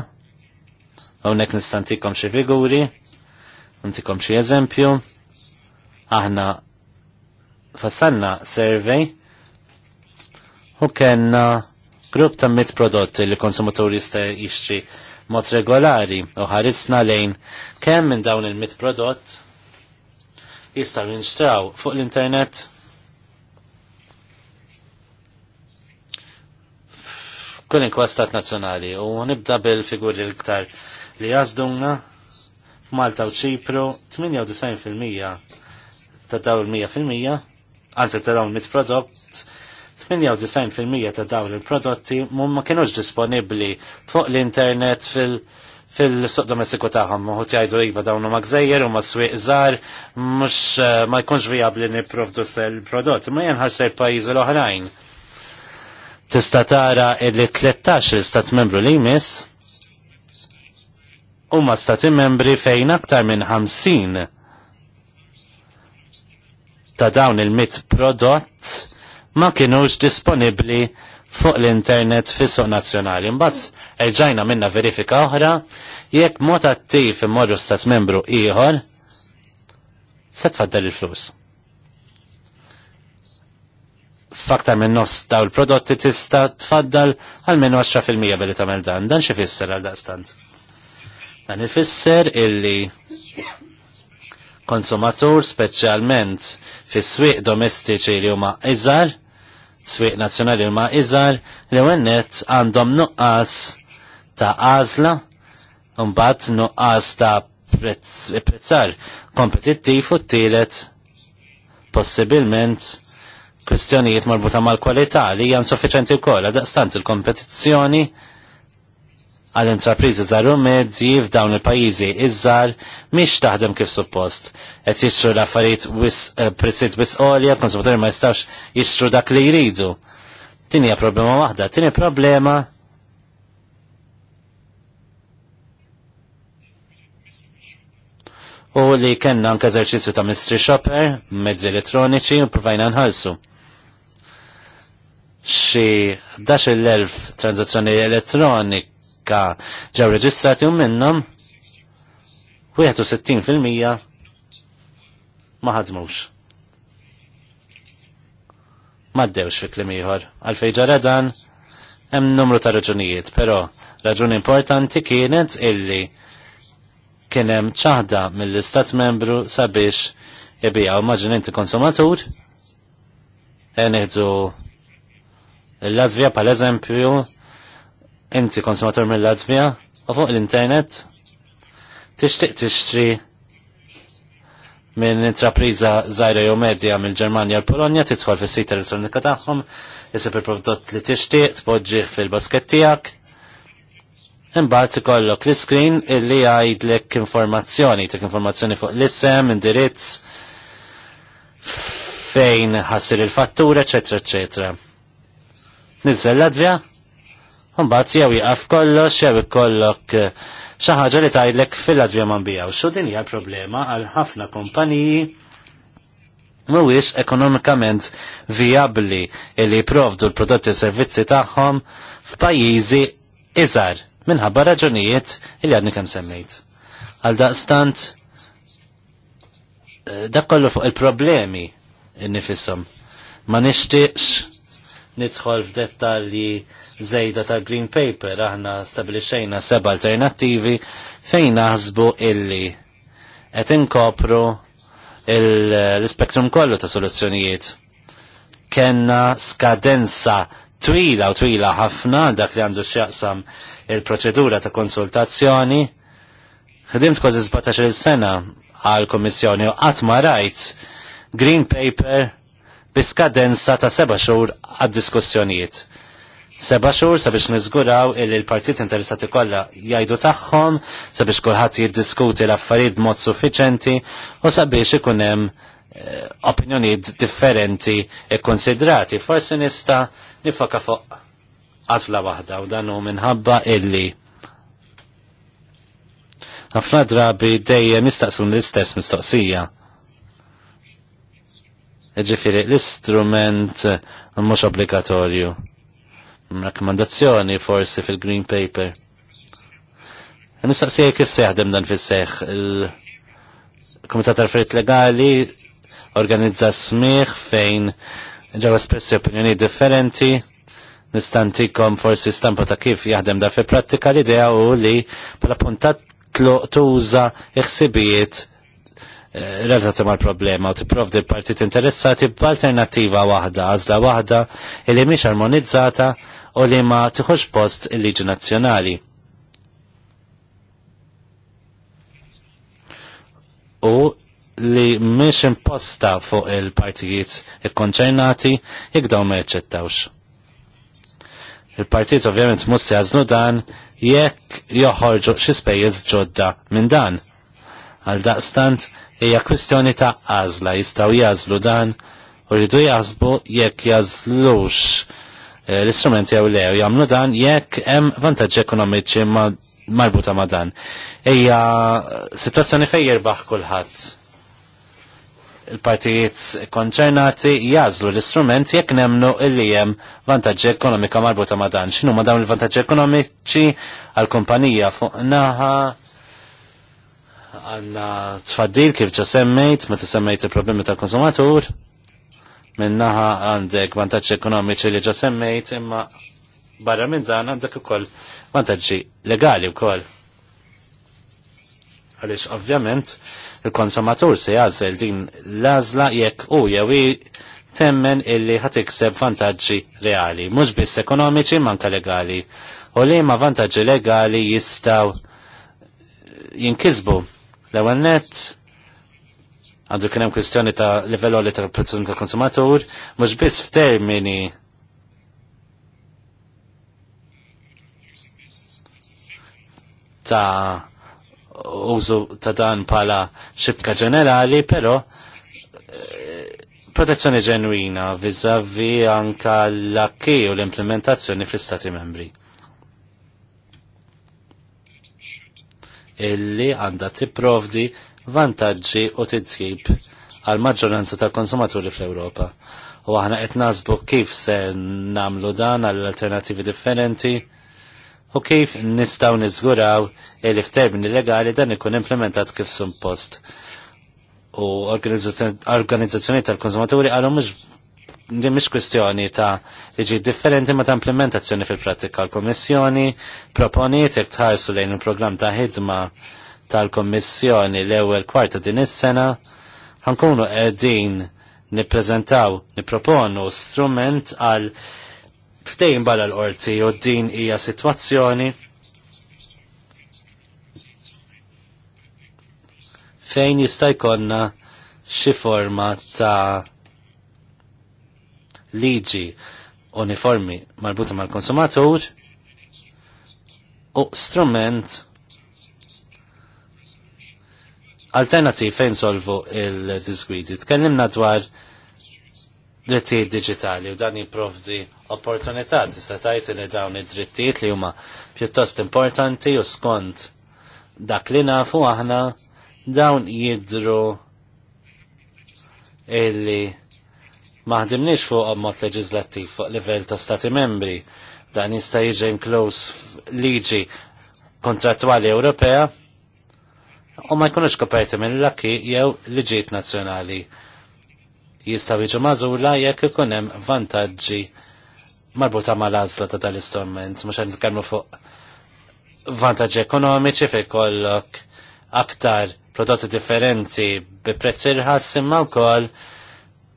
S2: hawnhekk nistantikom xi figuri, ntikom xi eżempju. Aħna fassanna survey u kena grupp ta' mit prodotti li konsumaturi jista' jixtri mod regolari u ħarisna lejn kemm minn dawn il-mit prodott jistgħu jinxtraw fuq l-internet kull inkwastat nazzjonali u nibda bil-figuri l-iktar li jazdumna f'Malta u Ċipru 98% ta' dawn il-100% anzi ta' dawn mit prodott 98% ta' dawn il-prodotti ma kienuġ disponibbli fuq l-internet fil- fil-suq domestiku taħħom, muħut jgħidu iba dawnu magżejjer u ma s-swiq zar, mux eh, ma jkunx vijabli niprofdu s-prodott, ma jenħarx l-pajiz l-oħrajn. Tista tara li 13 stat membru li jmiss, u ma stati membri fejn aktar minn 50 ta' dawn il-mit prodott ma kienux disponibli fuq l-internet fis nazjonali. Mbazz, Mbagħad erġajna minna verifika oħra jekk mod attiv imorru stat membru ieħor se tfaddel il-flus. Faktar minn nofs daw l prodotti tista' tfaddal għal minn 10% billi tagħmel dan, dan xie fisser għal daqstant. Dan ifisser illi konsumatur speċjalment fis-swieq domestiċi li huma iżgħar swieq nazzjonali ma iżgħar li għennet għandhom nuqqas ta' għażla u mbagħad nuqqas ta' prezzar kompetittiv u t-tielet possibilment kwestjonijiet marbuta mal-kwalità li hija insuffiċenti wkoll kolla il il kompetizzjoni għal intrapriżi żaru mezzi f'dawn il-pajjiżi iż-żar miex taħdem kif suppost. Qed jixtru l-affarijiet wis eh, prezzit wis olja, konsumaturi ma jistax jixtru dak li jridu. Tini hija problema waħda, tini problema u li kenna anke eżerċizzju ta' mystery shopper, mezzi elettroniċi u provajna nħalsu. Xi 11,000 tranzazzjoni elettronik hekka ġew reġistrati u minnhom 61% ma ħadmux. Ma ddewx fi klim ieħor. Għalfej ġara dan hemm numru ta' raġunijiet, però raġun importanti kienet illi kien hemm ċaħda mill-Istat Membru sabiex ibijaw maġinenti konsumatur e neħdu l-Latvija pal eżempju inti konsumatur mill-Latvija u fuq l-internet tixtieq tixtri minn intrapriża żgħira jew medja mill-Ġermanja l polonja tidħol fis-sit elettronika tagħhom, isib il-prodott li tixtieq tpoġġih fil-basket tiegħek. Imbagħad ikollok l-screen illi jgħidlek informazzjoni, tek informazzjoni fuq l-isem, indirizz, fejn ħassir il-fattura, eċetera, eċetera. Nizzel Latvija, Mbagħad jew wieqaf kollox jew ikollok eh, xi ħaġa li tajlek fil-advja ma nbijaw. Xu din hija problema għal ħafna kumpaniji mhuwiex ekonomikament vijabbli li jipprovdu l-prodotti u servizzi tagħhom f'pajjiżi iżgħar minħabba raġunijiet li għadni kemm semmejt. Għal daqstant eh, dak kollu fuq il-problemi nifisom. Ma nixtieqx nidħol f'dettalji zejda ta' Green Paper aħna stabilixejna seba alternattivi fejn naħsbu illi qed inkopru l-spektrum kollu ta' soluzzjonijiet. Kenna skadenza twila u twila ħafna dak li għandu x'jaqsam il-proċedura ta' konsultazzjoni. Ħdimt kważi 17-il sena għal-Kommissjoni u qatt ma rajt Green Paper biskadenza ta' seba' xhur għad-diskussjonijiet seba xhur sabiex niżguraw il l-partit interessati kollha jgħidu tagħhom sabiex kulħadd jiddiskuti l-affarijiet b'mod suffiċenti u sabiex ikun hemm eh, opinjonijiet differenti e konsidrati Forsi nista' nifoka fuq għażla waħda u dan hu minħabba illi ħafna drabi dejjem mistaqsun l-istess mistoqsija. Ġifiri, l-istrument mhux obbligatorju rakkomandazzjoni forsi fil-Green Paper. Nistaqsija kif seħdem dan fis-seħ. Il-Komitat tal Legali organizza smieħ fejn ġewwa espressi opinjoni differenti. Nistantikom forsi stampa ta' kif jaħdem da' fi prattika l-idea u li bħala puntat tuża iħsibijiet relatati mal problema u tipprovdi partit interessati b'alternattiva waħda, għażla waħda li mhix armonizzata u li ma tieħux post il-liġi nazzjonali. U li mhix imposta fuq il-partijiet il jekk dawn ma jċettawx. Il-partijiet ovvjament mhux se jażlu dan jekk joħorġu xi spejjeż ġodda minn dan. Għal daqstant, hija kwistjoni ta' għażla jistgħu jażlu dan u rridu jażbu jekk jażlux eh, l-istrumenti jew lew jagħmlu dan jekk hemm vantaġġi ekonomiċi marbuta ma' dan. Ejja sitwazzjoni fejn jirbaħ kulħadd. Il-partijiet konċernati jażlu l-istrument jekk nemnu illi hemm vantaġġi ekonomika marbuta ma' dan. X'inhuma dawn il-vantaġġi ekonomiċi għall-kumpanija fuq naħa għanna tfaddil kif ġa semmejt, meta semmejt il-problemi tal-konsumatur, minnaħa għandek vantaġġi ekonomiċi li ġa semmejt, imma barra minn dan għandek ukoll vantaġġi legali wkoll. Għaliex ovvjament il-konsumatur se jażel din l-għażla jekk u jewi temmen illi ħatikseb vantaġġi reali, mhux biss ekonomiċi manka legali. U li ma vantaġġi legali jistaw jinkisbu L-ewwel nett għandu kien hemm kwistjoni ta' livello li ta' protezzjoni tal konsumatur mhux biss f'termini ta' użu ta' dan pala xibka ġenerali, pero eh, protezzjoni ġenwina vizavi anka l-akki u l-implementazzjoni fl-Istati membri. illi għandha tipprovdi vantaġġi u titsjib għal maġġoranza tal-konsumaturi fl-Ewropa. U aħna qed nasbu kif se nagħmlu dan għal alternativi differenti u kif nistgħu niżguraw illi f'termini legali dan ikun implementat kif post. U organizzazzjoni tal-konsumaturi għalhom mhux mhix kwestjoni ta' liġi differenti ma ta' implementazzjoni fil-prattika l-Kommissjoni proponiet jekk tħarsu lejn il-programm ta' ħidma tal-Kommissjoni l-ewwel kwarta din is-sena ħankunu qegħdin nippreżentaw, nipproponu strument għal ftejn bala l-qorti u din hija sitwazzjoni fejn jista' jkollna xi forma ta' liġi uniformi marbuta mal-konsumatur u strument alternativ fejn solvu il-disgwidi. Tkellimna dwar drittijiet digitali u dan jipprovdi opportunità tista' tajt li dawn id-drittijiet li huma pjuttost importanti u skont dak li nafu aħna dawn jidru illi maħdimniex fuq mod leġislattiv fuq livell ta' stati membri dan jista' jiġi inkluż liġi kontrattwali Ewropea u ma jkunux koperti mill-laki jew liġijiet nazzjonali. Jistgħu jiġu mażula jekk ikun hemm vantaġġi marbuta mal-għażla ta' tal-istrument, mhux qed nitkellmu fuq vantaġġi ekonomiċi fejn kollok aktar prodotti differenti bi prezzi irħas imma wkoll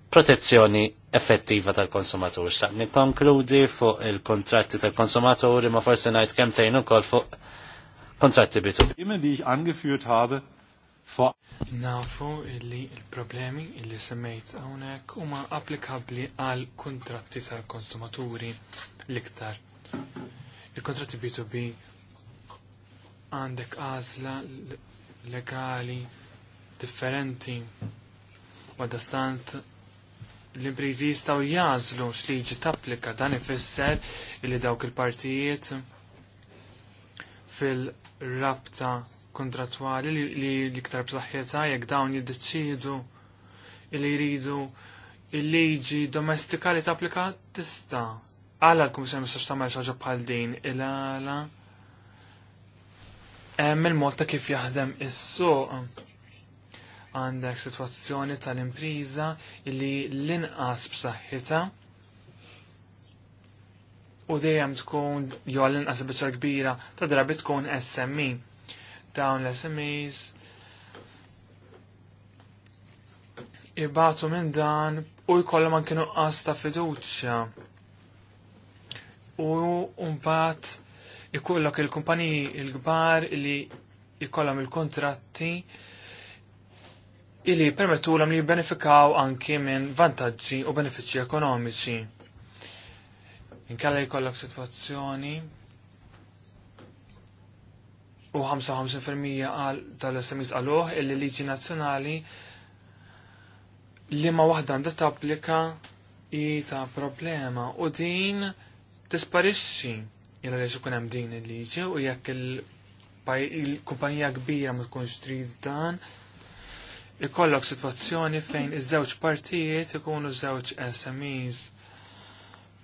S2: protezzjoni effettiva tal-konsumatur. Xtaq nikonkludi fuq il-kontratti tal-konsumatur ma forse najt kem tejn ukoll fuq kontratti bitu. Immen li angeführt habe fuq.
S3: Nafu illi il-problemi illi semmejt hawnhekk huma applikabbli għal kontratti tal-konsumaturi l-iktar. Il-kontratti B2B għandek għażla legali differenti għadastant l-imprizi jistaw jazlu x'liġi tapplika dan ifisser li dawk il-partijiet fil-rabta kontratwali li l-iktar b'saħħieta jekk dawn jiddeċidu li jridu il-liġi domestika li tapplika tista' għala l-Kummissjoni mistax tagħmel xi ħaġa bħal din il-għala hemm il-mod ta' kif jaħdem is-suq għandek situazzjoni tal-impriża li l-inqas b'saħħitha u dejjem tkun jew l inqas biċċa kbira ta' drabi tkun SME. Dawn l-SMEs ibatu minn dan u jkollhom anke nuqqas ta' fiduċja. U mbagħad ikollok il-kumpaniji l-kbar li jkollhom il-kontratti il illi permettulhom li jibbenefikaw anki minn vantaġġi u benefiċċji ekonomiċi. Inkella jkollok sitwazzjoni u 55% tal-SMIs għaluħ il liġi nazzjonali li ma waħda għandha tapplika i ta' problema u din disparixxi il għaliex ikun hemm din il-liġi u jekk il-kumpanija kbira ma tkunx trid dan ikollok situazzjoni fejn iż-żewġ partijiet ikunu żewġ SMEs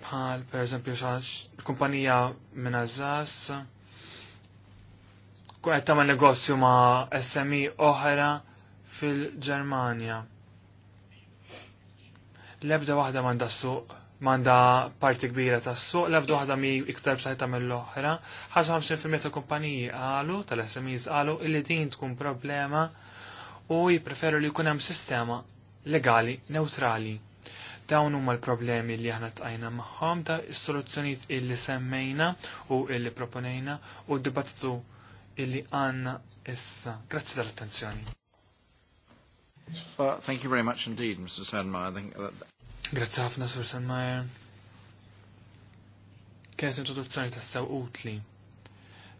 S3: bħal per eżempju kumpanija minn Azzas qed tagħmel negozju ma' SME oħra fil-Ġermanja. L-ebda waħda m'għandha suq m'għandha parti kbira tas-suq, l-ebda waħda mi iktar b'saħħitha mill-oħra, ħaġa 50% tal-kumpaniji qalu tal-SMEs qalu illi din tkun problema u jipreferu li jkun hemm sistema legali neutrali. Dawn huma l-problemi li aħna tqajna magħhom ta' is-soluzzjonijiet illi semmejna u illi proponejna u dibattitu illi għanna issa. Grazzi tal-attenzjoni.
S1: Well, thank you very much indeed, Mr. Sandmeyer. Grazzi ħafna,
S3: Sur Sandmeyer. Kienet introduzzjoni ta' sew utli.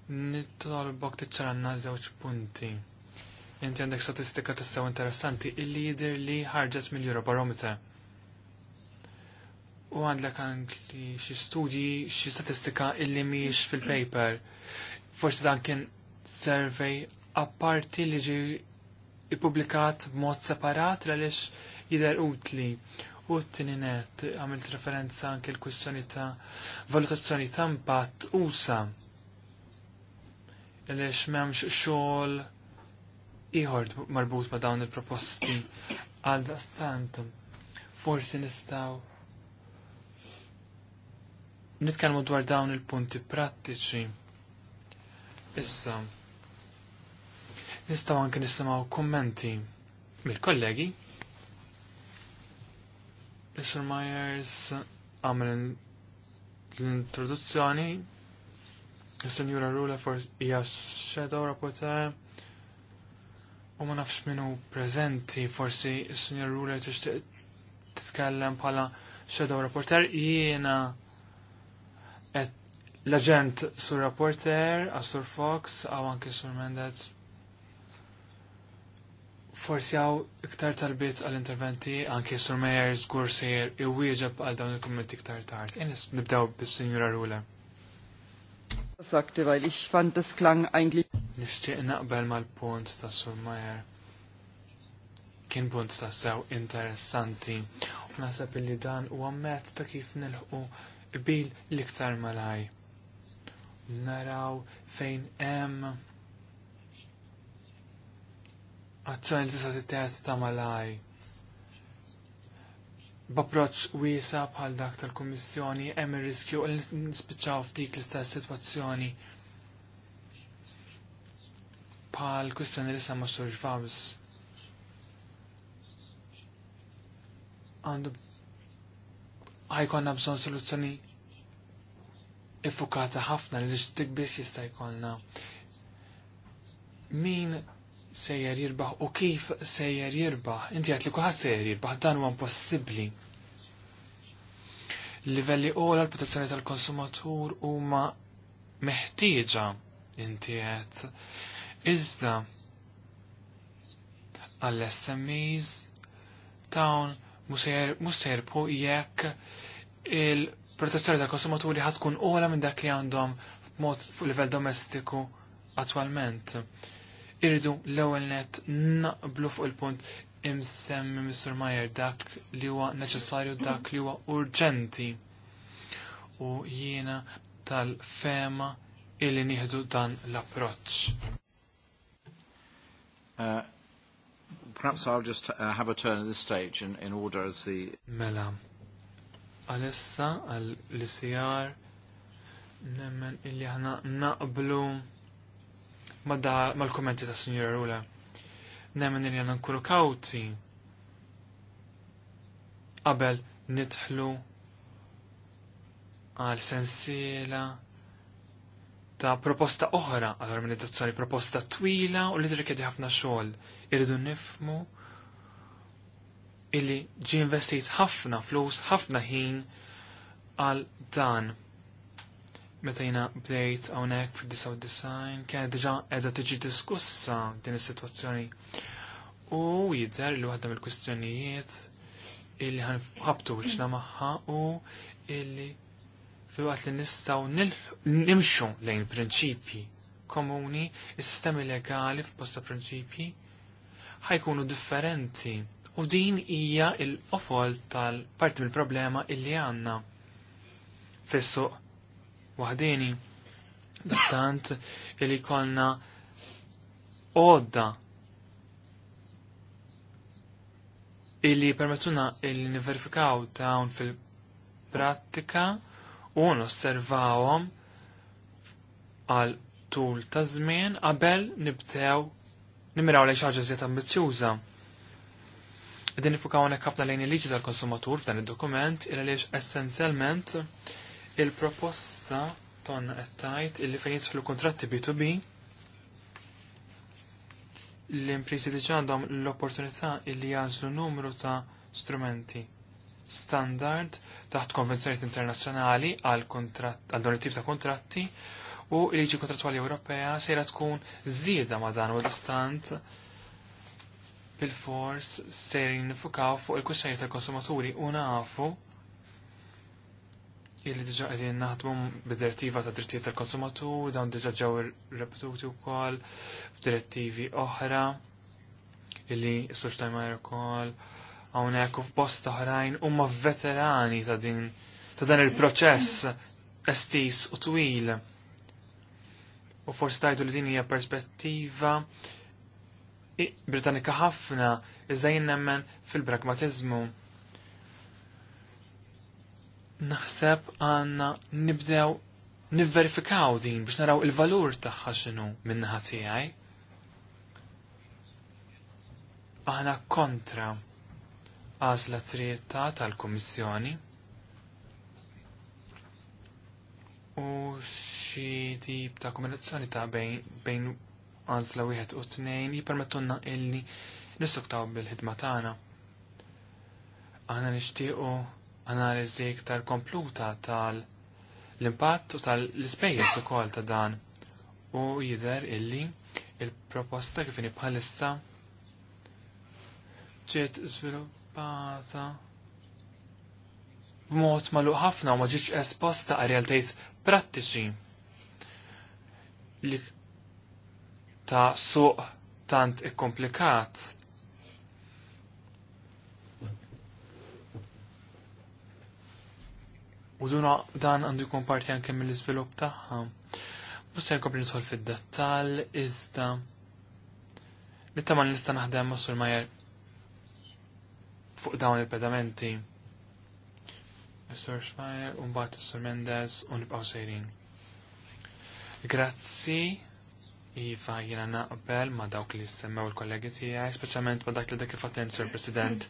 S3: Nittolbok tiċċaranna żewġ punti. Inti għandek statistika tistaw interessanti illi jidir li ħarġet mill-Eurobarometer. U għandek anki xi studji, xi statistika illi miex fil-paper. Forsi dan kien survey apparti li ġi ippubblikat b'mod separat għaliex jidher utli. U t-tini net, għamilt referenza anki l-kwistjoni ta' valutazzjoni ta' impatt usa. Għaliex m'hemmx xogħol iħor marbut ma' dawn il-proposti għal dastant forsi nistaw nitkellmu dwar dawn il-punti prattiċi. Issa, nistaw anke nisimgħu kummenti mill-kollegi. Mr. Myers għamel l-introduzzjoni, Mr. Jura Rula for hija shadow rapporteur U ma nafx minnu prezenti, forsi s-Sinjor Ruler tixtieq titkellem bħala Shadow Reporter, jiena l-agent sur Reporter, għas-Sur Fox, għaw anki Sur Mendez. Forsi għaw iktar tal-bit għal-interventi, anki Sur Meyer zgur sejr wieġab għal dawn il-kommenti iktar tard. Ines, nibdaw bis signora Ruler. Sagte, weil ich fand, das klang eigentlich Nixtieq naqbel mal-punt ta' Surmajer. Kien punt ta' sew interessanti. U naħseb li dan huwa għammet ta' kif nilħu bil l-iktar malaj. Naraw fejn hemm azzjoni li t titteħed ta' malaj b'approċċ wisa bħal dak tal-Kummissjoni hemm ir-riskju li nispiċċaw f'dik l-istess sitwazzjoni pal kustan li sama soġ vabs. Għandu għajkonna bżon soluzzjoni effukata ħafna li dik biex jista' jkollna. Min sejjer jirbaħ u kif sejjer jirbaħ? Inti għat li kuħat sejjer jirbaħ, dan huwa impossibbli. Livelli ola l-protezzjoni tal-konsumatur huma meħtieġa inti qed Iżda għall-SMEs se musserpu jekk il-protezzjoni tal-konsumaturi ħatkun ola minn dak li għandhom mod fuq livell domestiku attualment. Irridu l-ewwel net naqblu fuq il-punt imsemmi Mr. Mayer dak li huwa neċessarju dak li huwa urġenti. U jiena tal-fema illi nieħdu dan l-approċċ.
S1: Uh, perhaps I'll just uh, have a turn at this stage in, in order as the...
S3: Mela, għalissa al-lisijar, nemmen illi ħana naqblu madda mal-kommenti ta' Signora Rula. Nemmen illi ħana nkunu kawti qabel nitħlu għal sensiela ta' proposta oħra għal organizzazzjoni proposta twila u li trikedi ħafna xogħol irridu nifmu illi ġi investit ħafna flus, ħafna ħin għal dan. Meta jina bdejt hawnhekk fid-99 kienet diġà qiegħda tiġi diskussa din is-sitwazzjoni. U jidher li waħda mill-kwistjonijiet illi ħabtu wiċċna magħha u illi fil-waqt li nistaw nimxu lejn prinċipji komuni, il sistemi legali f'posta prinċipji ħajkunu differenti u din hija l-qofol tal-parti mill-problema illi għandna Fissu, wahdini, waħdini. illi kolna għodda illi permettuna illi niverifikaw dawn fil-prattika u nosservawhom għal tul ta' żmien qabel nibdew nimiraw lejn xi ħaġa żjed ambizzjuża. Qegħdin nifukaw hawnhekk ħafna lejn il-liġi tal-konsumatur f'dan id-dokument il għaliex essenzjalment il-proposta tonna qed tgħid illi fejn jidħlu kuntratti B2B l impriżi diġà għandhom l-opportunità illi jażlu numru ta' strumenti standard taħt konvenzjoniet internazzjonali għal dan it-tip ta' kontratti u il-liġi kontrattwali Ewropea sejra tkun żieda ma' dan u l-istant bil-fors sejr nifukaw fuq il-kwistjonijiet tal-konsumaturi u nafu illi diġa qegħdin naħdmu bid-direttiva ta' drittijiet tal-konsumatur dawn diġa ġew irrepetuti wkoll f'direttivi oħra illi s-soċtajma kol hawnhekk u f'bost oħrajn huma veterani ta' din ta' dan il-proċess estis u twil. U forsi tajdu li din hija perspettiva Britannika ħafna iżajn nemmen fil pragmatizmu Naħseb għandna nibdew nivverifikaw din biex naraw il-valur tagħha x'inhu min tiegħi. Aħna kontra għażla trieta tal-Kummissjoni u xie tip ta' kombinazzjoni ta' bejn għażla wieħed u tnejn jippermettulna illi nistuktaw bil-ħidma tagħna. Aħna nixtiequ analiżi iktar kompluta tal-impatt u tal-ispejjeż ukoll ta' dan u jidher illi il-proposta kif bħalissa ġiet żvilupp pata. b'mod magħluq ħafna u ma ġietx esposta għal realtajt prattiċi li ta' suq tant ikkomplikat. U duna dan għandu jkun parti anke mill-iżvilupp tagħha. Musta jkopri nisol fid-dettall iżda li l nista naħdem ma' sur Majer fuq dawn il-pedamenti. Mr. Schmeier, unbat Mr. Mendez, unibqaw sejrin. Grazzi, Iva, jena naqbel ma dawk li semmew il-kollegi tijaj, specialment ma dak li dak il-fatten, Sir President.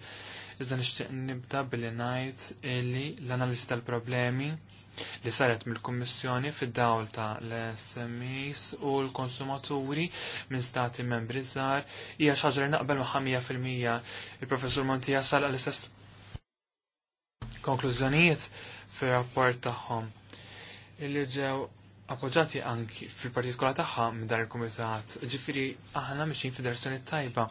S3: Iżda nishtiq nibda billi najt illi l analisi tal-problemi li saret mill-Kummissjoni fid-dawl ta' l-SMEs u l-konsumaturi minn stati membri żgħar hija xi ħaġa li naqbel ma' fil-mija. Il-Professur Montija sal għall-istess konklużjonijiet fir-rapport tagħhom. Illi ġew appoġġati anki fil-partikola tagħha minn dar il-kumitat. ġifiri aħna mixin fil direzzjoni tajba.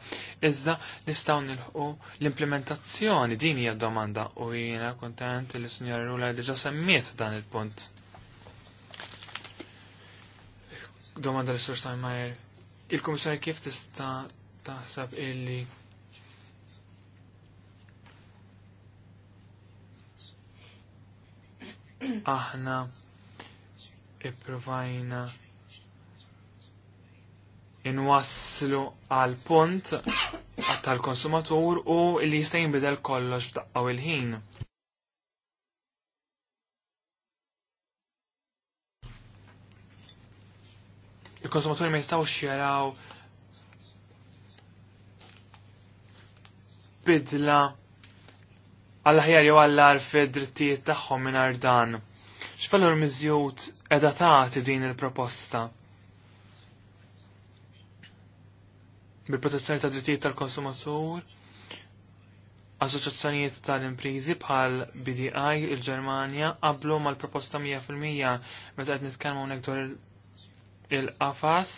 S3: Iżda nistgħu nilħu l-implementazzjoni din hija domanda u jiena kuntent li s Rula Rula diġa' semmiet dan il-punt. Domanda l sur Steinmeier. Il-Kummissarju kif tista' taħseb illi aħna Ipprovajna inwasslu għal punt tal-konsumatur u li jista' jinbidel kollox f'daqqa il-ħin. il konsumatur ma jistaw xieraw bidla għall ħjar jew għall-ar fi drittijiet tagħhom mingħajr dan. X'fallur miżjud edha taħti din il-proposta. Bil-protezzjoni ta' drittijiet tal-konsumatur, Assoċjazzjonijiet tal-imprizi bħal BDI il-Ġermanja qablu mal-proposta 100% meta qed nitkellmu hawnhekk dwar il-qafas.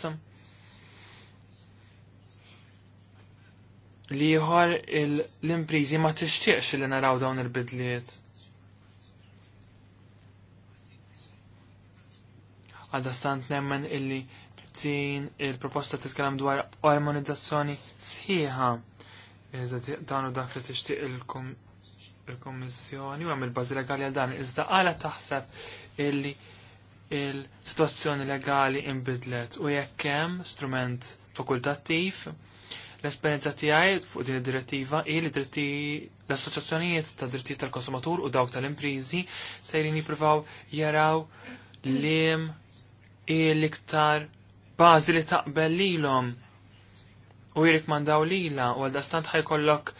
S3: Liħor l-imprizi ma tixtieqx li naraw dawn il-bidliet. għadastant nemmen illi din il-proposta titkellem dwar armonizzazzjoni sħiħa. Danu dak li tixtieq il-Kommissjoni u għam il-bażi legali għal dan, iżda għala taħseb illi il-situazzjoni legali imbidlet u jekk hemm strument fakultattiv l-esperienza tiegħi fuq din id-direttiva hi li dritti l-assoċjazzjonijiet ta' dritti tal-konsumatur u dawk tal-imprizi sejrin jippruvaw jaraw liem il-iktar bażi li taqbel lilhom u jirrikmandaw lila u għaldastant ħajkollok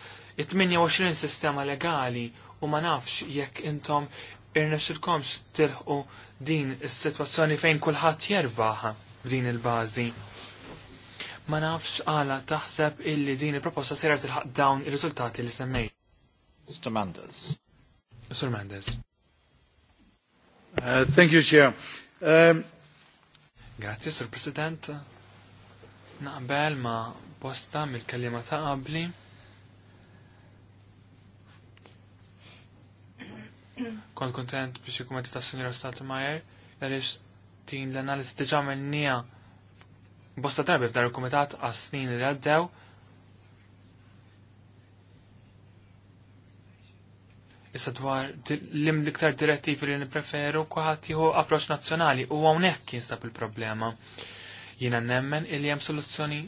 S3: 28 sistema legali u ma nafx jekk intom irnexilkomx tilħu din is-sitwazzjoni fejn kulħadd jerbaħ b'din il-bażi. Ma nafx għala taħseb illi din il-proposta sejra tilħaq dawn ir-riżultati li semmej. Mr. Mendes. Mr. Mendes.
S1: Uh, thank you, Chair.
S3: Um, Grazzi, Sur President. Naqbel ma posta mill kellima ta' qabli. Kont kontent biex jikumet ta' Sinjora Stratemajer, għalix din l-analiz diġa minnija bosta drabi f'dar il-komitat għas snin li għaddew, Issa dwar l-im liktar direttivi li nipreferu kuħat jieħu approċ nazzjonali u hawnhekk jinstab il-problema. Jiena nemmen illi hemm soluzzjoni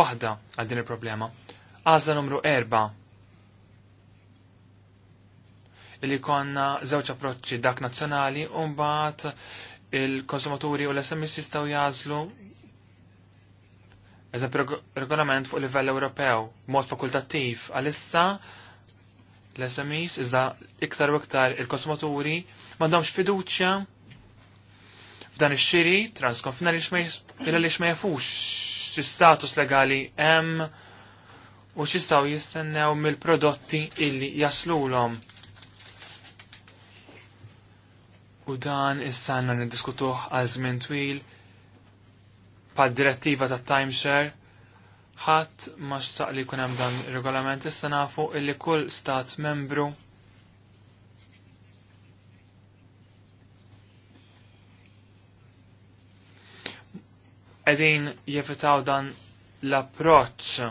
S3: waħda għal din il-problema. Għażla numru erba. Illi konna żewġ approċċi dak nazzjonali u mbagħad il-konsumaturi u l-SMS jistgħu jażlu eżempju regolament fuq livell Ewropew, mod fakultattiv, għalissa l-SMEs, iżda iktar u iktar il-konsumaturi m'għandhomx fiduċja f'dan ix-xiri transkonfina li ma jafux status legali hemm u x-istaw jistennew mill-prodotti illi jaslulhom. U dan issa għandna niddiskutuh għal żmien twil pad direttiva ta' timeshare ħadd ma xtaq li jkun hemm dan ir-regolament issa nafu illi kull stat membru qegħdin jevitaw dan l-approċċ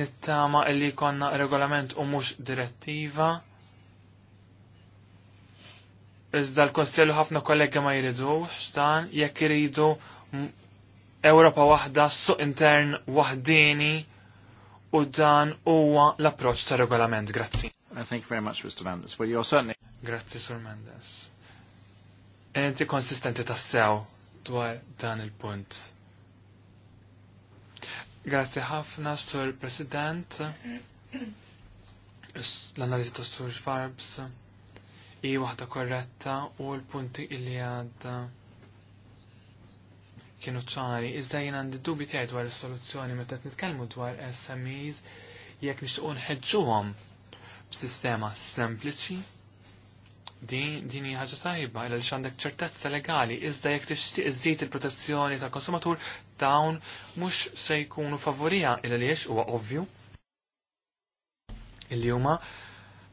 S3: nittama illi konna regolament u mhux direttiva Iżda l-Kostellu ħafna kollega ma jridu, xtan, jekk jridu Ewropa waħda, suq intern wahdini, u dan huwa l-approċ ta' regolament. Grazzi. Uh, thank you very much, Mr. Mendes. Well, you're certainly... Grazzi, Sur Mendes. Inti konsistenti tas-sew dwar dan il-punt. Grazzi ħafna, Sur President. L-analizi ta' Sur Farbs i waħda korretta u l-punti illi għadda kienu ċari. Iżda jien għandi dubi tiegħi dwar is-soluzzjoni meta qed nitkellmu dwar SMEs jekk nixtiequ nħeġġuhom b'sistema sempliċi din din hija ħaġa sajba għaliex għandek ċertezza legali iżda jekk tixtieq iżid il-protezzjoni tal-konsumatur dawn mhux se jkunu favorija il għaliex huwa ovvju. Il-juma il huma.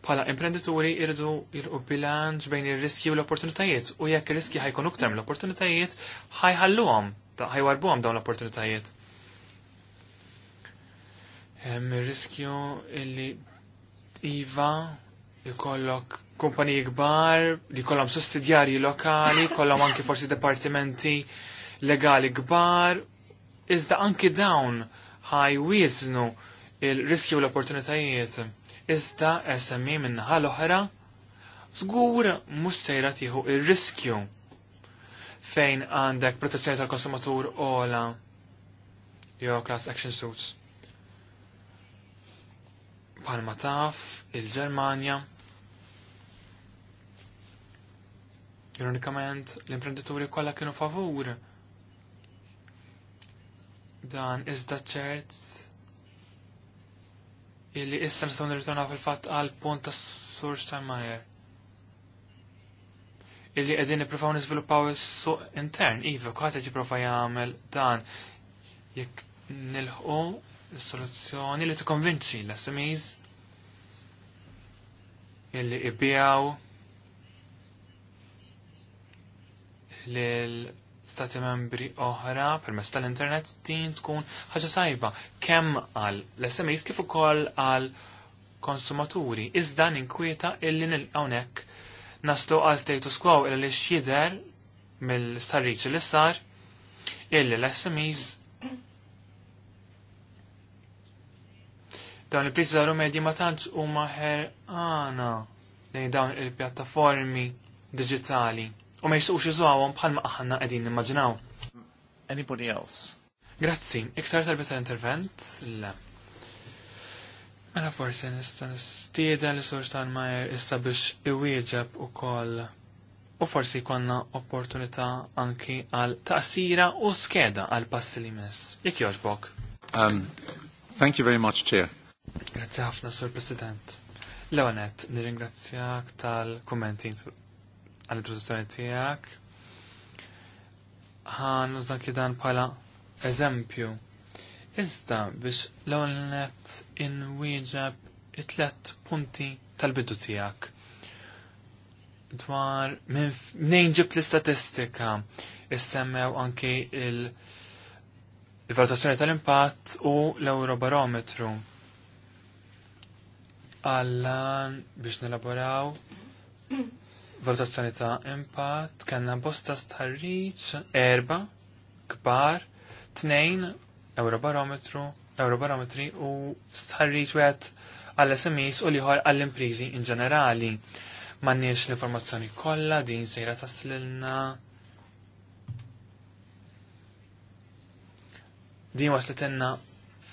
S3: Bħala imprenditori irridu jilqu bilanċ bejn ir-riski u l-opportunitajiet u jekk ir-riski ħajkun iktar mill-opportunitajiet ħajħalluhom, ħajwarbuhom dawn l-opportunitajiet. Hemm ir-riskju illi iva jkollok kumpaniji kbar li kollhom sussidjarji lokali, kollhom anki forsi dipartimenti legali kbar, iżda anki dawn ħajwiżnu il riskju u l-opportunitajiet iżda SMI e minnaħa l-oħra żgur mhux sejra tiħu il riskju fejn għandek protezzjoni tal-konsumatur ola jew class action suits. Palma taf, il-Ġermanja, Ironikament, l-imprenditori kollha kienu favur dan iżda ċert illi issa nistgħu nirritona fil-fatt għal punt ta' Sur Steinmeier. Illi qegħdin niprofaw niżviluppaw is-suq intern, iva, kħat għedin jipprova jagħmel dan jekk nilħu soluzzjoni li tikkonvinċi l-SMEs illi ibijaw lil stati membri oħra permezz tal-internet din tkun ħaġa sajba kemm għal l sms kif ukoll għal konsumaturi. Iżda ninkwieta illi hawnhekk naslu għal status quo illi x'jider mill-starriċ li sar illi l sms dawn il-pizzaru medji ma tantx huma ħerqana lejn dawn il-pjattaformi diġitali u ma jistgħux iżgħuhom bħalma aħna qegħdin nimmaġinaw. Anybody else? Grazzi, iktar talbet tal-intervent? Le. Mela forsi nista' nistieda li sur majer issa biex iwieġeb ukoll u forsi jkollna opportunità anki għal taqsira u skeda għal passi li mis. Jekk jogħġbok. Um,
S1: thank you very much, Chair.
S3: Grazzi ħafna, Sur President. Leonet, nirringrazzjak tal-kommenti għall-introduzzjoni tiegħek. Għan użan kidan bħala eżempju. Iżda biex l-ewwel in inwieġeb it-tlet punti tal-bidu tiegħek dwar minn ġib l-istatistika issemmew anki il- il-valutazzjoni tal-impatt u l-Eurobarometru Allan biex nelaboraw valutazzjoni ta' impatt, kellna bosta starriċ, erba, kbar, tnejn, eurobarometru, eurobarometri u starriċ wieħed għall sms u liħor għall-imprizi in ġenerali. Mannix l-informazzjoni kollha din sejra taslilna. Din waslitilna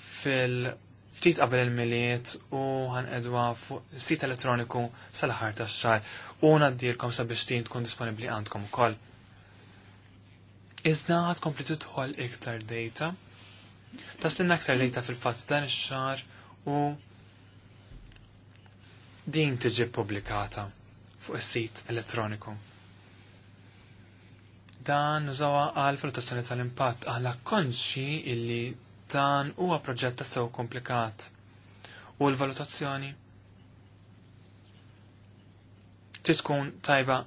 S3: fil- ftit qabel il-miliet u ħanqedwa fuq sit elettroniku sal-ħar tax-xar u ngħaddirkom sabiex tin tkun disponibbli għandkom ukoll. Iżda għad kompli tidħol iktar data. Taslinna iktar data fil-fatt dan ix-xar u din tiġi publikata fuq is-sit elettroniku. Dan nużawa għal valutazzjoni tal-impatt għala konxi illi dan huwa proġett ta' sew komplikat. U l-valutazzjoni trid tkun tajba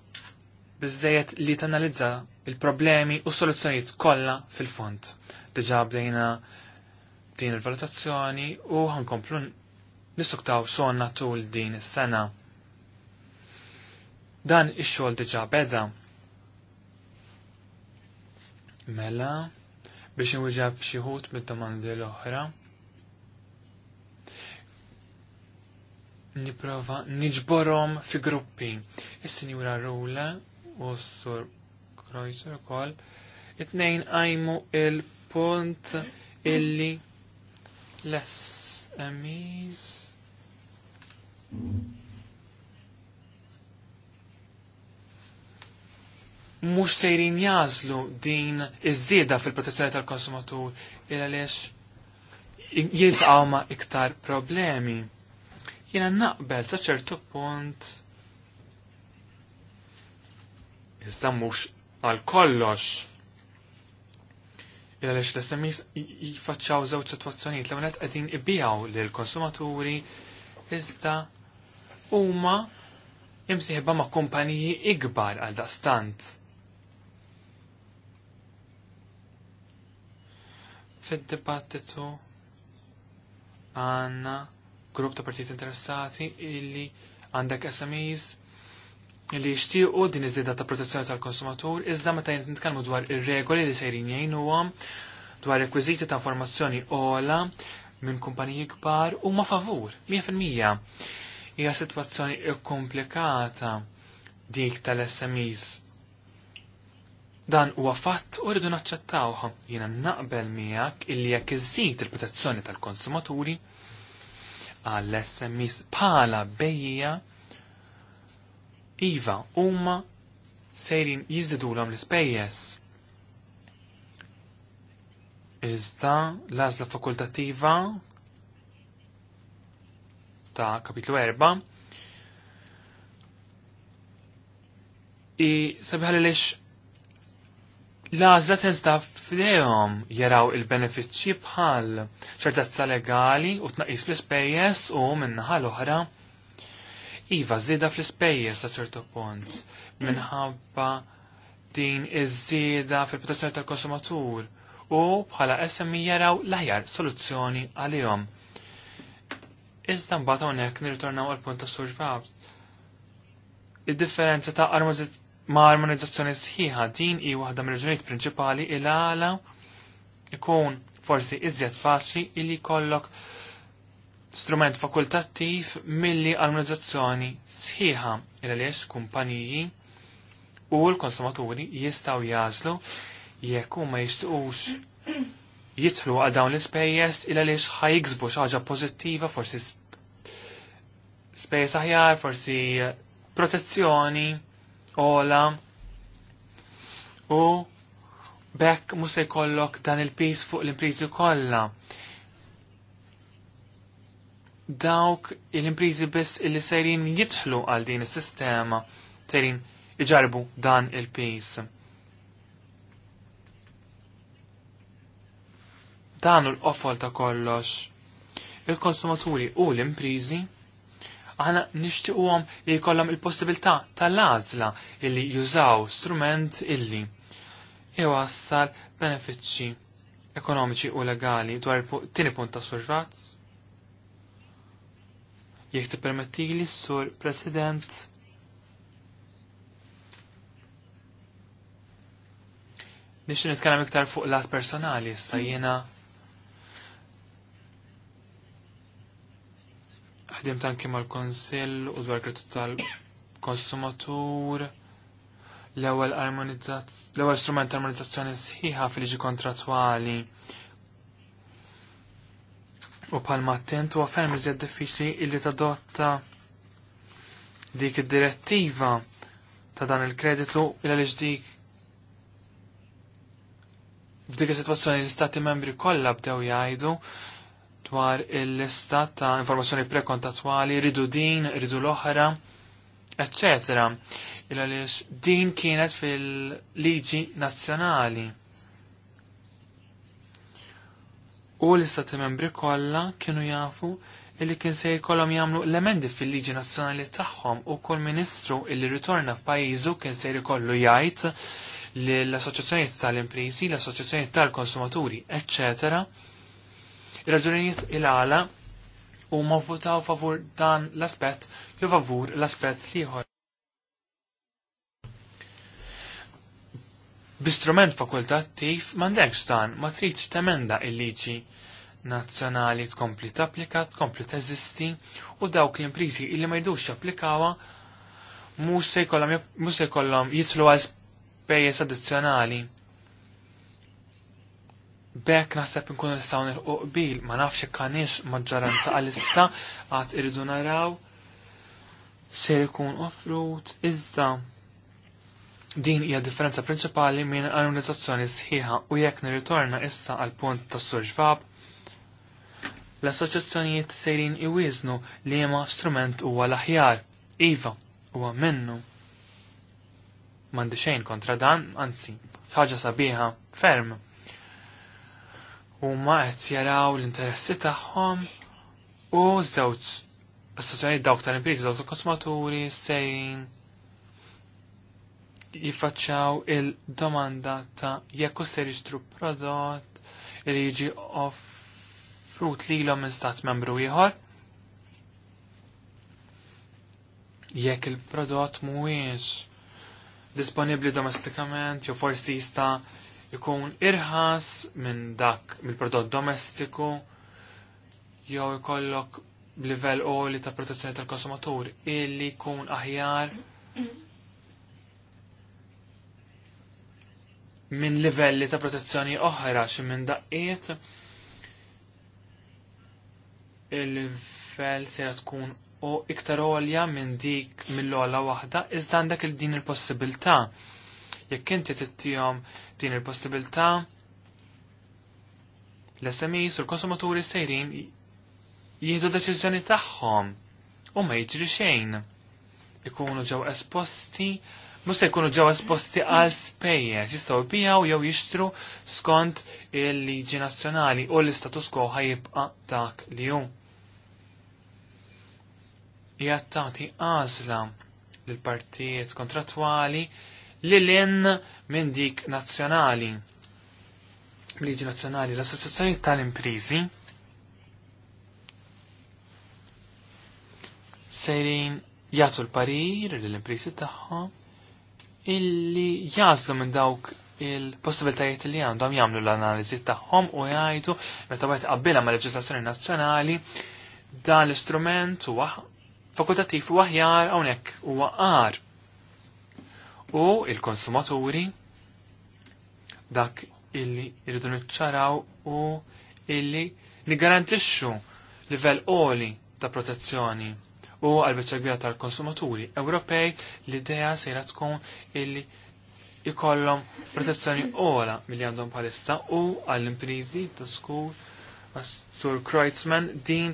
S3: biżejjed li tanalizza il-problemi u soluzzjonijiet kollha fil-fond. Diġà bdejna din il-valutazzjoni u ħankomplu nistuktaw xogħolna tul din is-sena. Dan ix-xogħol diġà beda. Mela, biex inwiġab xieħut mid-domandi l-oħra. Niprofa niġborom fi gruppi. Is-Sinjura Rula u s-Sur Kreuzer ukoll it-tnejn għajmu il-punt illi l-SMEs mhux sejrin jażlu din iż-żieda fil-protezzjoni tal-konsumatur il għaliex jiltqgħu ma' iktar problemi. Jiena naqbel sa ċertu punt iżda mhux għal kollox il-għalix l-SMIs jifacċaw zewċ situazzjoniet l għonet għedin ibijaw l-konsumaturi iżda huma imsiħba ma' kumpaniji ikbar għal daqstant. fid-dibattitu għanna grupp ta' partijiet interessati illi għandek SMEs illi jixtiequ din iż-żieda ta' protezzjoni tal-konsumatur iżda meta jint nitkellmu dwar ir-regoli li sejrin jgħinuhom dwar rekwiżiti ta' informazzjoni ola minn kumpaniji kbar huma favur 100%. Hija sitwazzjoni komplikata dik tal-SMEs Dan huwa fatt u rridu naċċettawha. Jiena naqbel miegħek illi jekk iżid il-protezzjoni tal-konsumaturi għall smis bħala bejja iva huma sejrin jiżdidulhom l-ispejjeż. Iżda l-għażla fakultattiva ta' kapitlu 4 i sabiħal li lix L-għazla teżda f'dejhom jaraw il-benefiċċji bħal ċertezza legali u tnaqis fl-ispejjeż u minnaħa l-oħra iva żieda fl-ispejjeż ta' ċertu punt minħabba din iż-żieda fil-protezzjoni tal-konsumatur u bħala SMI jaraw l-aħjar soluzzjoni għalihom. Iżda mbagħad hawnhekk nirritornaw għal punt tas-survab. Id-differenza ta' armożit ma' armonizzazzjoni sħiħa din hi waħda mir reġunijiet prinċipali il għala ikun forsi iżjed faċli illi kollok strument fakultattiv milli armonizzazzjoni sħiħa il għaliex kumpaniji u l-konsumaturi jistaw jazlu jekk ma jistuqux jitlu għal dawn l-ispejjeż il għaliex ħajgżbu xaġa ħaġa pożittiva forsi spejjes aħjar, forsi protezzjoni ola u bekk musa jkollok dan il-pis fuq l-imprizi kollha. Dawk l-imprizi biss illi sejrin jitħlu għal din is-sistema sejrin iġarbu dan il-pis. Dan l-qofol ta' kollox il-konsumaturi u l-imprizi aħna nixtiequhom li jkollhom il-possibilità tal-għażla illi jużaw strument illi iwassal benefiċċji ekonomiċi u legali dwar tini punt ta' survat. Jekk tippermettili sur President Nix nitkellem iktar fuq lat personali issa jiena ħdimt anke mal-Konsill u dwar kritu tal-konsumatur, l-ewwel l-ewwel strument armonizzazzjoni sħiħa fil-liġi kontrattwali. U palma attent huwa ferm iżjed diffiċli illi tadotta dik id-direttiva ta' dan il-kreditu illa għaliex dik f'dik is-sitwazzjoni l-istati membri kollha bdew jgħidu dwar il-lista ta' informazzjoni prekontatwali, ridu din, ridu l-oħra, etc. il din kienet fil-liġi nazzjonali. U l-istati membri kollha kienu jafu illi kien se jkollhom jagħmlu l-emendi fil-liġi nazzjonali tagħhom u kull ministru illi ritorna f'pajjiżu kien se jkollu jgħid l-assoċjazzjonijiet tal-imprisi, l-assoċjazzjonijiet tal-konsumaturi, eċċetera il raġunijiet il-għala u ma votaw favur dan l-aspett jew favur l-aspett liħor. B'istrument fakultattiv m'għandekx dan ma tridx temenda il-liġi nazzjonali tkompli tapplika, tkompli teżisti u dawk l-imprizi illi ma jdux applikawa mhux se jkollhom jitlu għal spejjeż addizzjonali. Bek naħseb nkun nistgħu nilqu qbil, ma nafx kanix maġġoranza għalissa għad irridu naraw ser ikun offroad iżda din hija differenza prinċipali minn organizzazzjoni sħiħa u jekk nirritorna issa għal punt tas sur l-assoċjazzjonijiet sejrin iwiżnu li huma strument huwa l-aħjar, iva, huwa minnu. Mandi xejn kontra dan, anzi, ħaġa sabiħa, ferm huma qed jaraw l-interessi tagħhom u żewġ istazzjonijiet dawk tal-impriżi żewġ tal-konsumaturi sejn jiffaċċaw il-domanda ta' jekk se jixtru prodott li jiġi offrut lilhom minn stat membru ieħor. Jekk il-prodott mhuwiex disponibbli domestikament jew forsi jista' ikun irħas minn dak mill-prodott domestiku jew ikollok livell qoli ta' protezzjoni tal-konsumatur illi jkun aħjar minn livelli ta' protezzjoni oħra xi minn daqqiet il-livell se tkun u iktar għolja minn dik mill-ola waħda iżda għandek il din il-possibilità jekk inti tittihom din il-possibilità l-SMEs u l-konsumaturi sejrin jieħdu deċiżjoni tagħhom u ma jiġri xejn. Ikunu ġew esposti, mhux se jkunu ġew esposti għal spejjeż jistgħu jbijaw jew jixtru skont il-liġi nazzjonali u l-istatus quo ħajibqa' dak li hu. Jattati tagħti għażla lill partijiet kontrattwali li l-in minn dik nazzjonali. Liġi nazzjonali, l-Assoċjazzjoni tal-Imprizi sejrin jagħtu l-parir l-imprizi tagħhom illi jażlu minn dawk il-possibilitajiet li għandhom jagħmlu l-analiżi tagħhom u jgħidu meta wieħed qabbilha ma' leġislazzjoni nazzjonali dan l-istrument huwa fakultattiv u aħjar hawnhekk huwa qar u il-konsumaturi dak illi irridu niċċaraw u illi li garantixxu livell qoli ta' protezzjoni u għal-bicċa tal-konsumaturi Ewropej l-idea sejra tkun illi ikollhom protezzjoni ola milli għandhom palissa u għall-imprizi ta' skur Sur Kreutzmann din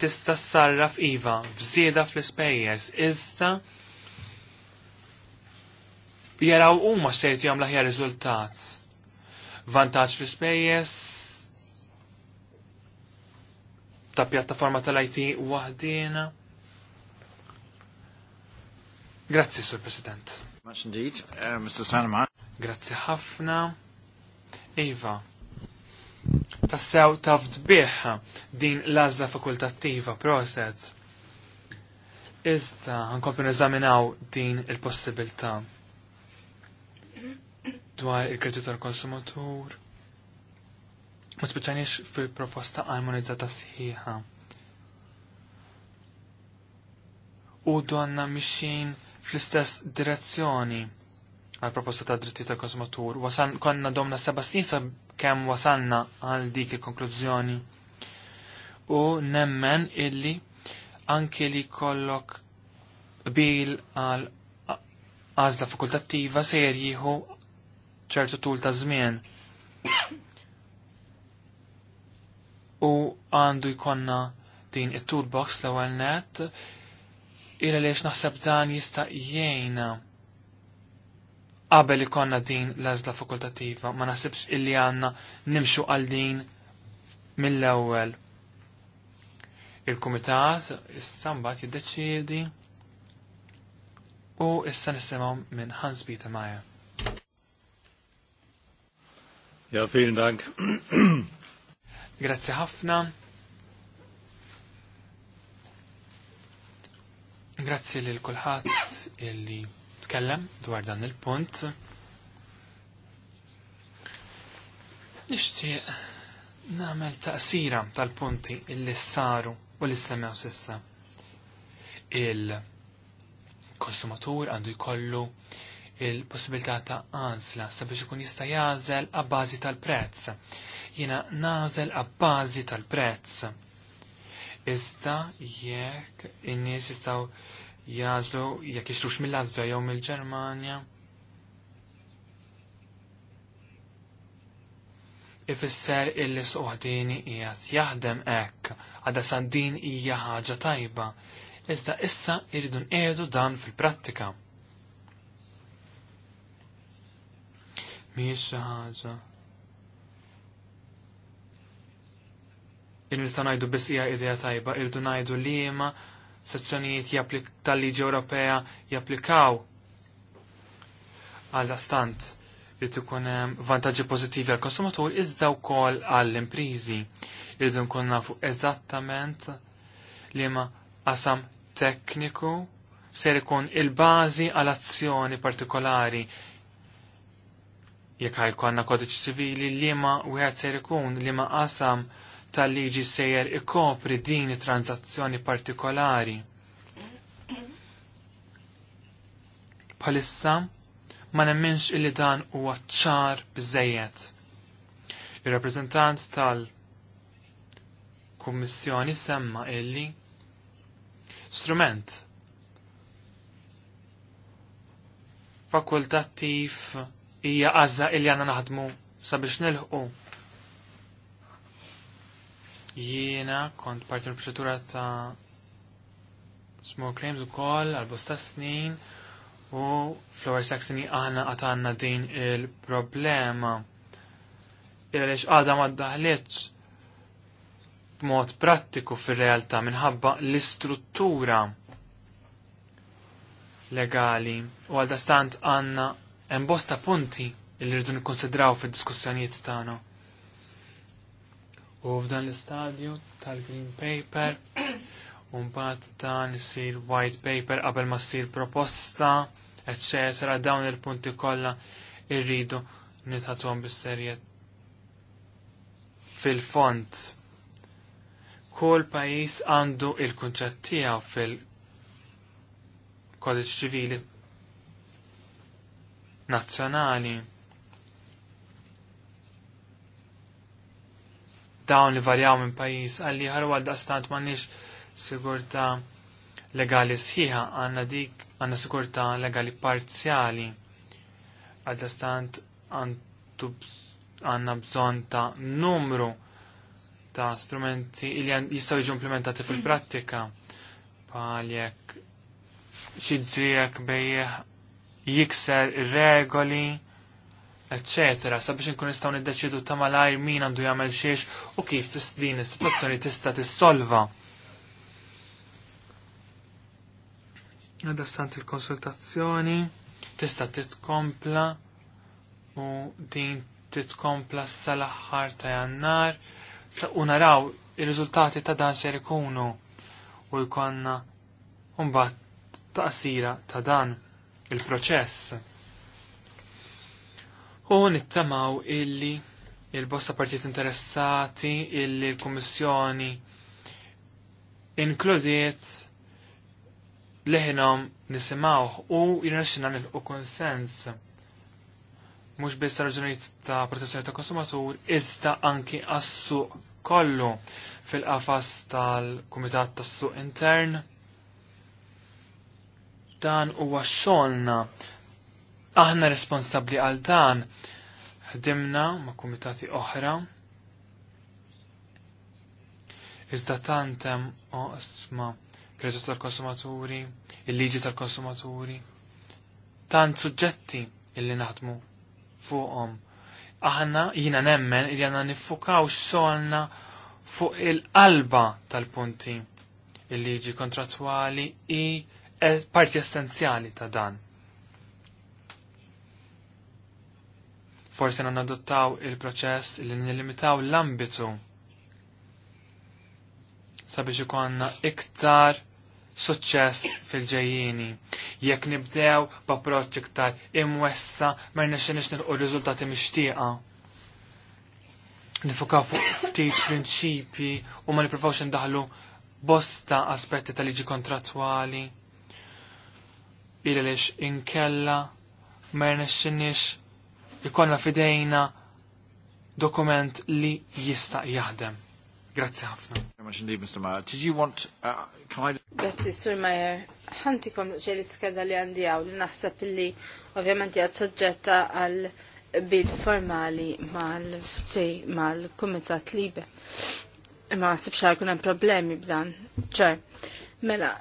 S3: tista' sarraf iva f'żieda fl-ispejjeż iżda jaraw huma se jrid aħjar riżultat. Vantaġġ fl-ispejjeż ta' pjattaforma tal-IT waħdina.
S1: Grazzi, Sur President. Much indeed, uh, Mr. Sanamar.
S3: Grazzi ħafna. Iva, tassew taf fdbih din l fakultattiva proset. Iżda, għankompi nizaminaw din il-possibilta dwar il-kreditu tal-konsumatur. Ma spiċanix fil-proposta armonizzata sħiħa. U donna mixin fl-istess direzzjoni għal proposta ta' dritti tal konsumatur. Wasan, konna domna seba sa kem wasalna għal dik il-konklużjoni. U nemmen illi anke li kollok bil għal għazla fakultattiva ser jieħu ċertu tul ta' żmien. U għandu jkonna din it-toolbox l-ewwel net ila lex naħseb dan jista' jgħinna qabel ikonna din l-għażla fakultattiva, ma naħsibx illi għandna nimxu għal din mill-ewwel. Il-kumitat issa mbagħad jiddeċiedi u issa nisimgħu minn Hans Peter Meyer.
S2: Ja, vielen Dank.
S3: Grazie ħafna. Grazzi lil kulħadd illi tkellem dwar dan il-punt. Nixtieq nagħmel taqsira tal-punti illi saru u li semmew sissa. Il-konsumatur għandu jkollu il-possibilità ta' għażla sabiex ikun jista' jażel għabbażi tal-prezz. Jiena nażel għabbażi tal-prezz. Iżda jekk in-nies jistgħu jażlu jekk jixtrux mill-Latvja jew mill-Ġermanja. Ifisser illi suqħdini qiegħed jaħdem hekk, għadha din hija ħaġa tajba. Iżda issa jridu nqiegħdu dan fil-prattika. mhijiex xi ħaġa. nista' ngħidu biss hija idea tajba, irdu ngħidu liema sezzjonijiet tal-liġi Ewropea japplikaw għal stant li tkun hemm vantaġġi pożittivi għall konsumatur iżda wkoll għall imprizi Irdu nkun nafu eżattament li ma qasam tekniku ser ikun il-bażi għal azzjoni partikolari jekk ħajkonna kodiċ ċivili li ma wieħed ser ikun li ma qasam tal-liġi sejjer ikopri din tranzazzjoni partikolari. Palissa, ma nemminx illi dan huwa ċar biżejjed. Ir-rappreżentant tal-Kummissjoni semma illi strument fakultattiv hija għażla illi għanna naħdmu sabiex nilħqu. Jiena kont parti l-proċedura ta' small claims u koll għal-bosta snin u Flower ewwel saksini għatanna din il-problema. Il-għaliex għadha ma ddaħlitx b'mod prattiku fir-realtà minħabba l-istruttura legali u għal-dastant għanna hemm bosta punti li rridu nikkonsidraw fid-diskussjonijiet tagħna. U f'dan l-istadju tal-Green Paper u mbagħad dan isir White Paper qabel ma ssir proposta, eċċetera, dawn il-punti kollha irridu nitħatuhom bis-serjet fil-font. Kull pajjiż għandu il-kunċett tiegħu fil-kodiċ ċivili nazzjonali. Dawn li varjaw minn pajis għalli ħarwa daqstant manix sigurta legali sħiħa għanna dik għanna sigurta legali parzjali għal-dastant għanna bżon ta' numru ta' strumenti li jistaw jiġu implementati fil-prattika pal jekk xidżrijak bejjeħ jikser regoli, eccetera, sabiex nkun nistgħu niddeċidu ta' malajr min għandu jagħmel xiex u kif din is-sitwazzjoni tista' tissolva. Għadda stant il-konsultazzjoni tista' titkompla u din titkompla s-salaħħar ta' jannar u naraw ir-riżultati ta' dan x'er ikunu u jkollna mbagħad taqsira ta' dan il-proċess. U nittamaw illi il-bosta partijiet interessati illi l-Kummissjoni inklużiet liħinom nisimaw u jirnaxxina u konsens mhux biss raġunijiet ta' protezzjoni ta' konsumatur, iżda anki għas kollu fil-qafas tal-Kumitat tas-Suq Intern Dan huwa għaxxolna. Aħna responsabbli għal dan. Ħdimna ma' kumitati oħra. Iżda tantem oqsma kredu tal-konsumaturi, il-liġi tal-konsumaturi, tant suġġetti illi naħdmu fuqhom. Aħna jina nemmen li għanna nifukaw xolna fuq il-qalba tal-punti. Il-liġi kontratwali i Eh, parti essenzjali ta' dan. Forse non adottaw il-proċess li nilimitaw l-ambitu sabiex ikonna iktar suċċess fil-ġejjini. Jekk nibdew b'approċċ iktar imwessa ma rnexxinix nilqu riżultati mixtieqa. Nifukaw fuq ftit prinċipji u ma nippruvawx indaħlu bosta aspetti tal-liġi kontrattwali il-lix inkella mernexxinix ikonna fidejna dokument li jista' jaħdem. Grazzi ħafna. Uh,
S4: Grazzi, Sur Majer. Ħantikom ġeli skeda li għandi għaw li naħseb li ovvjament hija soġġetta għal bil formali mal mal-kumitat libe. Ma sibx għal kunem problemi b'dan. ċar. Mela,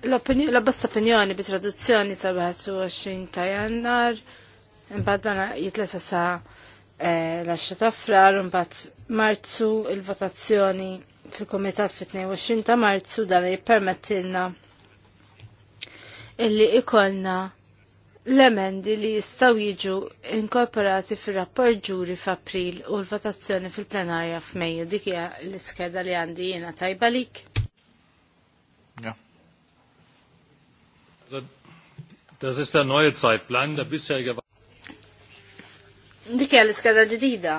S4: l bosta opinjoni bi traduzzjoni sa' 21 ta' jannar, imbagħad dan jitlesa sa' eh, l-10 ta' frar, imbagħad marzu il-votazzjoni fil-komitat fit-22 ta' marzu dan jippermettilna illi ikolna l-emendi li jistaw jiġu inkorporati fil-rapport ġuri f'April u l-votazzjoni fil-plenarja f'Mejju. Dik hija l-iskeda li għandi jiena tajba lik.
S2: Yeah. Das ist der neue Zeitplan, der bisherige war.
S4: Dik hija l-iskeda ġdida.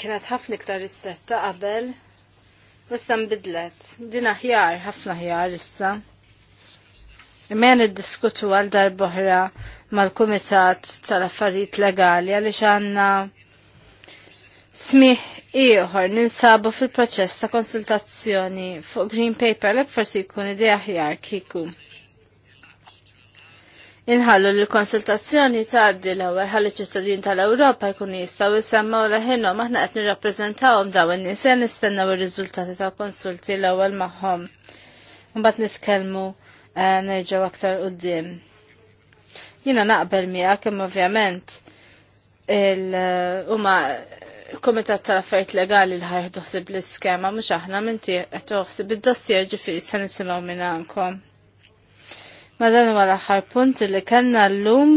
S4: Kienet ħafna iktar ristretta qabel, u issa nbidlet. Din aħjar, ħafna aħjar issa. Imman iddiskutu għal darboħra mal-Kumitat tal-Affarijiet Legali għaliex għandna Smih ieħor ninsabu fil-proċess ta' konsultazzjoni fuq Green Paper l forsi jkun idea ħjar kiku. Inħallu li l-konsultazzjoni tgħaddi l-ewwel ħalli ċittadin tal-Ewropa jkunu jistgħu jsemmaw leħinhom aħna qed nirrappreżentawhom daw in-nies se nistennew ir-riżultati tal-konsulti l-ewwel magħhom. Mbagħad niskelmu eh, nerġaw aktar quddiem. Jiena naqbel mi kemm ovvjament il-huma eh, komitat tal-Affarijiet Legali li ħajħduħsib l-iskema mhux aħna minn qed toħsib id-dossier ġifiri se nisimgħu minn għandkom. Ma dan huwa l-aħħar punt li kellna llum.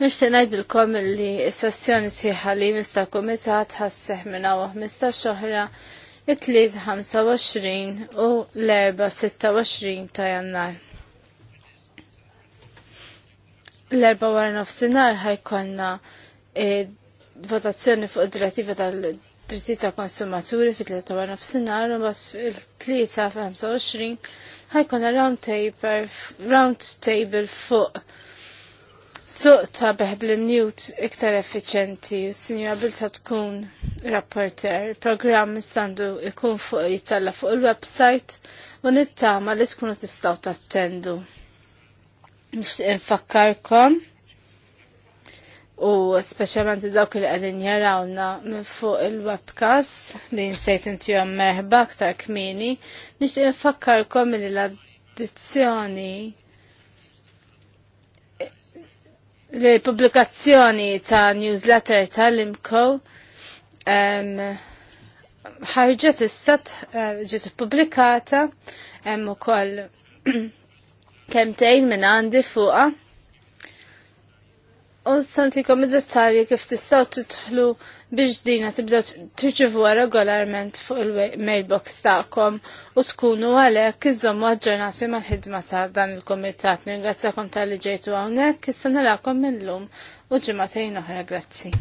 S4: Nixtieq ngħidilkom li s-sessjoni sħiħa li mista kumitat ħasseħ minn hawn 15 oħra it-tliet 25 u l-erba' 26 ta' Jannar. L-erba' wara nofsinhar ħajkonna eh, votazzjoni fuq id-direttiva tal-dritti ta' konsumaturi fit-3 wara nofsinhar u bas fil-3 25 ħajkun round table, round table fuq suq ta' beħblim njut iktar effiċenti, s-sinjura bilta tkun rapporter, program standu ikun fuq jitalla fuq il-website u nittama li tkunu tistaw tattendu. Nix infakkarkom u speċjalment dawk li qedin jarawna minn fuq il-webcast li nsejt intihom merħba aktar kmini, nixtieq nfakkarkom li l-addizzjoni li pubblikazzjoni ta' newsletter tal limco ħarġet issa eh, ġiet ippubblikata hemm ukoll kemm kemtejn minn għandi fuqha Unstantikom id-dettalji kif tistaw titħlu biex dina tibda tirċivuha regolarment fuq il-mailbox tagħkom u tkunu għalhekk iżommu aġġornati mal-ħidma ta' dan il-kumitat. Ningrazzakom tal-li ġejtu hawnhekk, issa l lum u ġimagħtejn oħra grazzi.